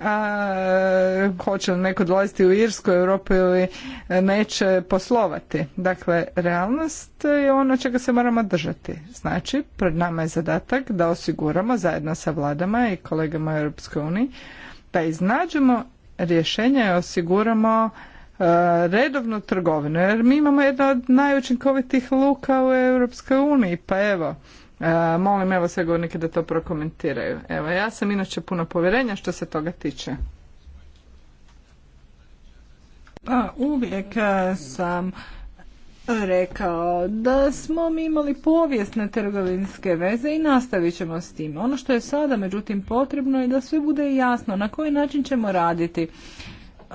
a hoće li neko dolaziti u Irsku, Europu ili neće poslovati. Dakle, realnost je ono čega se moramo držati. Znači, pred nama je zadatak da osiguramo zajedno sa vladama i kolegama u EU da iznađemo rješenja i osiguramo e, redovnu trgovinu. Jer mi imamo jednu od najučinkovitih luka u Europskoj uniji. Pa evo, E, molim evo sve govornike da to prokomentiraju. Evo, ja sam inače puno povjerenja što se toga tiče. Pa uvijek e, sam rekao da smo mi imali povijesne trgovinske veze i nastavit ćemo s tim. Ono što je sada međutim potrebno je da sve bude jasno na koji način ćemo raditi. E,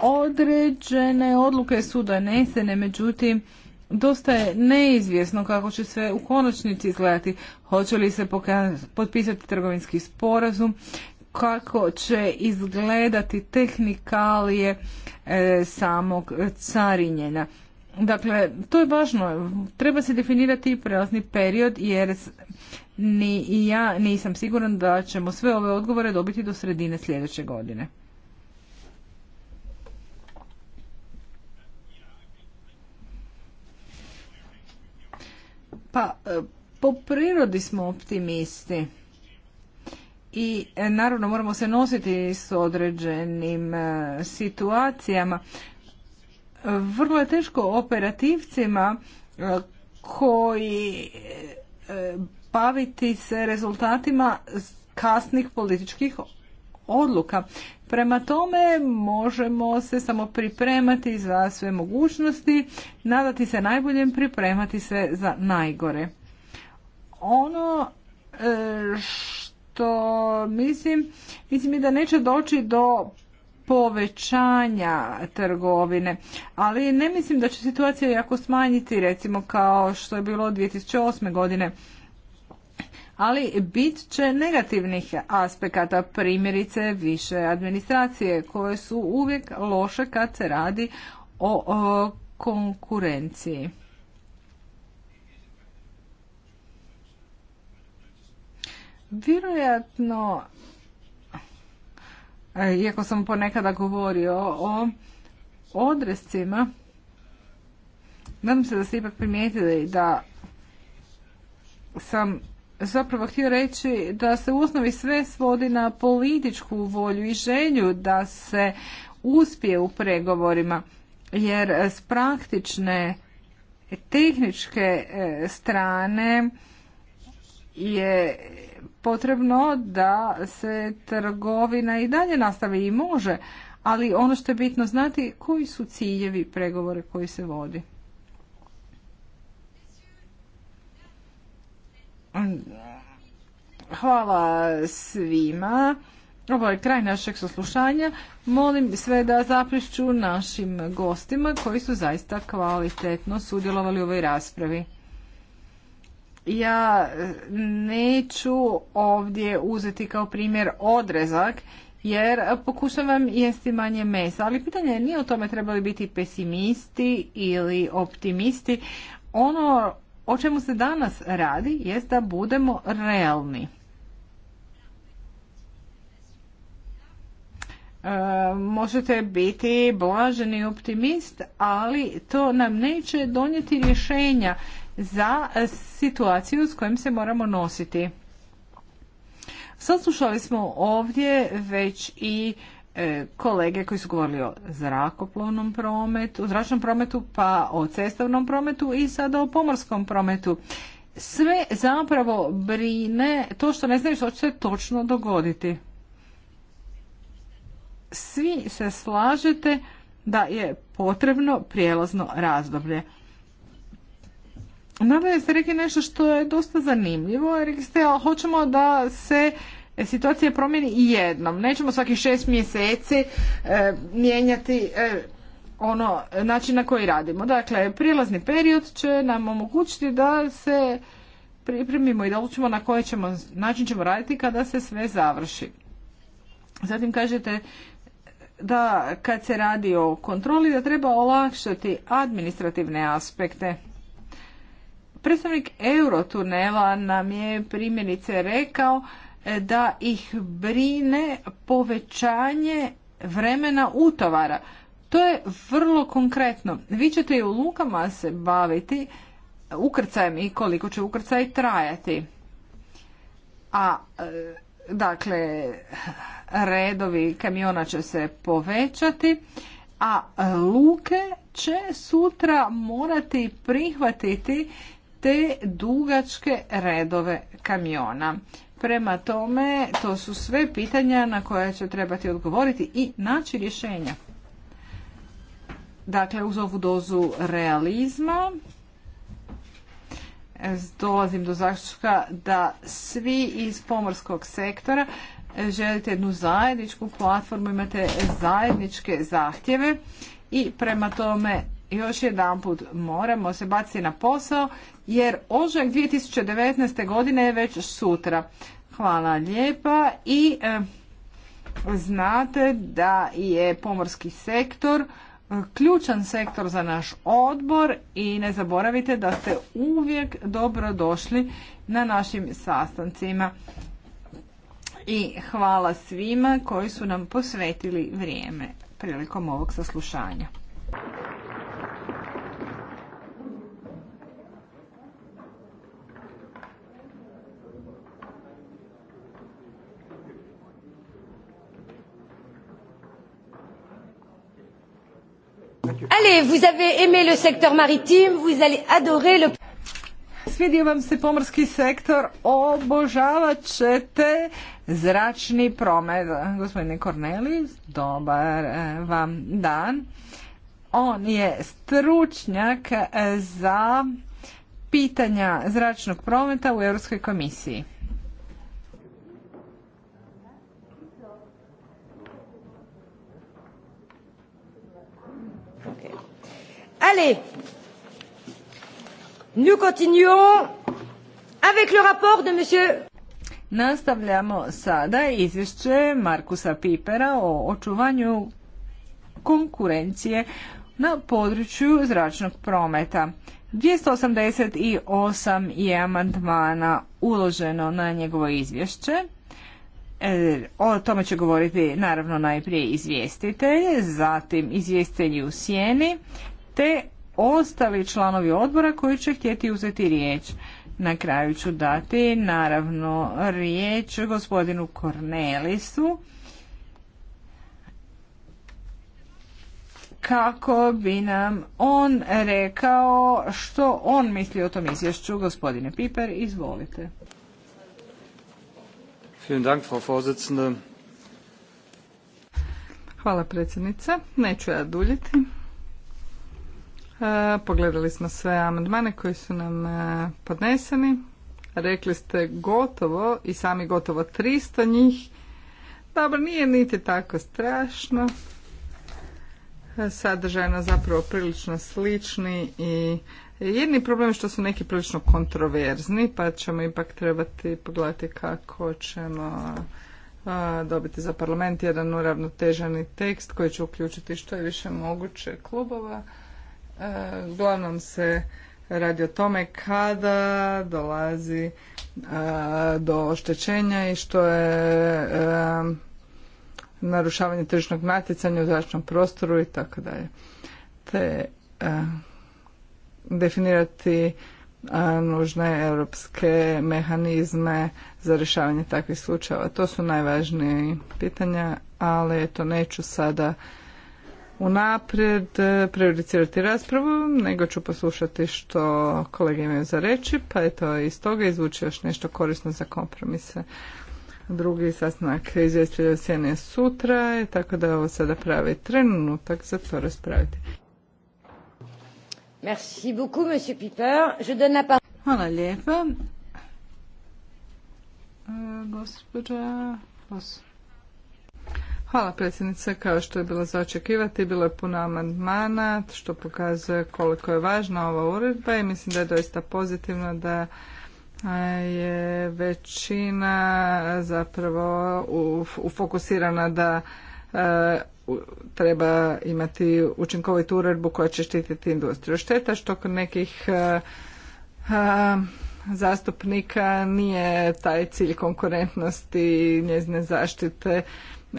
određene odluke su donesene, međutim dosta je neizvjesno kako će se u konačnici izgledati. Hoće li se potpisati trgovinski sporazum, kako će izgledati tehnikalije e, samog carinjenja. Dakle, to je važno. Treba se definirati i prelazni period jer ni ja nisam siguran da ćemo sve ove odgovore dobiti do sredine sljedeće godine. Pa, e, po prirodi smo optimisti i e, naravno moramo se nositi s određenim e, situacijama. Vrlo je teško operativcima koji baviti se rezultatima kasnih političkih odluka. Prema tome možemo se samo pripremati za sve mogućnosti, nadati se najboljem, pripremati se za najgore. Ono e, što mislim, mislim i da neće doći do povećanja trgovine. Ali ne mislim da će situacija jako smanjiti, recimo kao što je bilo 2008. godine ali bit će negativnih aspekata, primjerice više administracije koje su uvijek loše kad se radi o, konkurenciji. Vjerojatno, iako sam ponekada govorio o odrescima, nadam se da ste ipak primijetili da sam zapravo htio reći da se u osnovi sve svodi na političku volju i želju da se uspije u pregovorima jer s praktične tehničke e, strane je potrebno da se trgovina i dalje nastavi i može, ali ono što je bitno znati koji su ciljevi pregovore koji se vodi. Hvala svima. Ovo je kraj našeg saslušanja. Molim sve da zaprišću našim gostima koji su zaista kvalitetno sudjelovali u ovoj raspravi. Ja e, neću ovdje uzeti kao primjer odrezak jer pokušavam jesti manje mesa, ali pitanje nije o tome trebali biti pesimisti ili optimisti. Ono o čemu se danas radi jest da budemo realni. E, možete biti blaženi optimist, ali to nam neće donijeti rješenja za situaciju s kojom se moramo nositi. Saslušali smo ovdje već i E, kolege koji su govorili o zrakoplovnom prometu, zračnom prometu, pa o cestovnom prometu i sada o pomorskom prometu. Sve zapravo brine to što ne znaju što će se točno dogoditi. Svi se slažete da je potrebno prijelazno razdoblje. Nadalje ste rekli nešto što je dosta zanimljivo, rekli ste, hoćemo da se situacija promijeni i jednom. Nećemo svaki šest mjeseci e, mijenjati e, ono način na koji radimo. Dakle, prijelazni period će nam omogućiti da se pripremimo i da učimo na koji ćemo, način ćemo raditi kada se sve završi. Zatim kažete da kad se radi o kontroli da treba olakšati administrativne aspekte. Predstavnik Eurotunela nam je primjerice rekao da ih brine povećanje vremena utovara. To je vrlo konkretno. Vi ćete i u lukama se baviti ukrcajem i koliko će ukrcaj trajati. A e, dakle redovi kamiona će se povećati, a luke će sutra morati prihvatiti te dugačke redove kamiona. Prema tome, to su sve pitanja na koja će trebati odgovoriti i naći rješenja. Dakle, uz ovu dozu realizma dolazim do zaključka da svi iz pomorskog sektora e, želite jednu zajedničku platformu, imate zajedničke zahtjeve i prema tome još jedanput moramo se baciti na posao jer ožujak 2019. godine je već sutra. Hvala lijepa i eh, znate da je pomorski sektor eh, ključan sektor za naš odbor i ne zaboravite da ste uvijek dobro došli na našim sastancima. I hvala svima koji su nam posvetili vrijeme prilikom ovog saslušanja. Allez, vous avez aimé le secteur maritime, vous allez adorer le... Svidio vam se pomorski sektor, obožavat ćete zračni promet. Gospodine Kornelis, dobar eh, vam dan. On je stručnjak eh, za pitanja zračnog prometa u Europskoj komisiji. Allez, nous continuons avec le rapport de monsieur... Nastavljamo sada izvješće Markusa Pipera o očuvanju konkurencije na području zračnog prometa. 288 je amandmana uloženo na njegovo izvješće. E, o tome će govoriti naravno najprije izvjestitelj, zatim izvjestitelji u sjeni, te ostali članovi odbora koji će htjeti uzeti riječ. Na kraju ću dati naravno riječ gospodinu Kornelisu kako bi nam on rekao što on misli o tom izvješću. Gospodine Piper, izvolite. Hvala predsjednice. Neću ja duljiti. E, pogledali smo sve amandmane koji su nam e, podneseni. Rekli ste gotovo i sami gotovo 300 njih. Dobro, nije niti tako strašno. E, Sadržajno zapravo prilično slični i jedni problem je što su neki prilično kontroverzni, pa ćemo ipak trebati pogledati kako ćemo dobiti za parlament jedan uravnoteženi tekst koji će uključiti što je više moguće klubova E, uglavnom se radi o tome kada dolazi e, do oštećenja i što je e, narušavanje tržišnog natjecanja u zračnom prostoru i tako dalje. Te definirati nužne europske mehanizme za rješavanje takvih slučajeva. To su najvažnije pitanja, ali to neću sada unaprijed e, prejudicirati raspravu, nego ću poslušati što kolege imaju za reći, pa eto iz toga izvući još nešto korisno za kompromise. Drugi sastanak izvjestitelja sjene sutra, e, tako da ovo sada pravi trenutak za to raspraviti. Merci beaucoup, monsieur Piper. Je Hvala lijepa. E, gospođa Hvala predsjednice. Kao što je bilo za bilo je puno amandmana, što pokazuje koliko je važna ova uredba i mislim da je doista pozitivno da je većina zapravo ufokusirana da treba imati učinkovitu uredbu koja će štititi industriju. Šteta što kod nekih zastupnika nije taj cilj konkurentnosti i njezine zaštite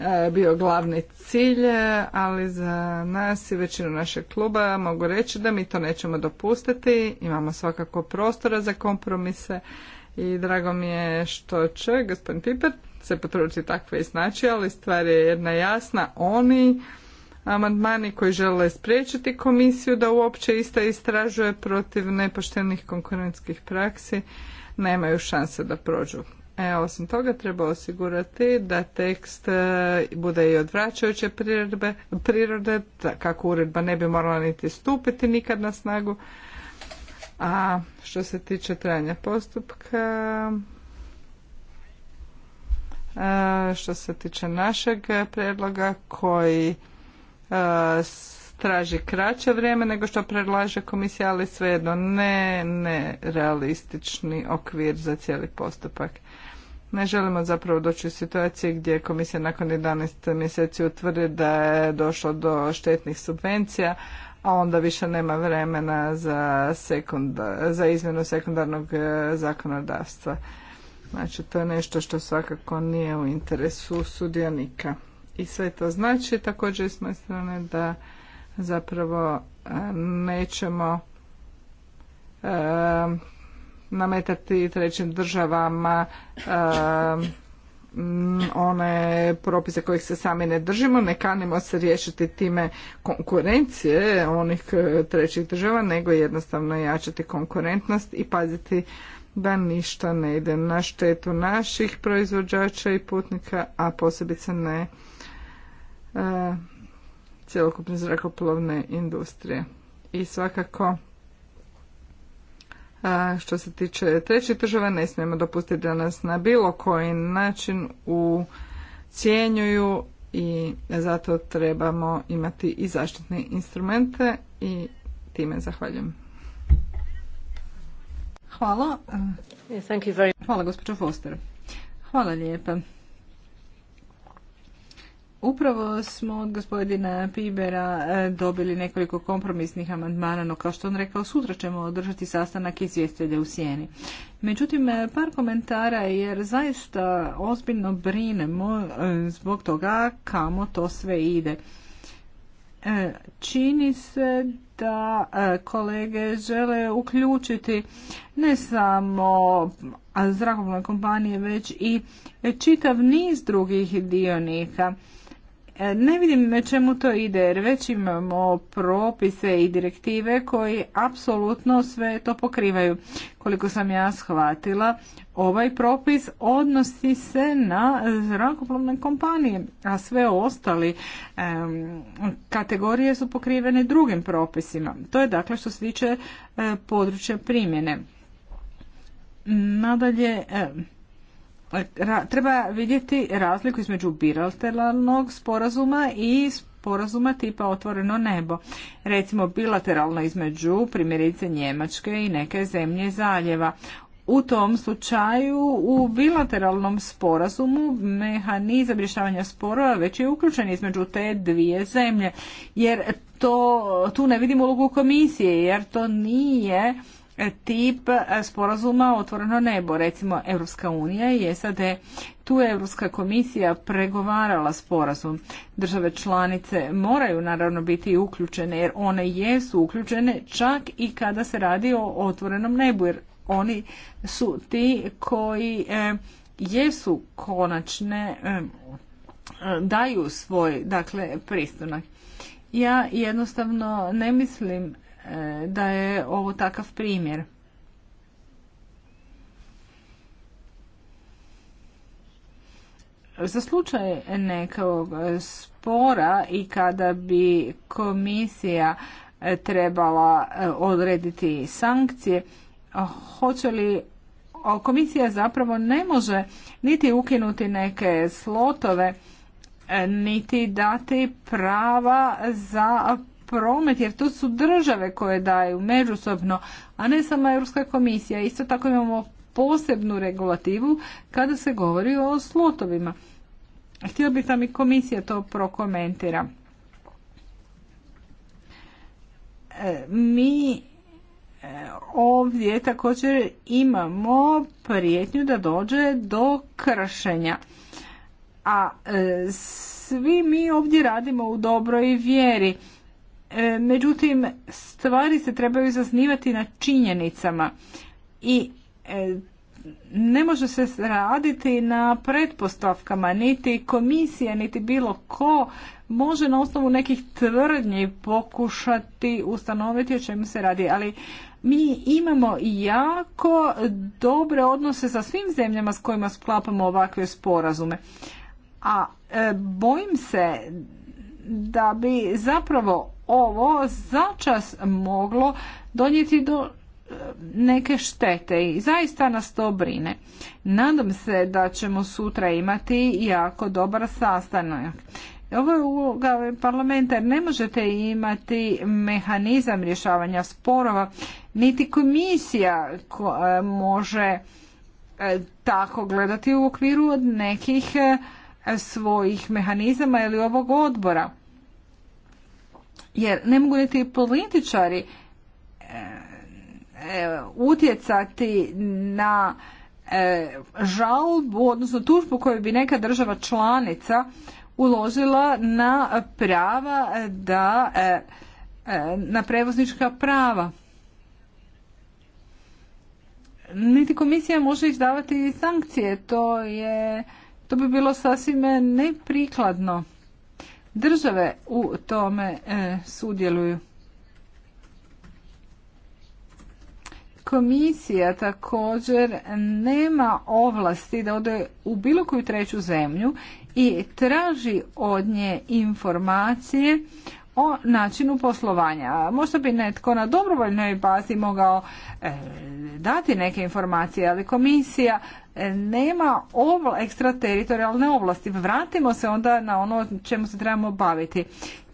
E, bio glavni cilj, e, ali za nas i većinu našeg kluba mogu reći da mi to nećemo dopustiti. Imamo svakako prostora za kompromise i drago mi je što će gospodin Piper se potruditi takve znači, ali stvar je jedna jasna. Oni amandmani koji žele spriječiti komisiju da uopće ista istražuje protiv nepoštenih konkurentskih praksi nemaju šanse da prođu. E, osim toga treba osigurati da tekst e, bude i odvraćajuće prirode, prirode kako uredba ne bi morala niti stupiti nikad na snagu. A što se tiče trajanja postupka, e, što se tiče našeg predloga koji e, traži kraće vrijeme nego što predlaže komisija, ali svejedno ne, ne realistični okvir za cijeli postupak. Ne želimo zapravo doći u situaciju gdje komisija nakon 11 mjeseci utvrdi da je došlo do štetnih subvencija, a onda više nema vremena za, za izmjenu sekundarnog e, zakonodavstva. Znači, to je nešto što svakako nije u interesu sudionika. I sve to znači također s moje strane da zapravo e, nećemo e, nametati trećim državama one propise kojih se sami ne držimo, ne kanimo se riješiti time konkurencije onih eh, trećih država, nego jednostavno jačati konkurentnost i paziti da ništa ne ide na štetu naših proizvođača i putnika, a posebice ne eh, cjelokupne zrakoplovne industrije. I svakako a što se tiče trećih država, ne smijemo dopustiti da nas na bilo koji način ucijenjuju i zato trebamo imati i zaštitne instrumente i time zahvaljujem. Hvala. Hvala gospođo Foster. Hvala lijepa. Upravo smo od gospodina Pibera e, dobili nekoliko kompromisnih amandmana, no kao što on rekao, sutra ćemo održati sastanak izvjestelja u sjeni. Međutim, e, par komentara jer zaista ozbiljno brinemo e, zbog toga kamo to sve ide. Čini se da kolege žele uključiti ne samo zrakovne kompanije, već i čitav niz drugih dionika E, ne vidim čemu to ide jer već imamo propise i direktive koji apsolutno sve to pokrivaju. Koliko sam ja shvatila, ovaj propis odnosi se na zrakoplovne kompanije, a sve ostali kategorije su pokrivene drugim propisima. To je dakle što se tiče e, područja primjene. Nadalje, treba vidjeti razliku između bilateralnog sporazuma i sporazuma tipa otvoreno nebo. Recimo bilateralno između primjerice Njemačke i neke zemlje zaljeva. U tom slučaju u bilateralnom sporazumu mehanizam rješavanja sporova već je uključen između te dvije zemlje jer to, tu ne vidimo ulogu komisije jer to nije tip e, sporazuma otvoreno nebo, recimo Europska unija i SAD. Tu je Europska komisija pregovarala sporazum. Države članice moraju naravno biti uključene jer one jesu uključene čak i kada se radi o otvorenom nebu jer oni su ti koji e, jesu konačne e, daju svoj dakle pristunak. Ja jednostavno ne mislim E, da je ovo takav primjer. Za slučaj nekog spora i kada bi komisija e, trebala e, odrediti sankcije, hoće li komisija zapravo ne može niti ukinuti neke slotove, niti dati prava za promet, jer to su države koje daju međusobno, a ne samo Europska komisija. Isto tako imamo posebnu regulativu kada se govori o slotovima. Htio bih da mi komisija to prokomentira. E, mi e, ovdje također imamo prijetnju da dođe do kršenja. A e, svi mi ovdje radimo u dobroj vjeri E, međutim, stvari se trebaju zasnivati na činjenicama i e, ne može se raditi na pretpostavkama, niti komisija, niti bilo ko može na osnovu nekih tvrdnji pokušati ustanoviti o čemu se radi, ali mi imamo jako dobre odnose sa svim zemljama s kojima sklapamo ovakve sporazume. A e, bojim se da bi zapravo ovo začas moglo donijeti do e, neke štete i zaista nas to brine. Nadam se da ćemo sutra imati jako dobar sastanak. Ovo je uloga parlamenta jer ne možete imati mehanizam rješavanja sporova, niti komisija e, može e, tako gledati u okviru od nekih svojih mehanizama ili ovog odbora jer ne mogu niti političari e, e, utjecati na e, žalbu, odnosno tužbu koju bi neka država članica uložila na prava da na prevoznička prava. Niti komisija može izdavati sankcije, to je to bi bilo sasvim neprikladno države u tome e, sudjeluju. Komisija također nema ovlasti da ode u bilo koju treću zemlju i traži od nje informacije o načinu poslovanja. Možda bi netko na dobrovoljnoj bazi mogao e, dati neke informacije, ali komisija e, nema ekstra ekstrateritorijalne ovlasti. Vratimo se onda na ono čemu se trebamo baviti.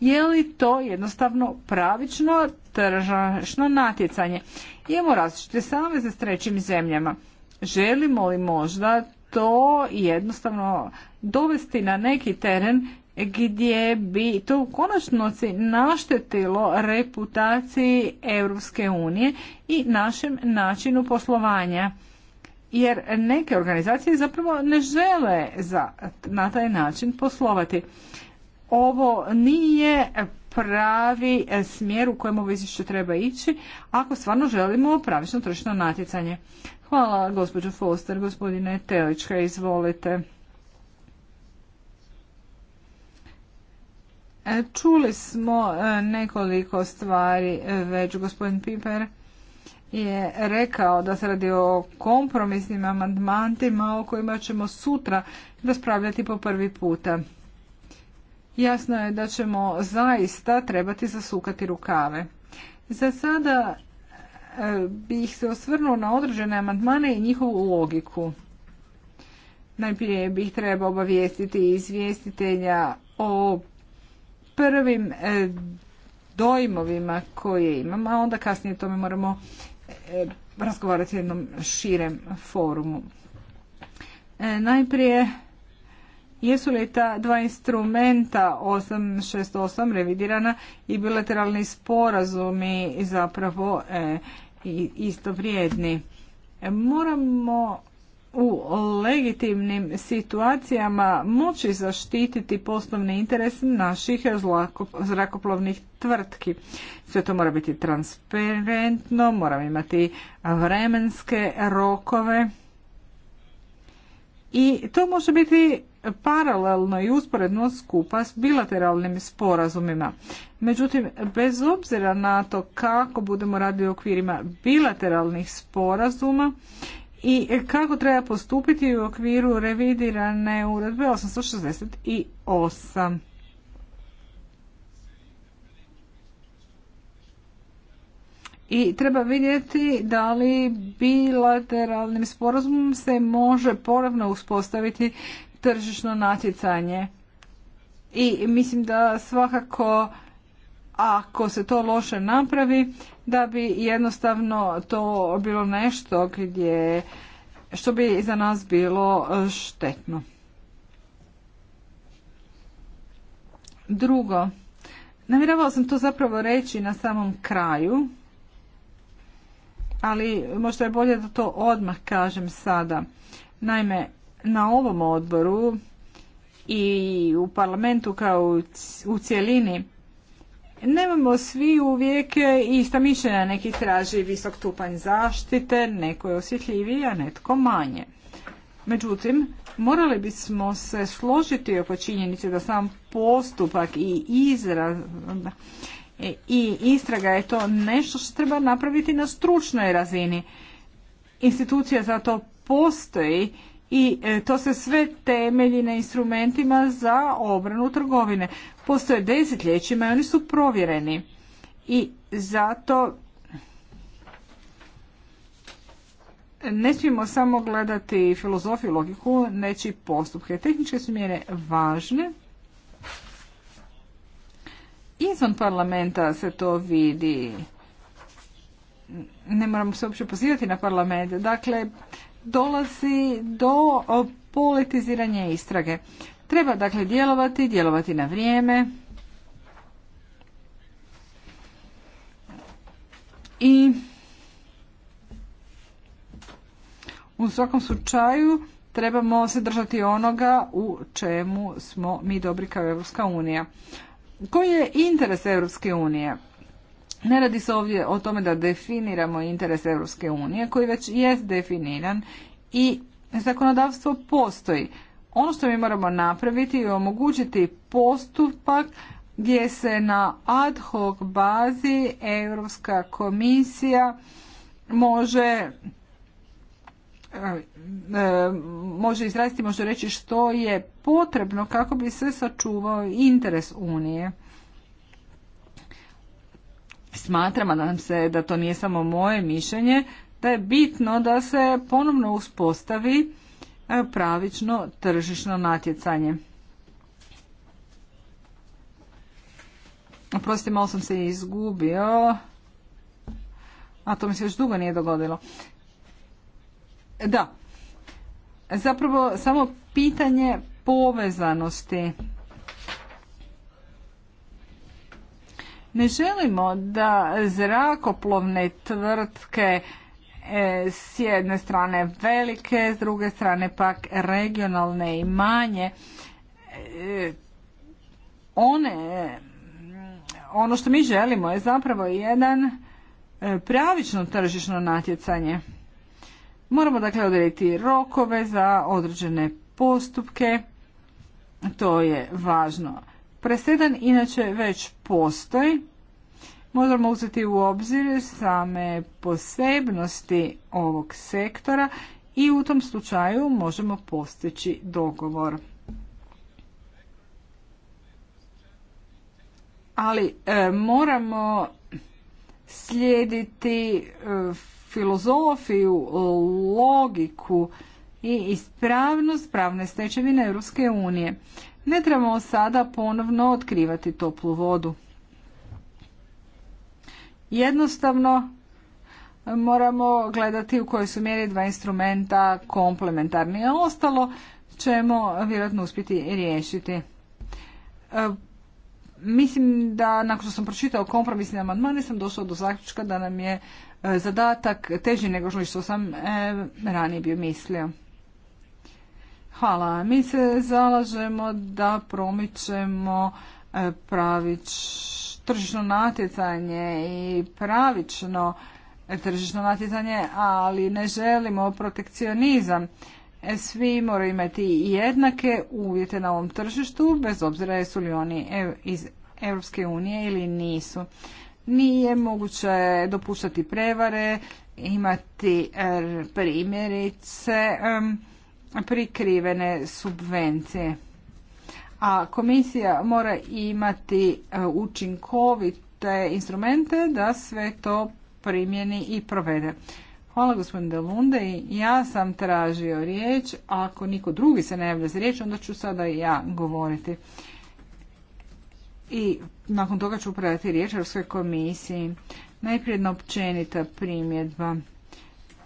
Je li to jednostavno pravično tržišno natjecanje? Imamo različite saveze s trećim zemljama. Želimo li možda to jednostavno dovesti na neki teren gdje bi to u konačnosti naštetilo reputaciji Europske unije i našem načinu poslovanja. Jer neke organizacije zapravo ne žele za, na taj način poslovati. Ovo nije pravi smjer u kojem ovo izvješće treba ići ako stvarno želimo pravično tržišno natjecanje. Hvala gospođo Foster, gospodine Telička, izvolite. E, čuli smo e, nekoliko stvari e, već. Gospodin Piper je rekao da se radi o kompromisnim amandmantima o kojima ćemo sutra raspravljati po prvi puta. Jasno je da ćemo zaista trebati zasukati rukave. Za sada bih se osvrnuo na određene amandmane i njihovu logiku. Najprije bih trebao obavijestiti izvjestitelja o prvim e, dojmovima koje imam, a onda kasnije o tome moramo e, razgovarati u jednom širem forumu. E, najprije, jesu li ta dva instrumenta 868 revidirana i bilateralni sporazumi zapravo isto istovrijedni? Moramo u legitimnim situacijama moći zaštititi poslovni interes naših zrakoplovnih tvrtki. Sve to mora biti transparentno, moramo imati vremenske rokove i to može biti paralelno i usporedno skupa s bilateralnim sporazumima. Međutim, bez obzira na to kako budemo radili u okvirima bilateralnih sporazuma, i kako treba postupiti u okviru revidirane uredbe 868. I treba vidjeti da li bilateralnim sporazumom se može ponovno uspostaviti tržišno natjecanje. I mislim da svakako ako se to loše napravi, da bi jednostavno to bilo nešto gdje što bi za nas bilo e, štetno. Drugo, namjeravao sam to zapravo reći na samom kraju, ali možda je bolje da to odmah kažem sada. Naime, na ovom odboru i u parlamentu kao u cjelini Nemamo svi uvijek ista mišljenja, neki traži visok tupanj zaštite, neko je osjetljiviji, a netko manje. Međutim, morali bismo se složiti oko činjenice da sam postupak i izraz i istraga je to nešto što treba napraviti na stručnoj razini. Institucija za to postoji i e, to se sve temelji na instrumentima za obranu trgovine. Postoje desetljećima i oni su provjereni i zato ne smijemo samo gledati filozofiju, logiku, neći postupke. Tehničke su mjere važne. Izvan parlamenta se to vidi. Ne moramo se uopće pozivati na parlament. Dakle, dolazi do politiziranja istrage. Treba dakle djelovati, djelovati na vrijeme i u svakom slučaju trebamo se držati onoga u čemu smo mi dobri kao Europska unija. Koji je interes Europske unije? Ne radi se ovdje o tome da definiramo interes Europske unije koji već jest definiran i zakonodavstvo postoji. Ono što mi moramo napraviti je omogućiti postupak gdje se na ad hoc bazi Europska komisija može e, može izraziti, može reći što je potrebno kako bi se sačuvao interes Unije smatram, a nadam se da to nije samo moje mišljenje, da je bitno da se ponovno uspostavi e, pravično tržišno natjecanje. oprosti malo sam se izgubio, a to mi se još dugo nije dogodilo. Da, zapravo samo pitanje povezanosti Ne želimo da zrakoplovne tvrtke e, s jedne strane velike, s druge strane pak regionalne i manje. E, one, ono što mi želimo je zapravo jedan e, pravično tržišno natjecanje. Moramo dakle odrediti rokove za određene postupke, to je važno. Presedan inače već postoji. Možemo uzeti u obzir same posebnosti ovog sektora i u tom slučaju možemo postići dogovor. Ali e, moramo slijediti e, filozofiju, logiku i ispravnost pravne stečevine Europske unije. Ne trebamo sada ponovno otkrivati toplu vodu. Jednostavno moramo gledati u kojoj su mjeri dva instrumenta komplementarni, a ostalo ćemo vjerojatno uspjeti riješiti. E, mislim da nakon što sam pročitao kompromisni amandman sam došao do zaključka da nam je e, zadatak teži nego što sam e, ranije bio mislio. Hvala. Mi se zalažemo da promičemo e, pravič tržišno natjecanje i pravično tržišno natjecanje, ali ne želimo protekcionizam. E, svi moraju imati jednake uvjete na ovom tržištu, bez obzira jesu li oni iz Europske unije ili nisu. Nije moguće dopuštati prevare, imati e, primjerice prikrivene subvencije. A komisija mora imati e, učinkovite instrumente da sve to primjeni i provede. Hvala gospodine Delunde. Ja sam tražio riječ. Ako niko drugi se ne javlja za riječ, onda ću sada i ja govoriti. I nakon toga ću predati riječ Europskoj komisiji. Najprije jedna općenita primjedba.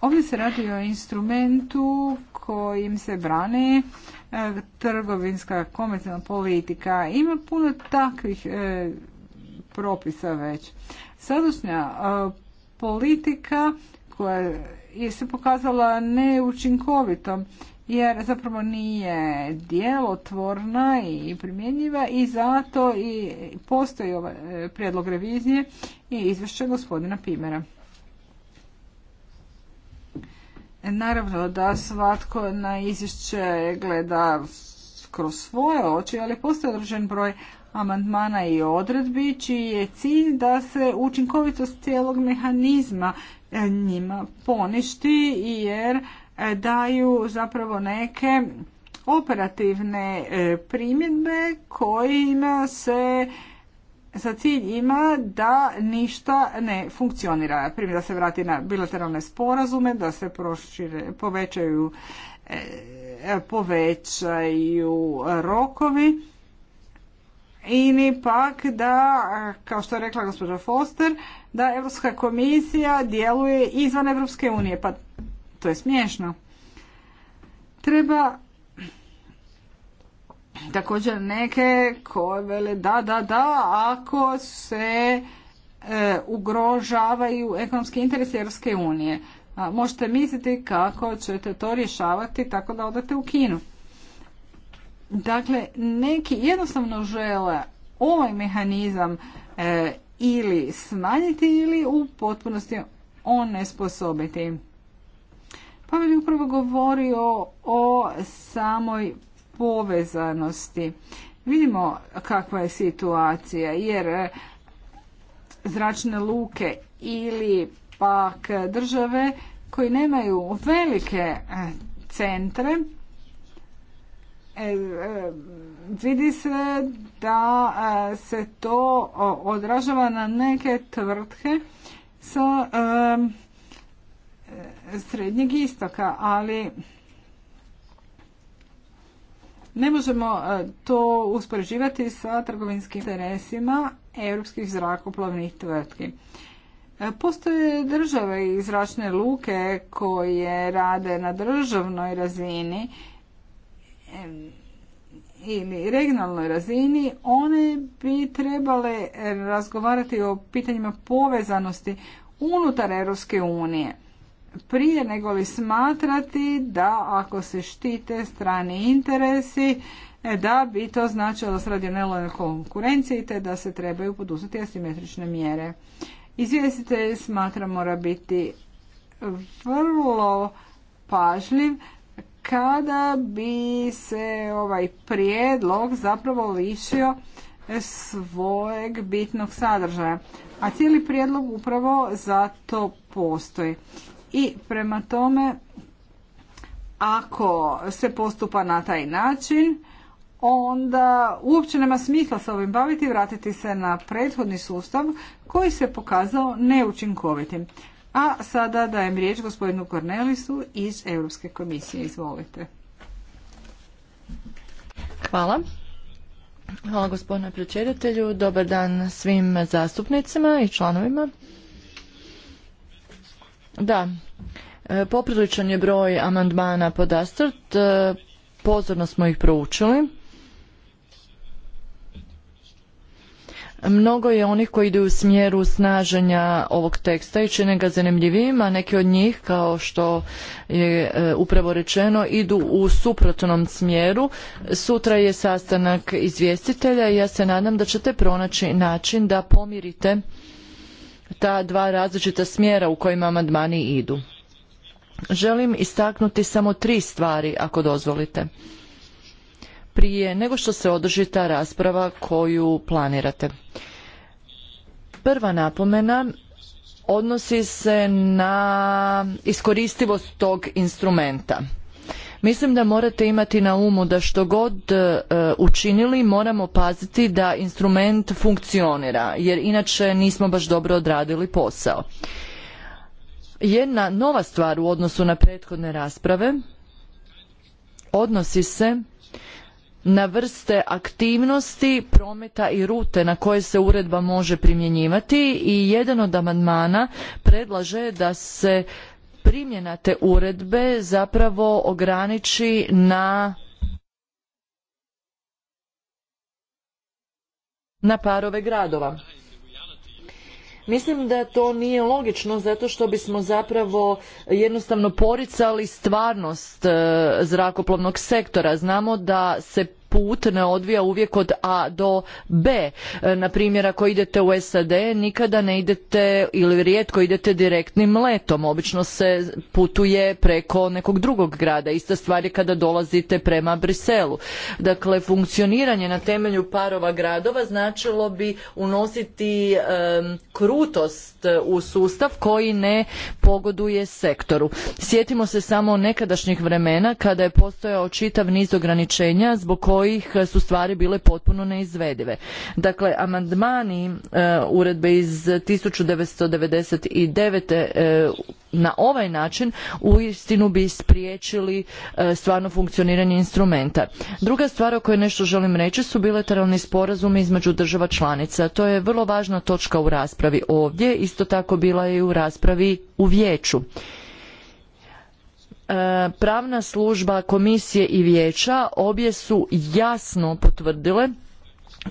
Ovdje se radi o instrumentu kojim se brani e, trgovinska komercijalna politika. Ima puno takvih e, propisa već. Sadašnja e, politika koja je se pokazala neučinkovitom jer zapravo nije djelotvorna i primjenjiva i zato i postoji ovaj prijedlog revizije i izvješće gospodina Pimera. Naravno da svatko na izvješće gleda kroz svoje oči, ali postoji određen broj amandmana i odredbi čiji je cilj da se učinkovitost cijelog mehanizma e, njima poništi jer e, daju zapravo neke operativne e, primjedbe kojima se za cilj ima da ništa ne funkcionira. Primjer da se vrati na bilateralne sporazume, da se prošire, povećaju, e, povećaju rokovi ili pak da, kao što je rekla gospođa Foster, da Europska komisija djeluje izvan Europske unije. Pa to je smiješno. Treba također neke koje vele da, da, da, ako se e, ugrožavaju ekonomski interesi Europske unije. možete misliti kako ćete to rješavati tako da odete u Kinu. Dakle, neki jednostavno žele ovaj mehanizam e, ili smanjiti ili u potpunosti onesposobiti. Pavel je upravo govorio o samoj povezanosti. Vidimo kakva je situacija jer e, zračne luke ili pak države koji nemaju velike e, centre e, vidi se da se to odražava na neke tvrtke sa srednjeg istoka, ali ne možemo e, to uspoređivati sa trgovinskim interesima europskih zrakoplovnih tvrtki. E, postoje države i zračne luke koje rade na državnoj razini e, ili regionalnoj razini, one bi trebale razgovarati o pitanjima povezanosti unutar Europske unije prije nego li smatrati da ako se štite strani interesi e, da bi to značilo da se radi o konkurenciji te da se trebaju poduzeti asimetrične mjere. Izvjestitelj smatra mora biti vrlo pažljiv kada bi se ovaj prijedlog zapravo lišio svojeg bitnog sadržaja. A cijeli prijedlog upravo za to postoji i prema tome ako se postupa na taj način onda uopće nema smisla se ovim baviti i vratiti se na prethodni sustav koji se pokazao neučinkovitim. A sada dajem riječ gospodinu Kornelisu iz Europske komisije. Izvolite. Hvala. Hvala gospodine predsjedatelju. Dobar dan svim zastupnicima i članovima da, e, popriličan je broj amandmana podastrt, e, pozorno smo ih proučili. Mnogo je onih koji idu u smjeru snaženja ovog teksta i čine ga zanimljivim, a neki od njih, kao što je e, upravo rečeno, idu u suprotnom smjeru. Sutra je sastanak izvjestitelja i ja se nadam da ćete pronaći način da pomirite ta dva različita smjera u kojima amandmani idu. Želim istaknuti samo tri stvari, ako dozvolite. Prije nego što se održi ta rasprava koju planirate. Prva napomena odnosi se na iskoristivost tog instrumenta. Mislim da morate imati na umu da što god e, učinili moramo paziti da instrument funkcionira jer inače nismo baš dobro odradili posao. Jedna nova stvar u odnosu na prethodne rasprave odnosi se na vrste aktivnosti prometa i rute na koje se uredba može primjenjivati i jedan od amandmana predlaže da se primjena te uredbe zapravo ograniči na parove gradova. Mislim da to nije logično zato što bismo zapravo jednostavno poricali stvarnost e, zrakoplovnog sektora. Znamo da se put ne odvija uvijek od A do B. E, na primjer, ako idete u SAD, nikada ne idete ili rijetko idete direktnim letom. Obično se putuje preko nekog drugog grada. Ista stvar je kada dolazite prema Briselu. Dakle, funkcioniranje na temelju parova gradova značilo bi unositi krutost u sustav koji ne pogoduje sektoru. Sjetimo se samo nekadašnjih vremena kada je postojao čitav niz ograničenja zbog kojih su stvari bile potpuno neizvedive. Dakle, amandmani e, uredbe iz 1999. E, na ovaj način uistinu bi spriječili e, stvarno funkcioniranje instrumenta. Druga stvar o kojoj nešto želim reći su bilateralni sporazumi između država članica. To je vrlo važna točka u raspravi ovdje, isto tako bila je i u raspravi u vijeću. E, pravna služba komisije i vijeća obje su jasno potvrdile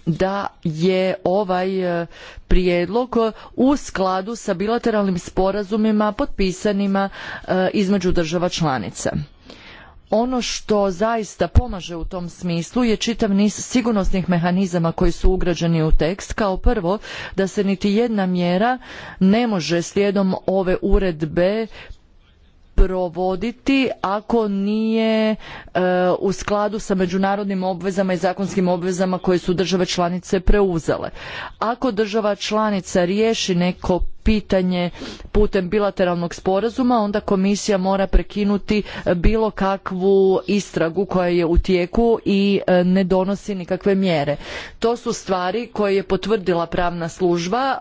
da je ovaj e, prijedlog u skladu sa bilateralnim sporazumima potpisanima e, između država članica. Ono što zaista pomaže u tom smislu je čitav niz sigurnosnih mehanizama koji su ugrađeni u tekst. Kao prvo, da se niti jedna mjera ne može slijedom ove uredbe provoditi ako nije e, u skladu sa međunarodnim obvezama i zakonskim obvezama koje su države članice preuzele. Ako država članica riješi neko pitanje putem bilateralnog sporazuma onda komisija mora prekinuti bilo kakvu istragu koja je u tijeku i e, ne donosi nikakve mjere. To su stvari koje je potvrdila pravna služba, e,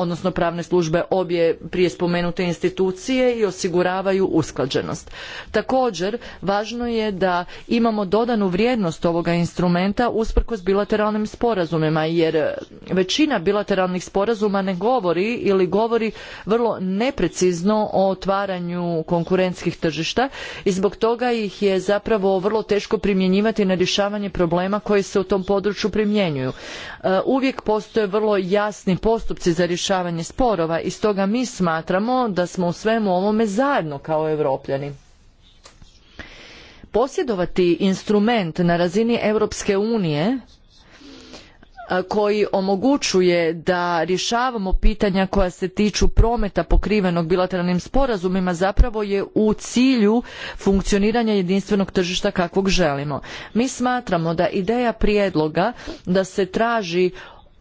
odnosno pravne službe obje prije spomenute institucije i osiguravaju usklađenost. Također, važno je da imamo dodanu vrijednost ovoga instrumenta usprkos bilateralnim sporazumima, jer većina bilateralnih sporazuma ne govori ili govori vrlo neprecizno o otvaranju konkurentskih tržišta i zbog toga ih je zapravo vrlo teško primjenjivati na rješavanje problema koji se u tom području primjenjuju. E, uvijek postoje vrlo jasni postupci za rješavanje sporova i stoga mi smatramo da smo u svemu ovome zajedno kao europljani posjedovati instrument na razini Europske unije koji omogućuje da rješavamo pitanja koja se tiču prometa pokrivenog bilateralnim sporazumima zapravo je u cilju funkcioniranja jedinstvenog tržišta kakvog želimo. Mi smatramo da ideja prijedloga da se traži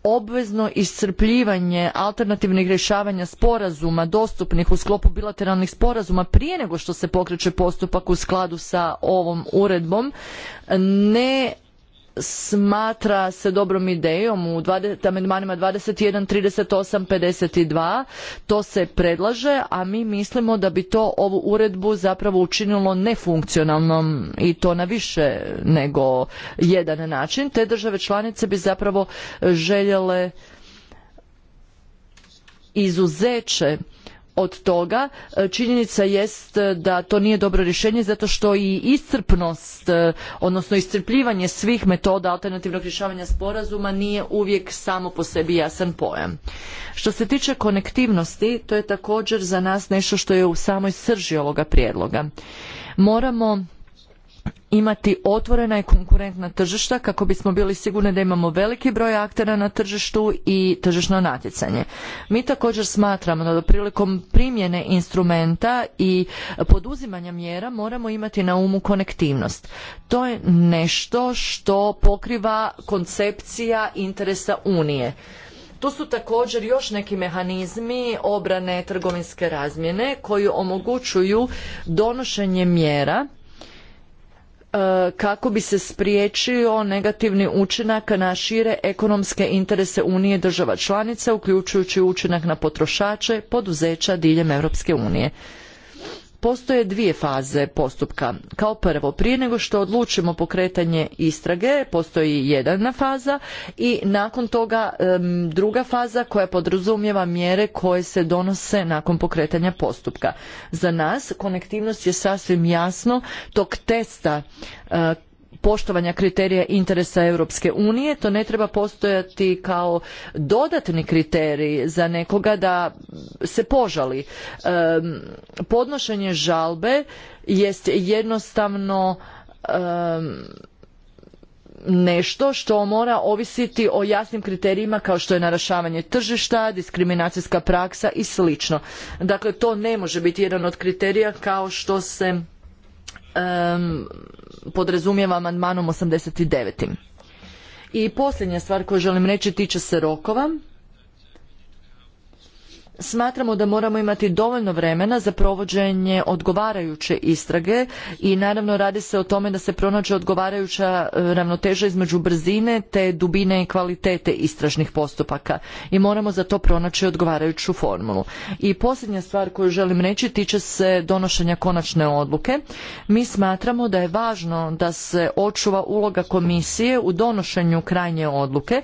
obvezno iscrpljivanje alternativnih rješavanja sporazuma dostupnih u sklopu bilateralnih sporazuma prije nego što se pokreće postupak u skladu sa ovom uredbom ne smatra se dobrom idejom u amandmanima 21, 38, 52. To se predlaže, a mi mislimo da bi to ovu uredbu zapravo učinilo nefunkcionalnom i to na više nego jedan način. Te države članice bi zapravo željele izuzeće od toga e, činjenica jest e, da to nije dobro rješenje zato što i iscrpnost e, odnosno iscrpljivanje svih metoda alternativnog rješavanja sporazuma nije uvijek samo po sebi jasan pojam. Što se tiče konektivnosti, to je također za nas nešto što je u samoj srži ovoga prijedloga. Moramo imati otvorena i konkurentna tržišta kako bismo bili sigurni da imamo veliki broj aktera na tržištu i tržišno natjecanje. Mi također smatramo da prilikom primjene instrumenta i poduzimanja mjera moramo imati na umu konektivnost. To je nešto što pokriva koncepcija interesa Unije. Tu su također još neki mehanizmi obrane trgovinske razmjene koji omogućuju donošenje mjera E, kako bi se spriječio negativni učinak na šire ekonomske interese Unije država članica, uključujući učinak na potrošače, poduzeća diljem Europske unije. Postoje dvije faze postupka. Kao prvo, prije nego što odlučimo pokretanje istrage, postoji jedna faza i nakon toga druga faza koja podrazumijeva mjere koje se donose nakon pokretanja postupka. Za nas konektivnost je sasvim jasno tog testa poštovanja kriterija interesa Europske unije. To ne treba postojati kao dodatni kriterij za nekoga da se požali. Podnošenje žalbe jest jednostavno nešto što mora ovisiti o jasnim kriterijima kao što je narašavanje tržišta, diskriminacijska praksa i slično. Dakle, to ne može biti jedan od kriterija kao što se podrazumijeva amandmanom 89. I posljednja stvar koju želim reći tiče se rokova smatramo da moramo imati dovoljno vremena za provođenje odgovarajuće istrage i naravno radi se o tome da se pronađe odgovarajuća e, ravnoteža između brzine te dubine i kvalitete istražnih postupaka i moramo za to pronaći odgovarajuću formulu. I posljednja stvar koju želim reći tiče se donošenja konačne odluke. Mi smatramo da je važno da se očuva uloga komisije u donošenju krajnje odluke.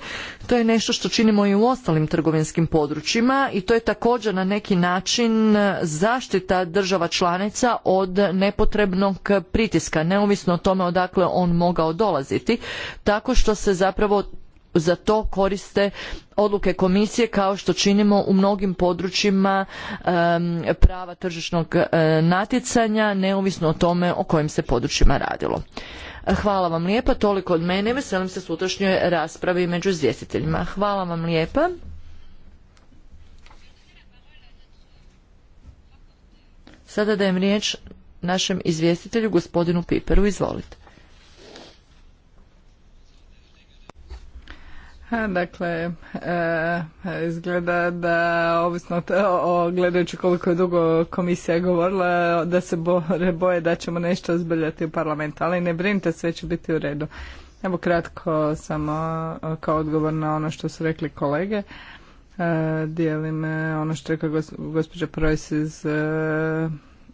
To je nešto što činimo i u ostalim trgovinskim područjima i to je također na neki način zaštita država članica od nepotrebnog pritiska, neovisno o tome odakle on mogao dolaziti, tako što se zapravo za to koriste odluke komisije kao što činimo u mnogim područjima prava tržišnog e, natjecanja neovisno o tome o kojim se područjima radilo. Hvala vam lijepa, toliko od mene, veselim se sutrašnjoj raspravi među izvjestiteljima. Hvala vam lijepa. Sada dajem riječ našem izvjestitelju, gospodinu Piperu. Izvolite. dakle, e, izgleda da, ovisno o, gledajući koliko je dugo komisija govorila, da se bo boje da ćemo nešto zbrljati u parlamentu, ali ne brinite, sve će biti u redu. Evo kratko samo e, kao odgovor na ono što su rekli kolege. E, dijelim e, ono što je gospođa Projs iz e,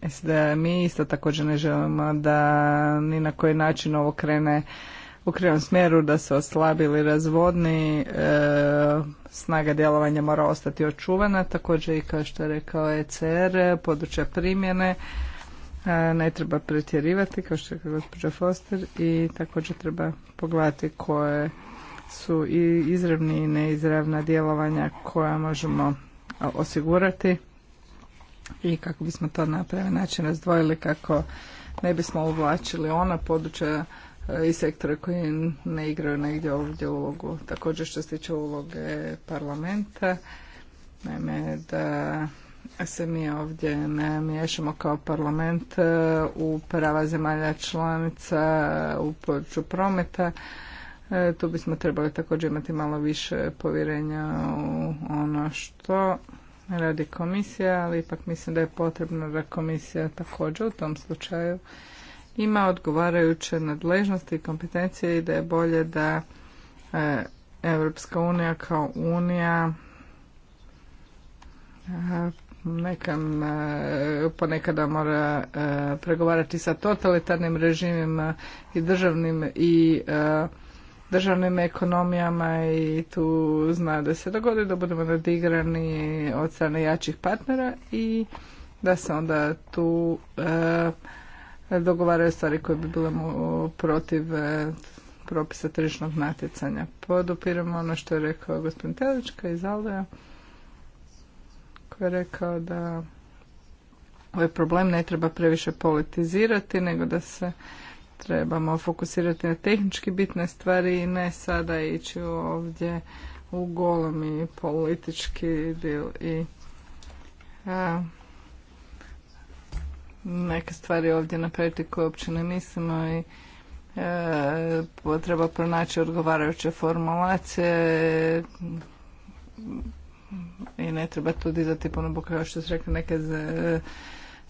SDA. Mi isto također ne želimo da ni na koji način ovo krene u krivom smjeru, da se oslabi ili razvodni. Snaga djelovanja mora ostati očuvana. Također i kao što je rekao ECR, područja primjene ne treba pretjerivati, kao što je rekao gospođa Foster, i također treba pogledati koje su i izravni i neizravna djelovanja koja možemo osigurati i kako bismo to na pravi način razdvojili kako ne bismo uvlačili ona područja e, i sektore koji ne igraju negdje ovdje ulogu. Također što se tiče uloge parlamenta, naime da se mi ovdje ne miješamo kao parlament e, u prava zemalja članica u području prometa, E, tu bismo trebali također imati malo više povjerenja u ono što radi komisija, ali ipak mislim da je potrebno da komisija također u tom slučaju ima odgovarajuće nadležnosti i kompetencije i da je bolje da Europska unija kao unija e, nekam e, ponekada mora pregovarati sa totalitarnim režimima i državnim i državnim ekonomijama i tu zna da se dogodi da budemo nadigrani od strane jačih partnera i da se onda tu e, dogovaraju stvari koje bi bile protiv e, propisa tržišnog natjecanja. Podupiramo ono što je rekao gospodin Telička iz Aldeja koji je rekao da ovaj problem ne treba previše politizirati nego da se trebamo fokusirati na tehnički bitne stvari i ne sada ići ovdje u golom i politički dio i a, neke stvari ovdje napraviti koje uopće ne mislimo i potreba pronaći odgovarajuće formulacije i ne treba tu dizati ponobu kao što su rekli neke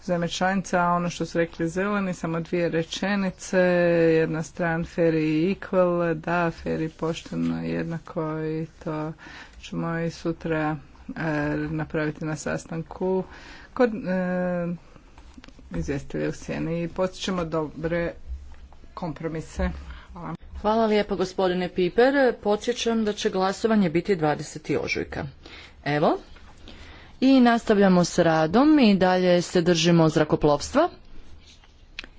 zemlje članica, ono što su rekli zeleni, samo dvije rečenice, jedna stran fair i equal, da, fair i pošteno jednako i to ćemo i sutra e, napraviti na sastanku kod e, izvjestitelja u sjeni i postićemo dobre kompromise. Hvala. lijepo gospodine Piper. Podsjećam da će glasovanje biti 20. ožujka. Evo, i nastavljamo s radom i dalje se držimo zrakoplovstva.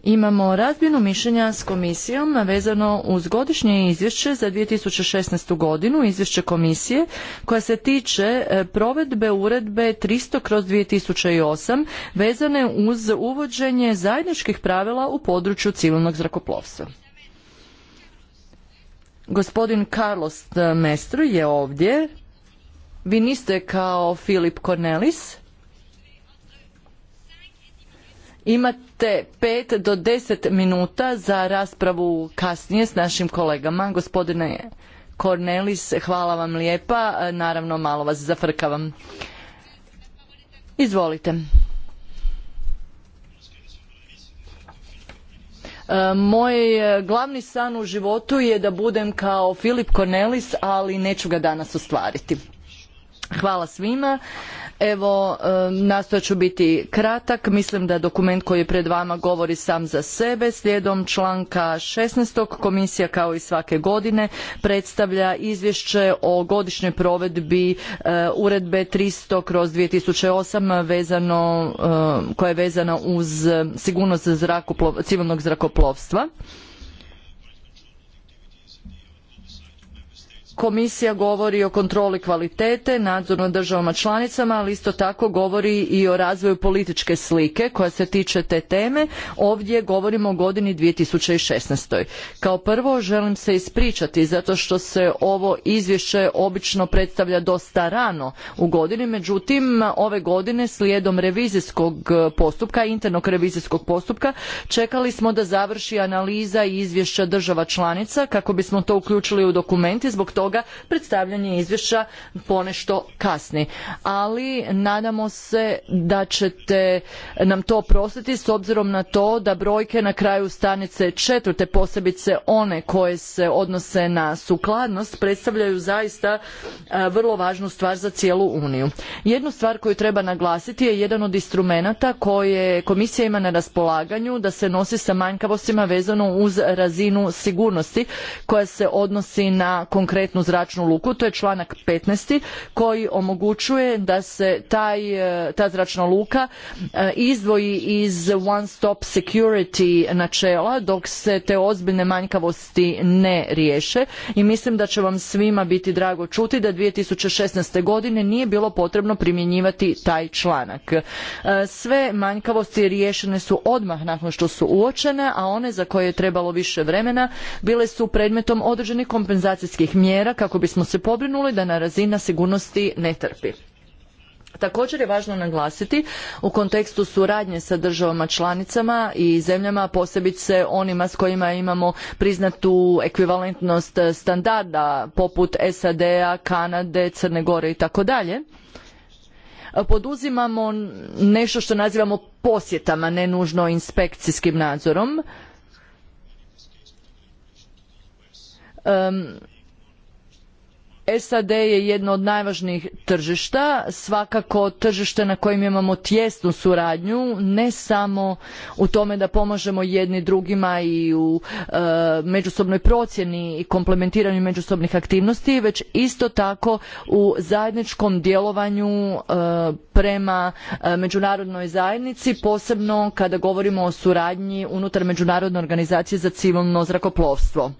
Imamo razbjenu mišljenja s komisijom vezano uz godišnje izvješće za 2016. godinu, izvješće komisije, koja se tiče e, provedbe uredbe 300 kroz 2008 vezane uz uvođenje zajedničkih pravila u području civilnog zrakoplovstva. Gospodin Carlos Mestru je ovdje vi niste kao Filip Cornelis. Imate pet do deset minuta za raspravu kasnije s našim kolegama. Gospodine Cornelis, hvala vam lijepa. Naravno, malo vas zafrkavam. Izvolite. E, moj glavni san u životu je da budem kao Filip Cornelis, ali neću ga danas ostvariti. Hvala svima. Evo, nastojat ću biti kratak. Mislim da dokument koji je pred vama govori sam za sebe. Slijedom članka 16. komisija kao i svake godine predstavlja izvješće o godišnjoj provedbi eh, uredbe 300 kroz 2008 vezano, eh, koja je vezana uz sigurnost civilnog zrakoplovstva. Komisija govori o kontroli kvalitete, nadzoru nad državama članicama, ali isto tako govori i o razvoju političke slike koja se tiče te teme. Ovdje govorimo o godini 2016. Kao prvo želim se ispričati zato što se ovo izvješće obično predstavlja dosta rano u godini, međutim ove godine slijedom revizijskog postupka, internog revizijskog postupka, čekali smo da završi analiza i izvješća država članica kako bismo to uključili u dokumenti zbog toga toga predstavljanje izvješća ponešto kasni. Ali nadamo se da ćete nam to oprostiti s obzirom na to da brojke na kraju stanice četvrte posebice one koje se odnose na sukladnost predstavljaju zaista e, vrlo važnu stvar za cijelu Uniju. Jednu stvar koju treba naglasiti je jedan od instrumenata koje komisija ima na raspolaganju da se nosi sa manjkavostima vezano uz razinu sigurnosti koja se odnosi na konkretne kvalitetnu zračnu luku, to je članak 15. koji omogućuje da se taj, e, ta zračna luka e, izdvoji iz one stop security načela dok se te ozbiljne manjkavosti ne riješe i mislim da će vam svima biti drago čuti da 2016. godine nije bilo potrebno primjenjivati taj članak. E, sve manjkavosti riješene su odmah nakon što su uočene, a one za koje je trebalo više vremena bile su predmetom određenih kompenzacijskih mjera kako bismo se pobrinuli da na razina sigurnosti ne trpi. Također je važno naglasiti u kontekstu suradnje sa državama članicama i zemljama, posebice onima s kojima imamo priznatu ekvivalentnost standarda poput SAD-a, Kanade, Crne Gore i tako dalje, poduzimamo nešto što nazivamo posjetama, ne nužno inspekcijskim nadzorom. Um, SAD je jedno od najvažnijih tržišta, svakako tržište na kojem imamo tjesnu suradnju, ne samo u tome da pomažemo jedni drugima i u e, međusobnoj procjeni i komplementiranju međusobnih aktivnosti, već isto tako u zajedničkom djelovanju e, prema e, međunarodnoj zajednici, posebno kada govorimo o suradnji unutar Međunarodne organizacije za civilno zrakoplovstvo.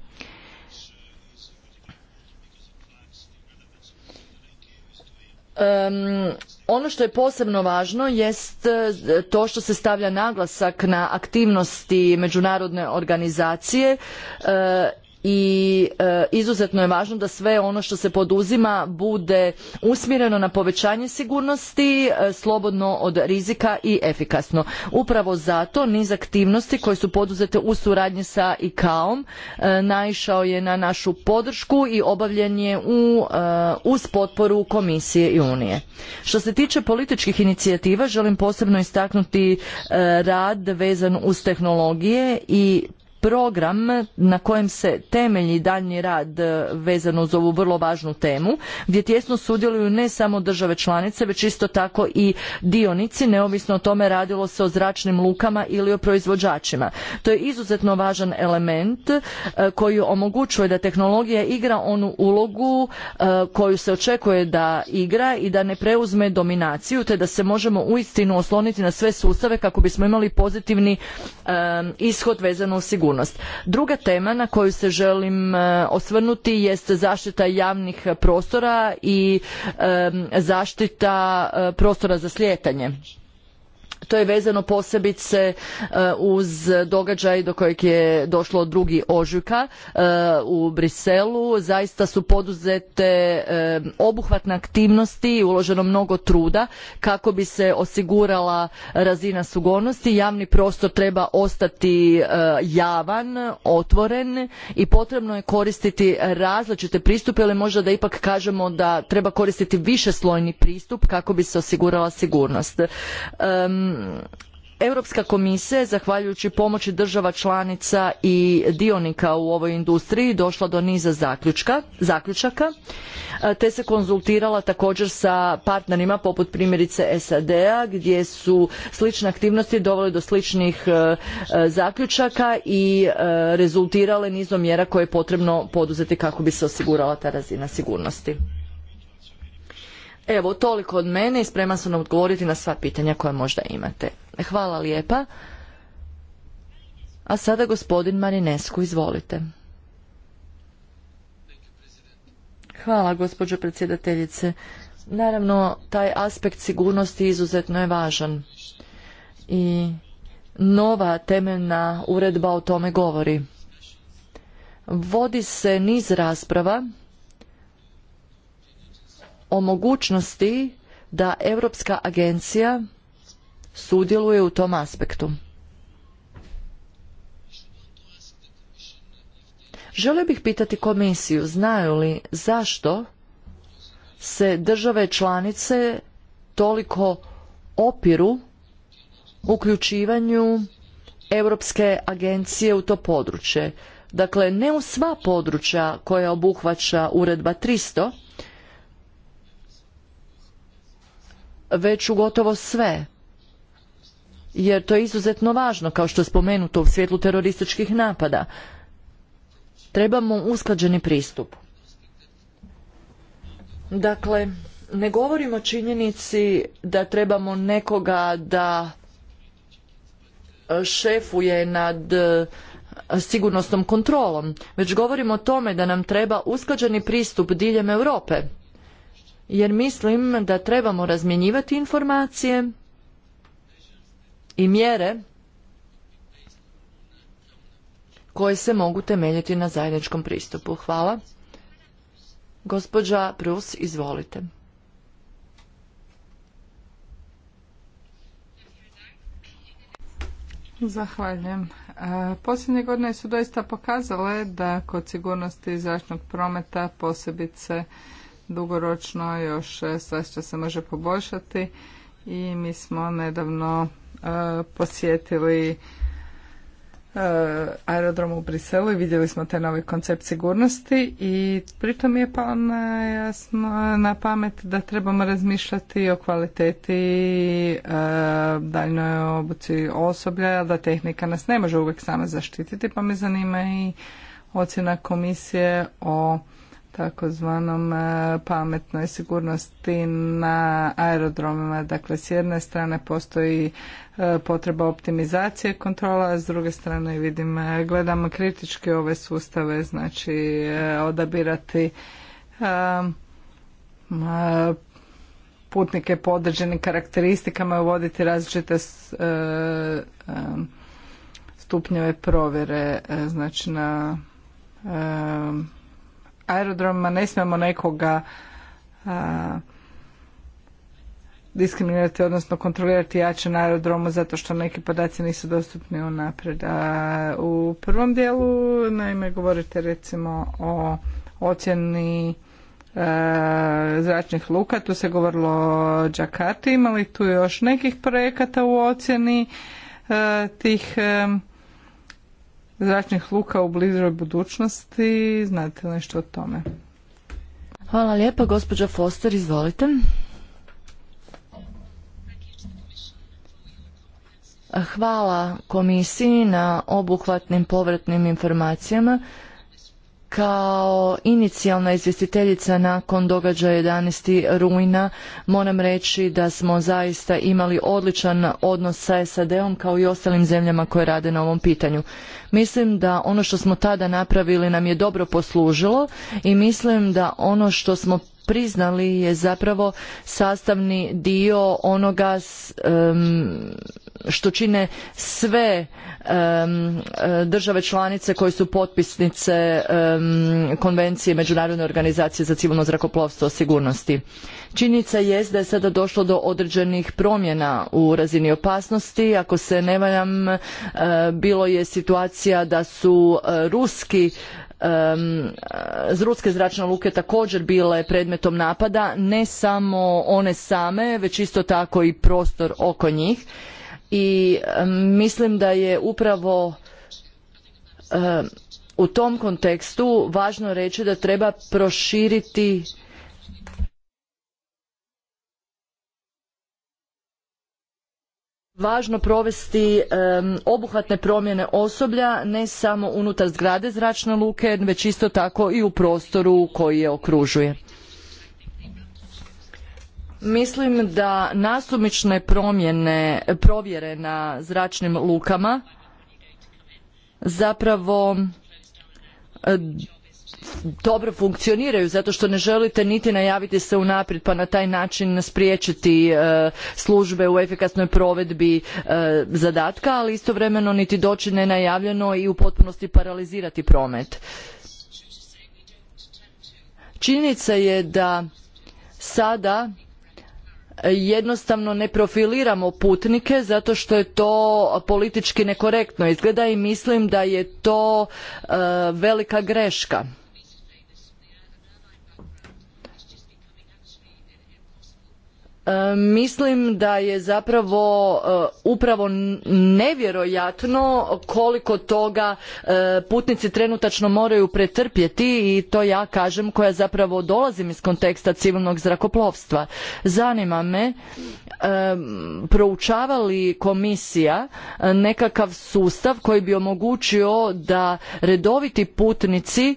ono što je posebno važno jest e, to što se stavlja naglasak na aktivnosti međunarodne organizacije i e, i e, izuzetno je važno da sve ono što se poduzima bude usmjereno na povećanje sigurnosti, e, slobodno od rizika i efikasno. Upravo zato niz aktivnosti koje su poduzete u suradnji sa ICAO-om e, naišao je na našu podršku i obavljen je u, uz potporu Komisije i Unije. Što se tiče političkih inicijativa, želim posebno istaknuti rad vezan uz tehnologije i program na kojem se temelji daljnji rad e, vezano uz ovu vrlo važnu temu, gdje tjesno sudjeluju ne samo države članice, već isto tako i dionici, neovisno o tome radilo se o zračnim lukama ili o proizvođačima. To je izuzetno važan element e, koji omogućuje da tehnologija igra onu ulogu e, koju se očekuje da igra i da ne preuzme dominaciju, te da se možemo uistinu osloniti na sve sustave kako bismo imali pozitivni ishod vezano uz sigurnost sigurnost. Druga tema na koju se želim e, osvrnuti jest zaštita javnih prostora i zaštita e, prostora za slijetanje to je vezano posebice e, uz događaj do kojeg je došlo od drugi ožujka e, u Briselu. Zaista su poduzete e, obuhvatne aktivnosti i uloženo mnogo truda kako bi se osigurala razina sigurnosti. Javni prostor treba ostati javan, otvoren i potrebno je koristiti različite pristupe ali možda da ipak kažemo da treba koristiti višeslojni pristup kako bi se osigurala sigurnost. Europska komisija je zahvaljujući pomoći država članica i dionika u ovoj industriji došla do niza zaključaka te se konzultirala također sa partnerima poput primjerice SAD-a gdje su slične aktivnosti dovele do sličnih zaključaka i rezultirale nizom mjera koje je potrebno poduzeti kako bi se osigurala ta razina sigurnosti. Evo, toliko od mene i spreman sam odgovoriti na sva pitanja koja možda imate. Hvala lijepa. A sada gospodin Marinesku, izvolite. Hvala, gospođo predsjedateljice. Naravno, taj aspekt sigurnosti izuzetno je važan. I nova temeljna uredba o tome govori. Vodi se niz rasprava o mogućnosti da Europska agencija sudjeluje u tom aspektu. Želio bih pitati komisiju, znaju li zašto se države članice toliko opiru uključivanju Europske agencije u to područje. Dakle, ne u sva područja koja obuhvaća uredba 300, već u gotovo sve jer to je izuzetno važno kao što je spomenuto u svjetlu terorističkih napada trebamo usklađeni pristup dakle ne govorimo o činjenici da trebamo nekoga da šefuje nad e, sigurnosnom kontrolom već govorimo o tome da nam treba usklađeni pristup diljem Europe jer mislim da trebamo razmjenjivati informacije i mjere koje se mogu temeljiti na zajedničkom pristupu. Hvala. Gospođa Prus, izvolite. Zahvaljujem. E, posljednje godine su doista pokazale da kod sigurnosti zračnog prometa posebice dugoročno još e, što se može poboljšati i mi smo nedavno e, posjetili e, aerodrom u Briselu i vidjeli smo taj novi koncept sigurnosti i pritom je pao na, jasno, na pamet da trebamo razmišljati o kvaliteti e, daljnoj obuci osoblja, da tehnika nas ne može uvijek sama zaštititi, pa me zanima i ocjena komisije o takozvanom e, pametnoj sigurnosti na aerodromima. Dakle, s jedne strane postoji e, potreba optimizacije kontrola, a s druge strane vidim, e, gledamo kritički ove sustave, znači odabirati putnike po određenim karakteristikama i uvoditi različite stupnjeve provjere, znači na aerodromima ne smijemo nekoga a, diskriminirati, odnosno kontrolirati jače na aerodromu zato što neki podaci nisu dostupni unaprijed. A u prvom dijelu, naime, govorite recimo o ocjeni zračnih luka, tu se govorilo o Džakati, imali tu još nekih projekata u ocjeni tih zračnih luka u bližoj budućnosti. Znate li nešto o tome? Hvala lijepa, gospođa Foster, izvolite. Hvala komisiji na obuhvatnim povratnim informacijama. Kao inicijalna izvjestiteljica nakon događaja 11. rujna moram reći da smo zaista imali odličan odnos sa SAD-om kao i ostalim zemljama koje rade na ovom pitanju. Mislim da ono što smo tada napravili nam je dobro poslužilo i mislim da ono što smo priznali je zapravo sastavni dio onoga što čine sve države članice koje su potpisnice konvencije Međunarodne organizacije za civilno zrakoplovstvo o sigurnosti. Činjenica jest da je sada došlo do određenih promjena u razini opasnosti. Ako se ne valjam, e, bilo je situacija da su e, ruski ruske zračne luke također bile predmetom napada, ne samo one same, već isto tako i prostor oko njih. I mislim da je upravo u tom kontekstu važno reći da treba proširiti važno provesti obuhvatne promjene osoblja ne samo unutar zgrade zračne luke već isto tako i u prostoru koji je okružuje mislim da nasumične promjene provjere na zračnim lukama zapravo dobro funkcioniraju zato što ne želite niti najaviti se unaprijed pa na taj način spriječiti e, službe u efikasnoj provedbi e, zadatka ali istovremeno niti doći nenajavljeno i u potpunosti paralizirati promet činjenica je da sada jednostavno ne profiliramo putnike zato što je to politički nekorektno izgleda i mislim da je to e, velika greška E, mislim da je zapravo e, upravo nevjerojatno koliko toga e, putnici trenutačno moraju pretrpjeti i to ja kažem koja zapravo dolazim iz konteksta civilnog zrakoplovstva. Zanima me proučava li komisija nekakav sustav koji bi omogućio da redoviti putnici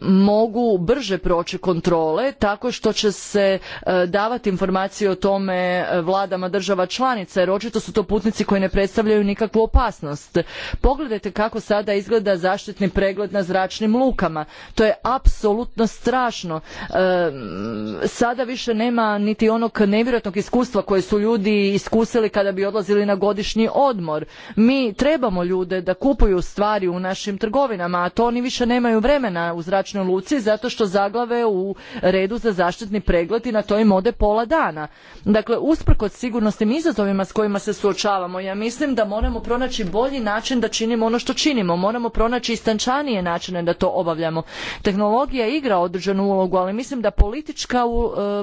mogu brže proći kontrole tako što će se eh, davati informacije o tome eh, vladama država članica jer očito su to putnici koji ne predstavljaju nikakvu opasnost. Pogledajte kako sada izgleda zaštitni pregled na zračnim lukama. To je apsolutno strašno. Sada više nema niti onog nevjerojatnog iskustva koje su ljudi iskusili kada bi odlazili na godišnji odmor. Mi trebamo ljude da kupuju stvari u našim trgovinama, a to oni više nemaju vremena vremena u zračnoj luci zato što zaglave u redu za zaštitni pregled i na to im ode pola dana. Dakle, usprkos sigurnosnim izazovima s kojima se suočavamo, ja mislim da moramo pronaći bolji način da činimo ono što činimo. Moramo pronaći istančanije načine da to obavljamo. Tehnologija igra određenu ulogu, ali mislim da politička e,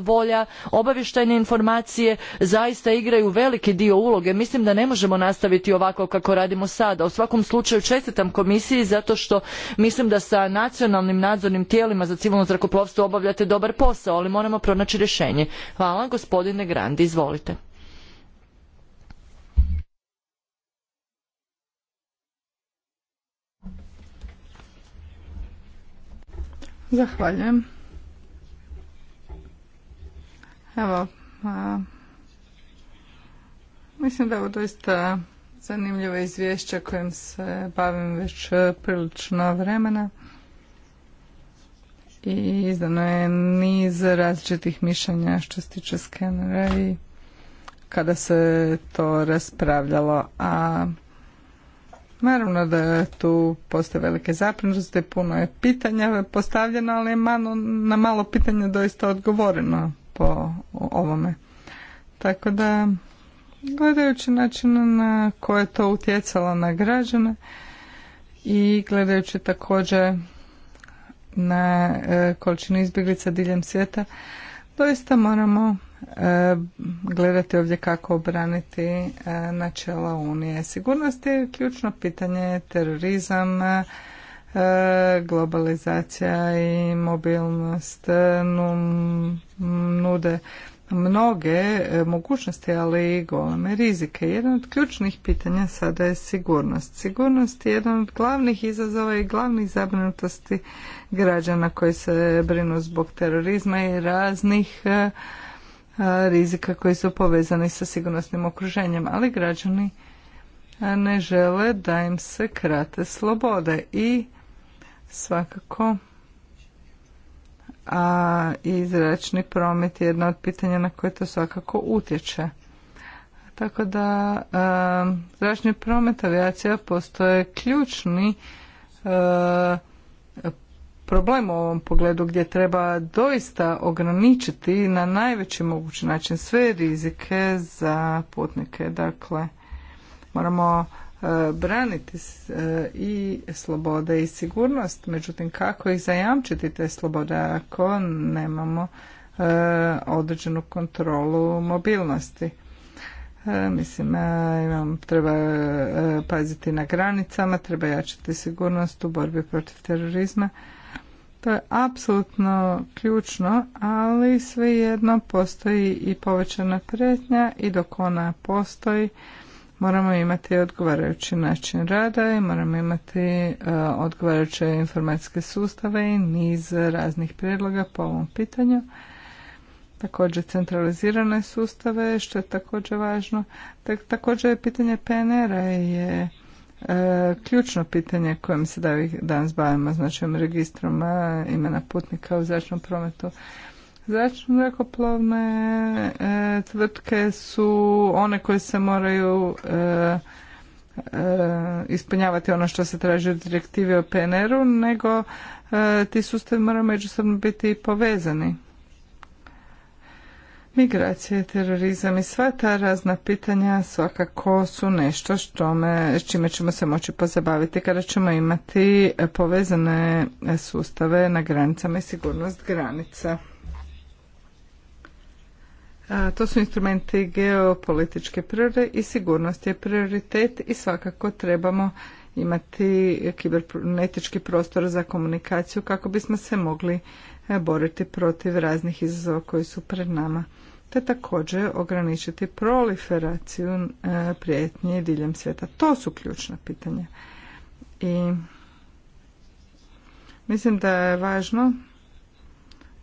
volja, obavještajne informacije zaista igraju veliki dio uloge. Mislim da ne možemo nastaviti ovako kako radimo sada. U svakom slučaju čestitam komisiji zato što mislim da sa nacionalnim nadzornim tijelima za civilno zrakoplovstvo obavljate dobar posao, ali moramo pronaći rješenje. Hvala, gospodine Grandi, izvolite. Zahvaljujem. Evo, mislim da je ovo doista zanimljivo izvješće kojim se bavim već prilično vremena i izdano je niz različitih mišljenja što se tiče skenera i kada se to raspravljalo, a naravno da tu postoje velike zaprinutosti, puno je pitanja postavljeno, ali je malo, na malo pitanja doista odgovoreno po ovome. Tako da, gledajući način na koje je to utjecalo na građane i gledajući također na e, količinu izbjeglica diljem svijeta, doista moramo e, gledati ovdje kako obraniti e, načela Unije. Sigurnost je ključno pitanje, terorizam, globalizacija i mobilnost nude mnoge e, mogućnosti, ali i goleme rizike. Jedan od ključnih pitanja sada je sigurnost. Sigurnost je jedan od glavnih izazova i glavnih zabrinutosti građana koji se brinu zbog terorizma i raznih e, e, rizika koji su povezani sa sigurnosnim okruženjem, ali građani ne žele da im se krate slobode i svakako a i zračni promet je jedno od pitanja na koje to svakako utječe. Tako da e, zračni promet, avijacija postoje ključni e, problem u ovom pogledu gdje treba doista ograničiti na najveći mogući način sve rizike za putnike. Dakle, moramo E, braniti e, i slobode i sigurnost, međutim kako ih zajamčiti te slobode ako nemamo e, određenu kontrolu mobilnosti. Mislim, imam, treba paziti na granicama, treba jačati sigurnost u borbi protiv terorizma. To je apsolutno ključno, ali svejedno postoji i povećana pretnja i dok ona postoji, moramo imati odgovarajući način rada i moramo imati e, odgovarajuće informacijske sustave i niz raznih prijedloga po ovom pitanju. Također centralizirane sustave, što je također važno. Također pitanje PNR-a je e, ključno pitanje kojim se danas bavimo, znači registrom imena putnika u zračnom prometu. Zračno zrakoplovne e, tvrtke su one koje se moraju e, e, ispunjavati ono što se traži od direktive o PNR-u, nego e, ti sustavi moraju međusobno biti povezani. Migracije, terorizam i sva ta razna pitanja svakako su nešto što s čime ćemo se moći pozabaviti kada ćemo imati povezane sustave na granicama i sigurnost granica to su instrumenti geopolitičke prirode i sigurnost je prioritet i svakako trebamo imati kibernetički prostor za komunikaciju kako bismo se mogli e, boriti protiv raznih izazova koji su pred nama te također ograničiti proliferaciju e, prijetnje diljem svijeta. To su ključna pitanja. I mislim da je važno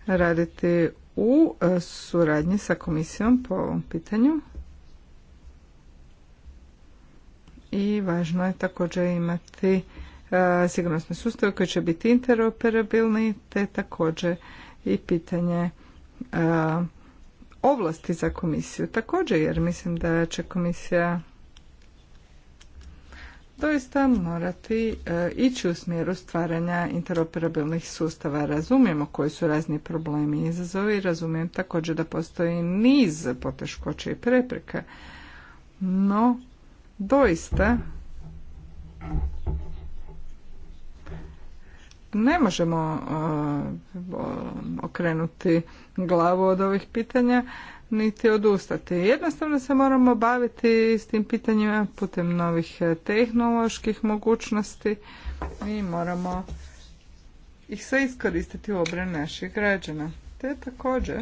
raditi u e, suradnji sa komisijom po ovom pitanju. I važno je također imati e, sigurnosne sustave koji će biti interoperabilni, te također i pitanje e, ovlasti za komisiju također, jer mislim da će komisija doista morati e, ići u smjeru stvaranja interoperabilnih sustava. Razumijemo koji su razni problemi i izazovi, razumijem također da postoji niz poteškoća i prepreka, no doista ne možemo e, okrenuti glavu od ovih pitanja niti odustati. Jednostavno se moramo baviti s tim pitanjima putem novih e, tehnoloških mogućnosti i moramo ih sve iskoristiti u obran naših građana. Te također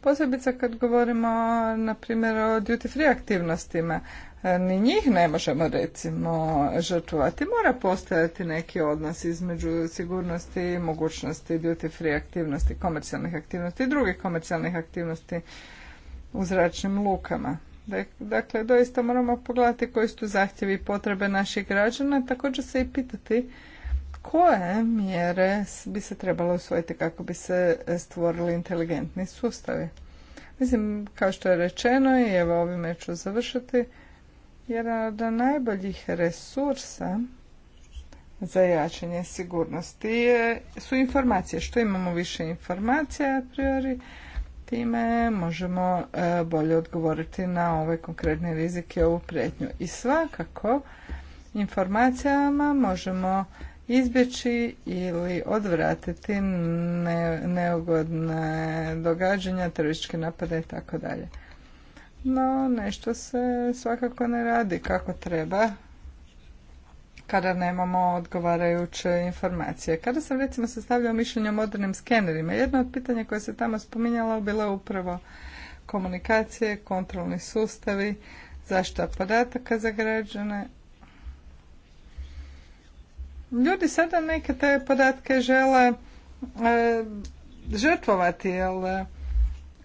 Posebice kad govorimo, na primjer, o duty free aktivnostima ni njih ne možemo recimo žrtvovati. Mora postojati neki odnos između sigurnosti i mogućnosti duty free aktivnosti, komercijalnih aktivnosti i drugih komercijalnih aktivnosti u zračnim lukama. Dakle, doista moramo pogledati koji su zahtjevi i potrebe naših građana, također se i pitati koje mjere bi se trebalo usvojiti kako bi se stvorili inteligentni sustavi. Mislim, kao što je rečeno i evo ovime ću završiti, jedan od najboljih resursa za jačanje sigurnosti su informacije. Što imamo više informacija a priori, time možemo e, bolje odgovoriti na ove konkretne rizike ovu prijetnju. I svakako informacijama možemo izbjeći ili odvratiti neugodne događanja, teroristički napade i tako dalje no nešto se svakako ne radi kako treba kada nemamo odgovarajuće informacije. Kada sam recimo sastavljao mišljenje o modernim skenerima, jedno od pitanja koje se tamo spominjalo bilo je upravo komunikacije, kontrolni sustavi, zašto podataka za građane. Ljudi sada neke te podatke žele e, žrtvovati, jel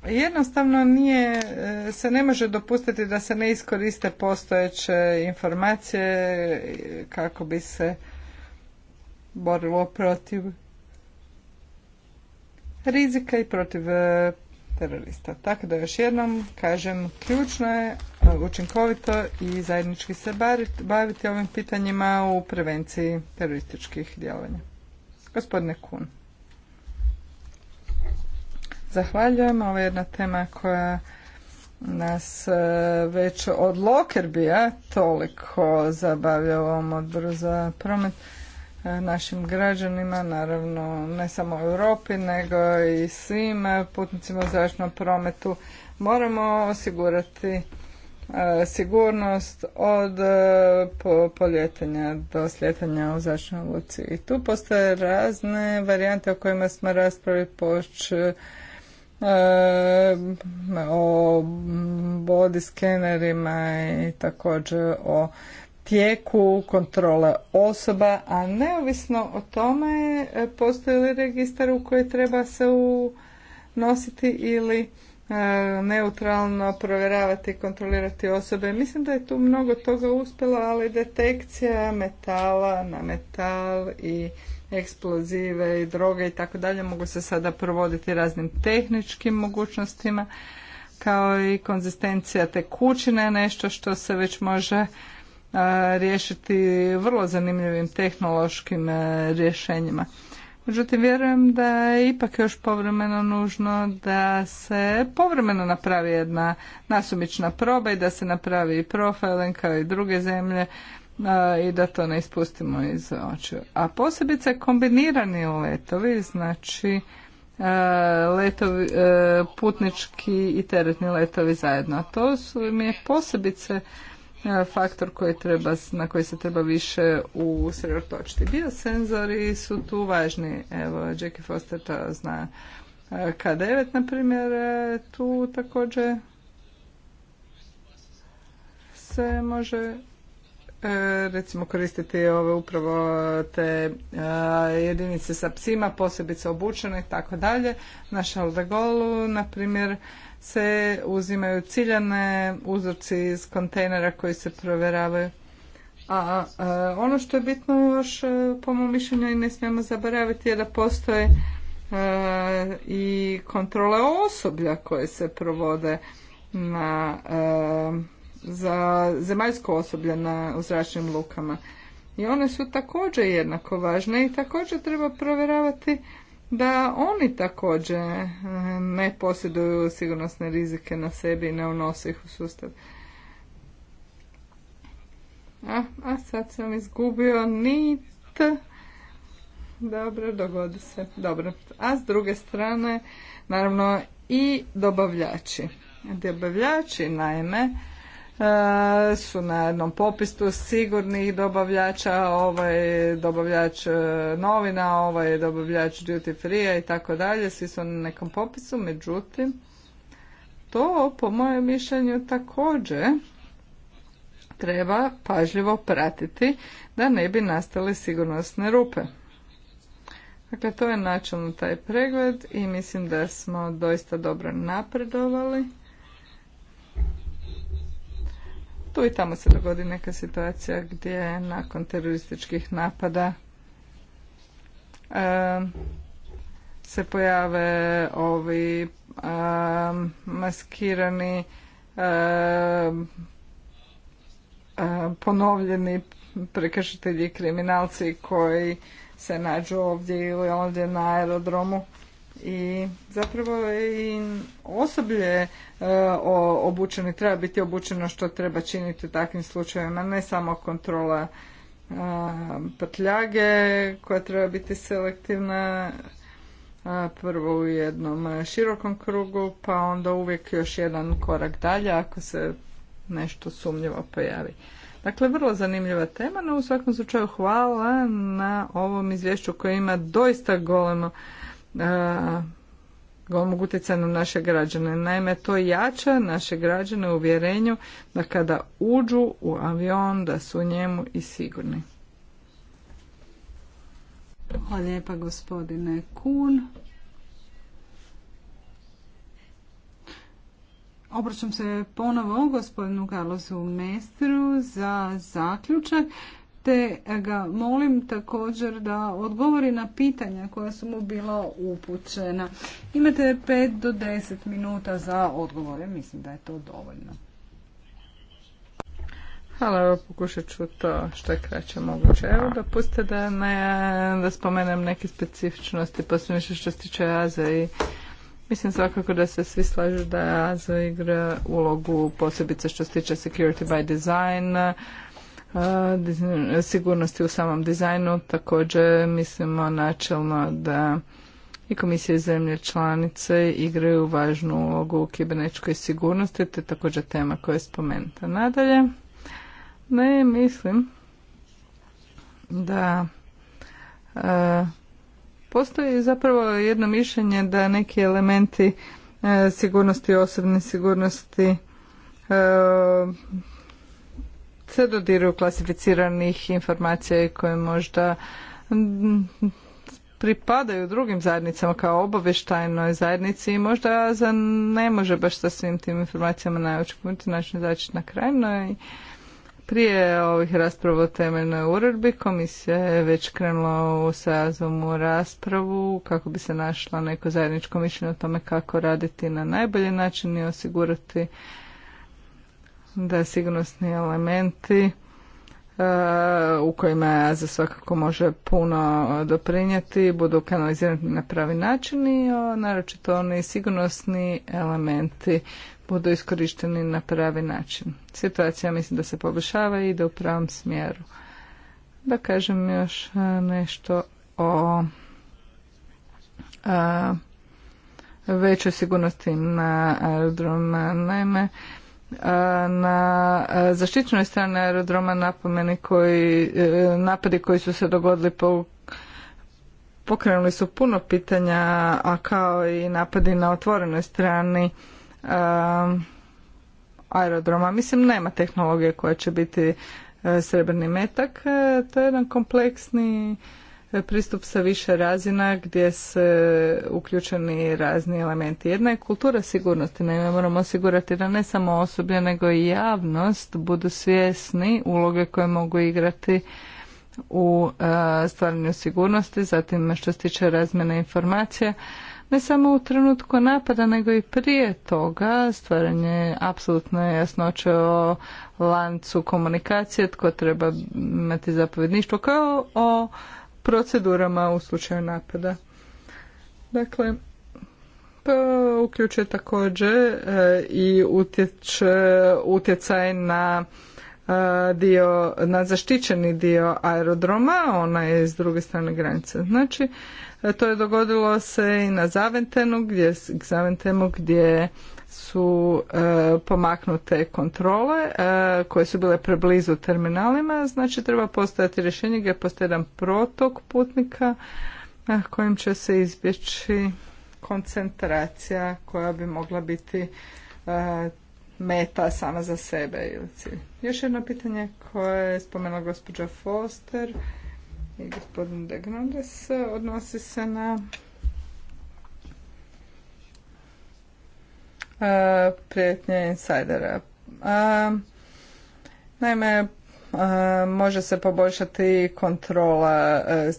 jednostavno nije, e, se ne može dopustiti da se ne iskoriste postojeće informacije kako bi se borilo protiv rizika i protiv e, terorista. Tako da još jednom kažem, ključno je e, učinkovito i zajednički se baviti ovim pitanjima u prevenciji terorističkih djelovanja. Gospodine Kun. Zahvaljujem. Ovo je jedna tema koja nas e, već od Lokerbija toliko zabavlja u ovom odboru za promet e, našim građanima, naravno ne samo u Europi, nego i svim putnicima u zračnom prometu. Moramo osigurati e, sigurnost od poljetanja do sljetanja u zračnoj luci. I tu postoje razne varijante o kojima smo raspravili poč E, o body skenerima i također o tijeku kontrole osoba, a neovisno o tome e, postoji li registar u koji treba se unositi ili e, neutralno provjeravati i kontrolirati osobe. Mislim da je tu mnogo toga uspjelo, ali detekcija metala na metal i eksplozive i droge i tako dalje mogu se sada provoditi raznim tehničkim mogućnostima kao i konzistencija tekućine nešto što se već može riješiti vrlo zanimljivim tehnološkim rješenjima. Međutim, vjerujem da je ipak još povremeno nužno da se povremeno napravi jedna nasumična proba i da se napravi i profiling kao i druge zemlje i da to ne ispustimo iz očiju. A posebice kombinirani letovi, znači e, letovi, e, putnički i teretni letovi zajedno. A to su mi je posebice e, faktor koji treba, na koji se treba više usredotočiti. Biosenzori su tu važni. Evo, Jackie Foster to zna. K9, na primjer, tu također se može E, recimo koristiti ove upravo te e, jedinice sa psima, posebice obučene i tako dalje. Na Šaldagolu, na primjer, se uzimaju ciljane uzorci iz kontejnera koji se provjeravaju. A, ono što je bitno još e, po mom mišljenju i ne smijemo zaboraviti je da postoje i kontrole osoblja koje se provode na za zemaljsko osoblje na, u zračnim lukama. I one su također jednako važne i također treba provjeravati da oni također eh, ne posjeduju sigurnosne rizike na sebi i ne unose ih u sustav. A, a sad sam izgubio nit. Dobro, dogodi se. Dobro. A s druge strane, naravno, i dobavljači. Dobavljači, naime, E, su na jednom popistu sigurnih dobavljača, ovaj dobavljač e, novina, ovaj dobavljač duty free i tako dalje, svi su na nekom popisu, međutim to po mojem mišljenju također treba pažljivo pratiti da ne bi nastale sigurnosne rupe. Dakle, to je načelno taj pregled i mislim da smo doista dobro napredovali. Tu i tamo se dogodi neka situacija gdje nakon terorističkih napada se pojave ovi maskirani ponovljeni prekršitelji kriminalci koji se nađu ovdje ili ovdje na aerodromu i zapravo i osoblje e, obučeno treba biti obučeno što treba činiti u takvim slučajevima, ne samo kontrola e, prtljage koja treba biti selektivna e, prvo u jednom širokom krugu pa onda uvijek još jedan korak dalje ako se nešto sumnjivo pojavi. Dakle, vrlo zanimljiva tema, no u svakom slučaju hvala na ovom izvješću koje ima doista golemo golmog utjecaja na naše građane. Naime, to jača naše građane u uvjerenju da kada uđu u avion da su u njemu i sigurni. Hvala lijepa gospodine Kun. Obraćam se ponovo gospodinu Carlosu Mestru za zaključak te ga molim također da odgovori na pitanja koja su mu bila upućena. Imate 5 do 10 minuta za odgovore, mislim da je to dovoljno. Hvala, evo pokušat ću to što je kraće moguće. Evo da puste da, ne, da spomenem neke specifičnosti, poslije što se tiče Aze i Mislim svakako da se svi slažu da AZA igra ulogu posebice što se tiče security by design, sigurnosti u samom dizajnu. Također mislimo načelno da i komisije zemlje članice igraju važnu ulogu u kibernetičkoj sigurnosti, te također tema koja je spomenuta. Nadalje, ne mislim da e, postoji zapravo jedno mišljenje da neki elementi e, sigurnosti, osobne sigurnosti e, se dodiru klasificiranih informacija koje možda pripadaju drugim zajednicama kao obavještajnoj zajednici i možda za ne može baš sa svim tim informacijama na način zaći na kraj, no i prije ovih rasprava o temeljnoj uredbi komisija je već krenula u sazom u raspravu kako bi se našla neko zajedničko mišljenje o tome kako raditi na najbolji način i osigurati da sigurnosni elementi e, u kojima AZA svakako može puno doprinijeti, budu kanalizirani na pravi način i naročito oni sigurnosni elementi budu iskorišteni na pravi način. Situacija mislim da se poboljšava i ide u pravom smjeru. Da kažem još e, nešto o e, većoj sigurnosti na aerodromu. Naime, na zaštićenoj strani aerodroma napomeni koji, e, napadi koji su se dogodili po pokrenuli su puno pitanja, a kao i napadi na otvorenoj strani aerodroma. Mislim, nema tehnologije koja će biti e, srebrni metak. E, to je jedan kompleksni pristup sa više razina gdje se uključeni razni elementi. Jedna je kultura sigurnosti, naime moramo osigurati da ne samo osoblje nego i javnost budu svjesni uloge koje mogu igrati u e, stvaranju sigurnosti, zatim što se tiče razmjene informacija, ne samo u trenutku napada, nego i prije toga stvaranje apsolutne jasnoće o lancu komunikacije, tko treba imati zapovjedništvo, kao o procedurama u slučaju napada. Dakle, to pa uključuje također e, i e, utjecaj na e, dio, na zaštićeni dio aerodroma, ona je s druge strane granice. Znači, to je dogodilo se i na Zaventenu gdje, Zaventenu gdje su e, pomaknute kontrole e, koje su bile preblizu terminalima, znači treba postojati rješenje gdje postoji jedan protok putnika e, kojim će se izbjeći koncentracija koja bi mogla biti e, meta sama za sebe ili cilj. Još jedno pitanje koje je spomenula gospođa Foster i gospodin Degnodes odnosi se na prijetnje insajdera. Naime, može se poboljšati kontrola e,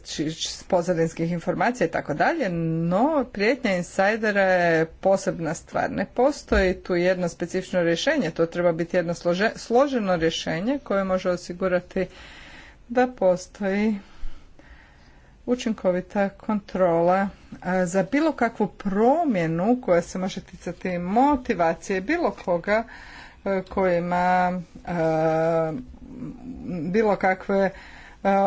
pozadinskih informacija i tako dalje, no prijetnja insajdera je posebna stvar. Ne postoji tu jedno specifično rješenje, to treba biti jedno složeno rješenje koje može osigurati da postoji učinkovita kontrola za bilo kakvu promjenu koja se može ticati motivacije bilo koga kojima bilo kakve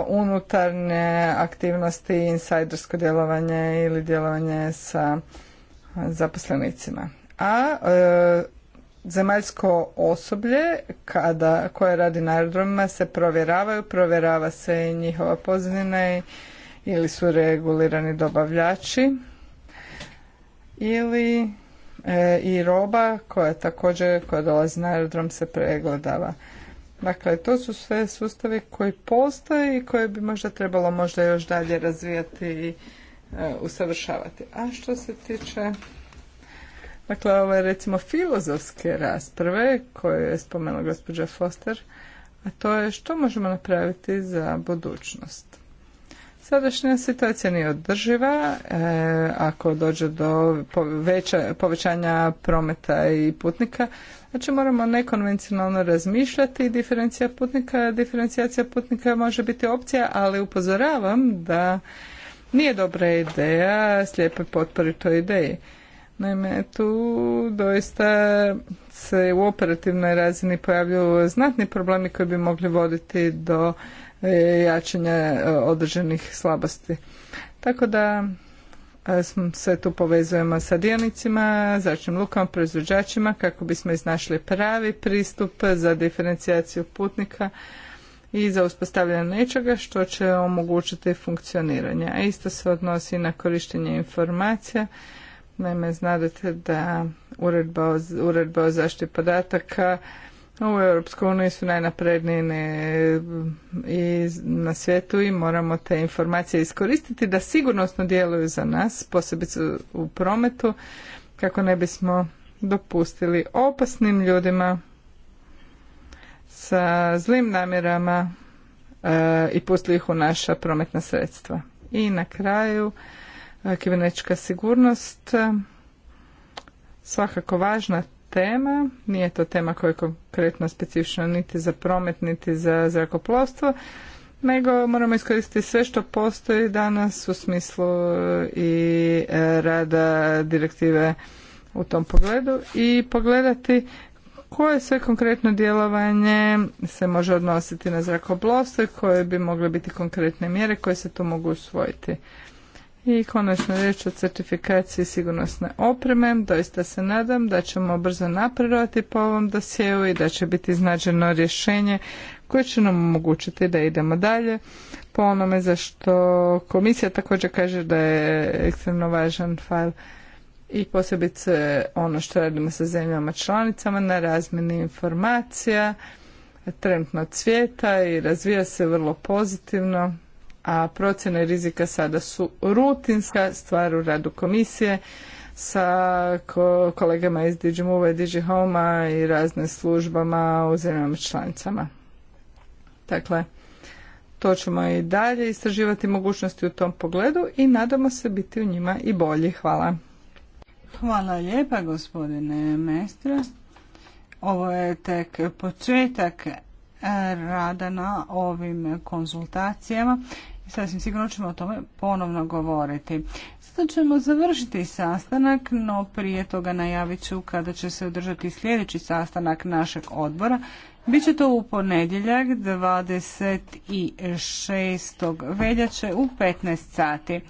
unutarnje aktivnosti, insajdersko djelovanje ili djelovanje sa zaposlenicima. A e, zemaljsko osoblje kada, koje radi na aerodromima se provjeravaju, provjerava se i njihova pozivina i ili su regulirani dobavljači ili e, i roba koja također koja dolazi na aerodrom se pregledava. Dakle, to su sve sustavi koji postoje i koje bi možda trebalo možda još dalje razvijati i e, usavršavati. A što se tiče dakle, ove recimo filozofske rasprave koju je spomenula gospođa Foster, a to je što možemo napraviti za budućnost. Sadašnja situacija nije održiva. E, ako dođe do povećanja prometa i putnika, znači moramo nekonvencionalno razmišljati. Diferencija putnika, diferencijacija putnika može biti opcija, ali upozoravam da nije dobra ideja slijepe potpori toj ideji. Naime, tu doista se u operativnoj razini pojavljuju znatni problemi koji bi mogli voditi do jačanja e, određenih slabosti. Tako da se tu povezujemo sa dionicima, začnim lukama, proizvođačima kako bismo iznašli pravi pristup za diferencijaciju putnika i za uspostavljanje nečega što će omogućiti funkcioniranje. A isto se odnosi na korištenje informacija. Naime, znate da uredba o zaštiti podataka u Europskoj su najnapredniji i na svijetu i moramo te informacije iskoristiti da sigurnosno djeluju za nas, posebice u prometu, kako ne bismo dopustili opasnim ljudima sa zlim namjerama e, i pustili ih u naša prometna sredstva. I na kraju e, kibernetička sigurnost e, svakako važna tema, nije to tema koja je konkretno specifična niti za promet, niti za zrakoplovstvo, nego moramo iskoristiti sve što postoji danas u smislu e, i e, rada direktive u tom pogledu i pogledati koje sve konkretno djelovanje se može odnositi na zrakoplovstvo i koje bi mogle biti konkretne mjere koje se tu mogu usvojiti. I konačno riječ o certifikaciji sigurnosne opreme. Doista se nadam da ćemo brzo napredovati po ovom dosjeu i da će biti iznađeno rješenje koje će nam omogućiti da idemo dalje po onome za što komisija također kaže da je ekstremno važan fail i posebice ono što radimo sa zemljama članicama na razmjeni informacija trenutno cvjeta i razvija se vrlo pozitivno a procjene rizika sada su rutinska stvar u radu komisije sa kolegama iz Digimove, i Digihoma i raznim službama u zemljama članicama. Dakle, to ćemo i dalje istraživati mogućnosti u tom pogledu i nadamo se biti u njima i bolji. Hvala. Hvala lijepa gospodine Mestre. Ovo je tek početak eh, rada na ovim konzultacijama Sasvim sigurno ćemo o tome ponovno govoriti. Sada ćemo završiti sastanak, no prije toga najavit ću kada će se održati sljedeći sastanak našeg odbora. Biće to u ponedjeljak 26. veljače u 15 sati.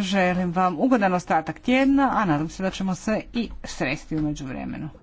Želim vam ugodan ostatak tjedna, a nadam se da ćemo se i sresti u međuvremenu.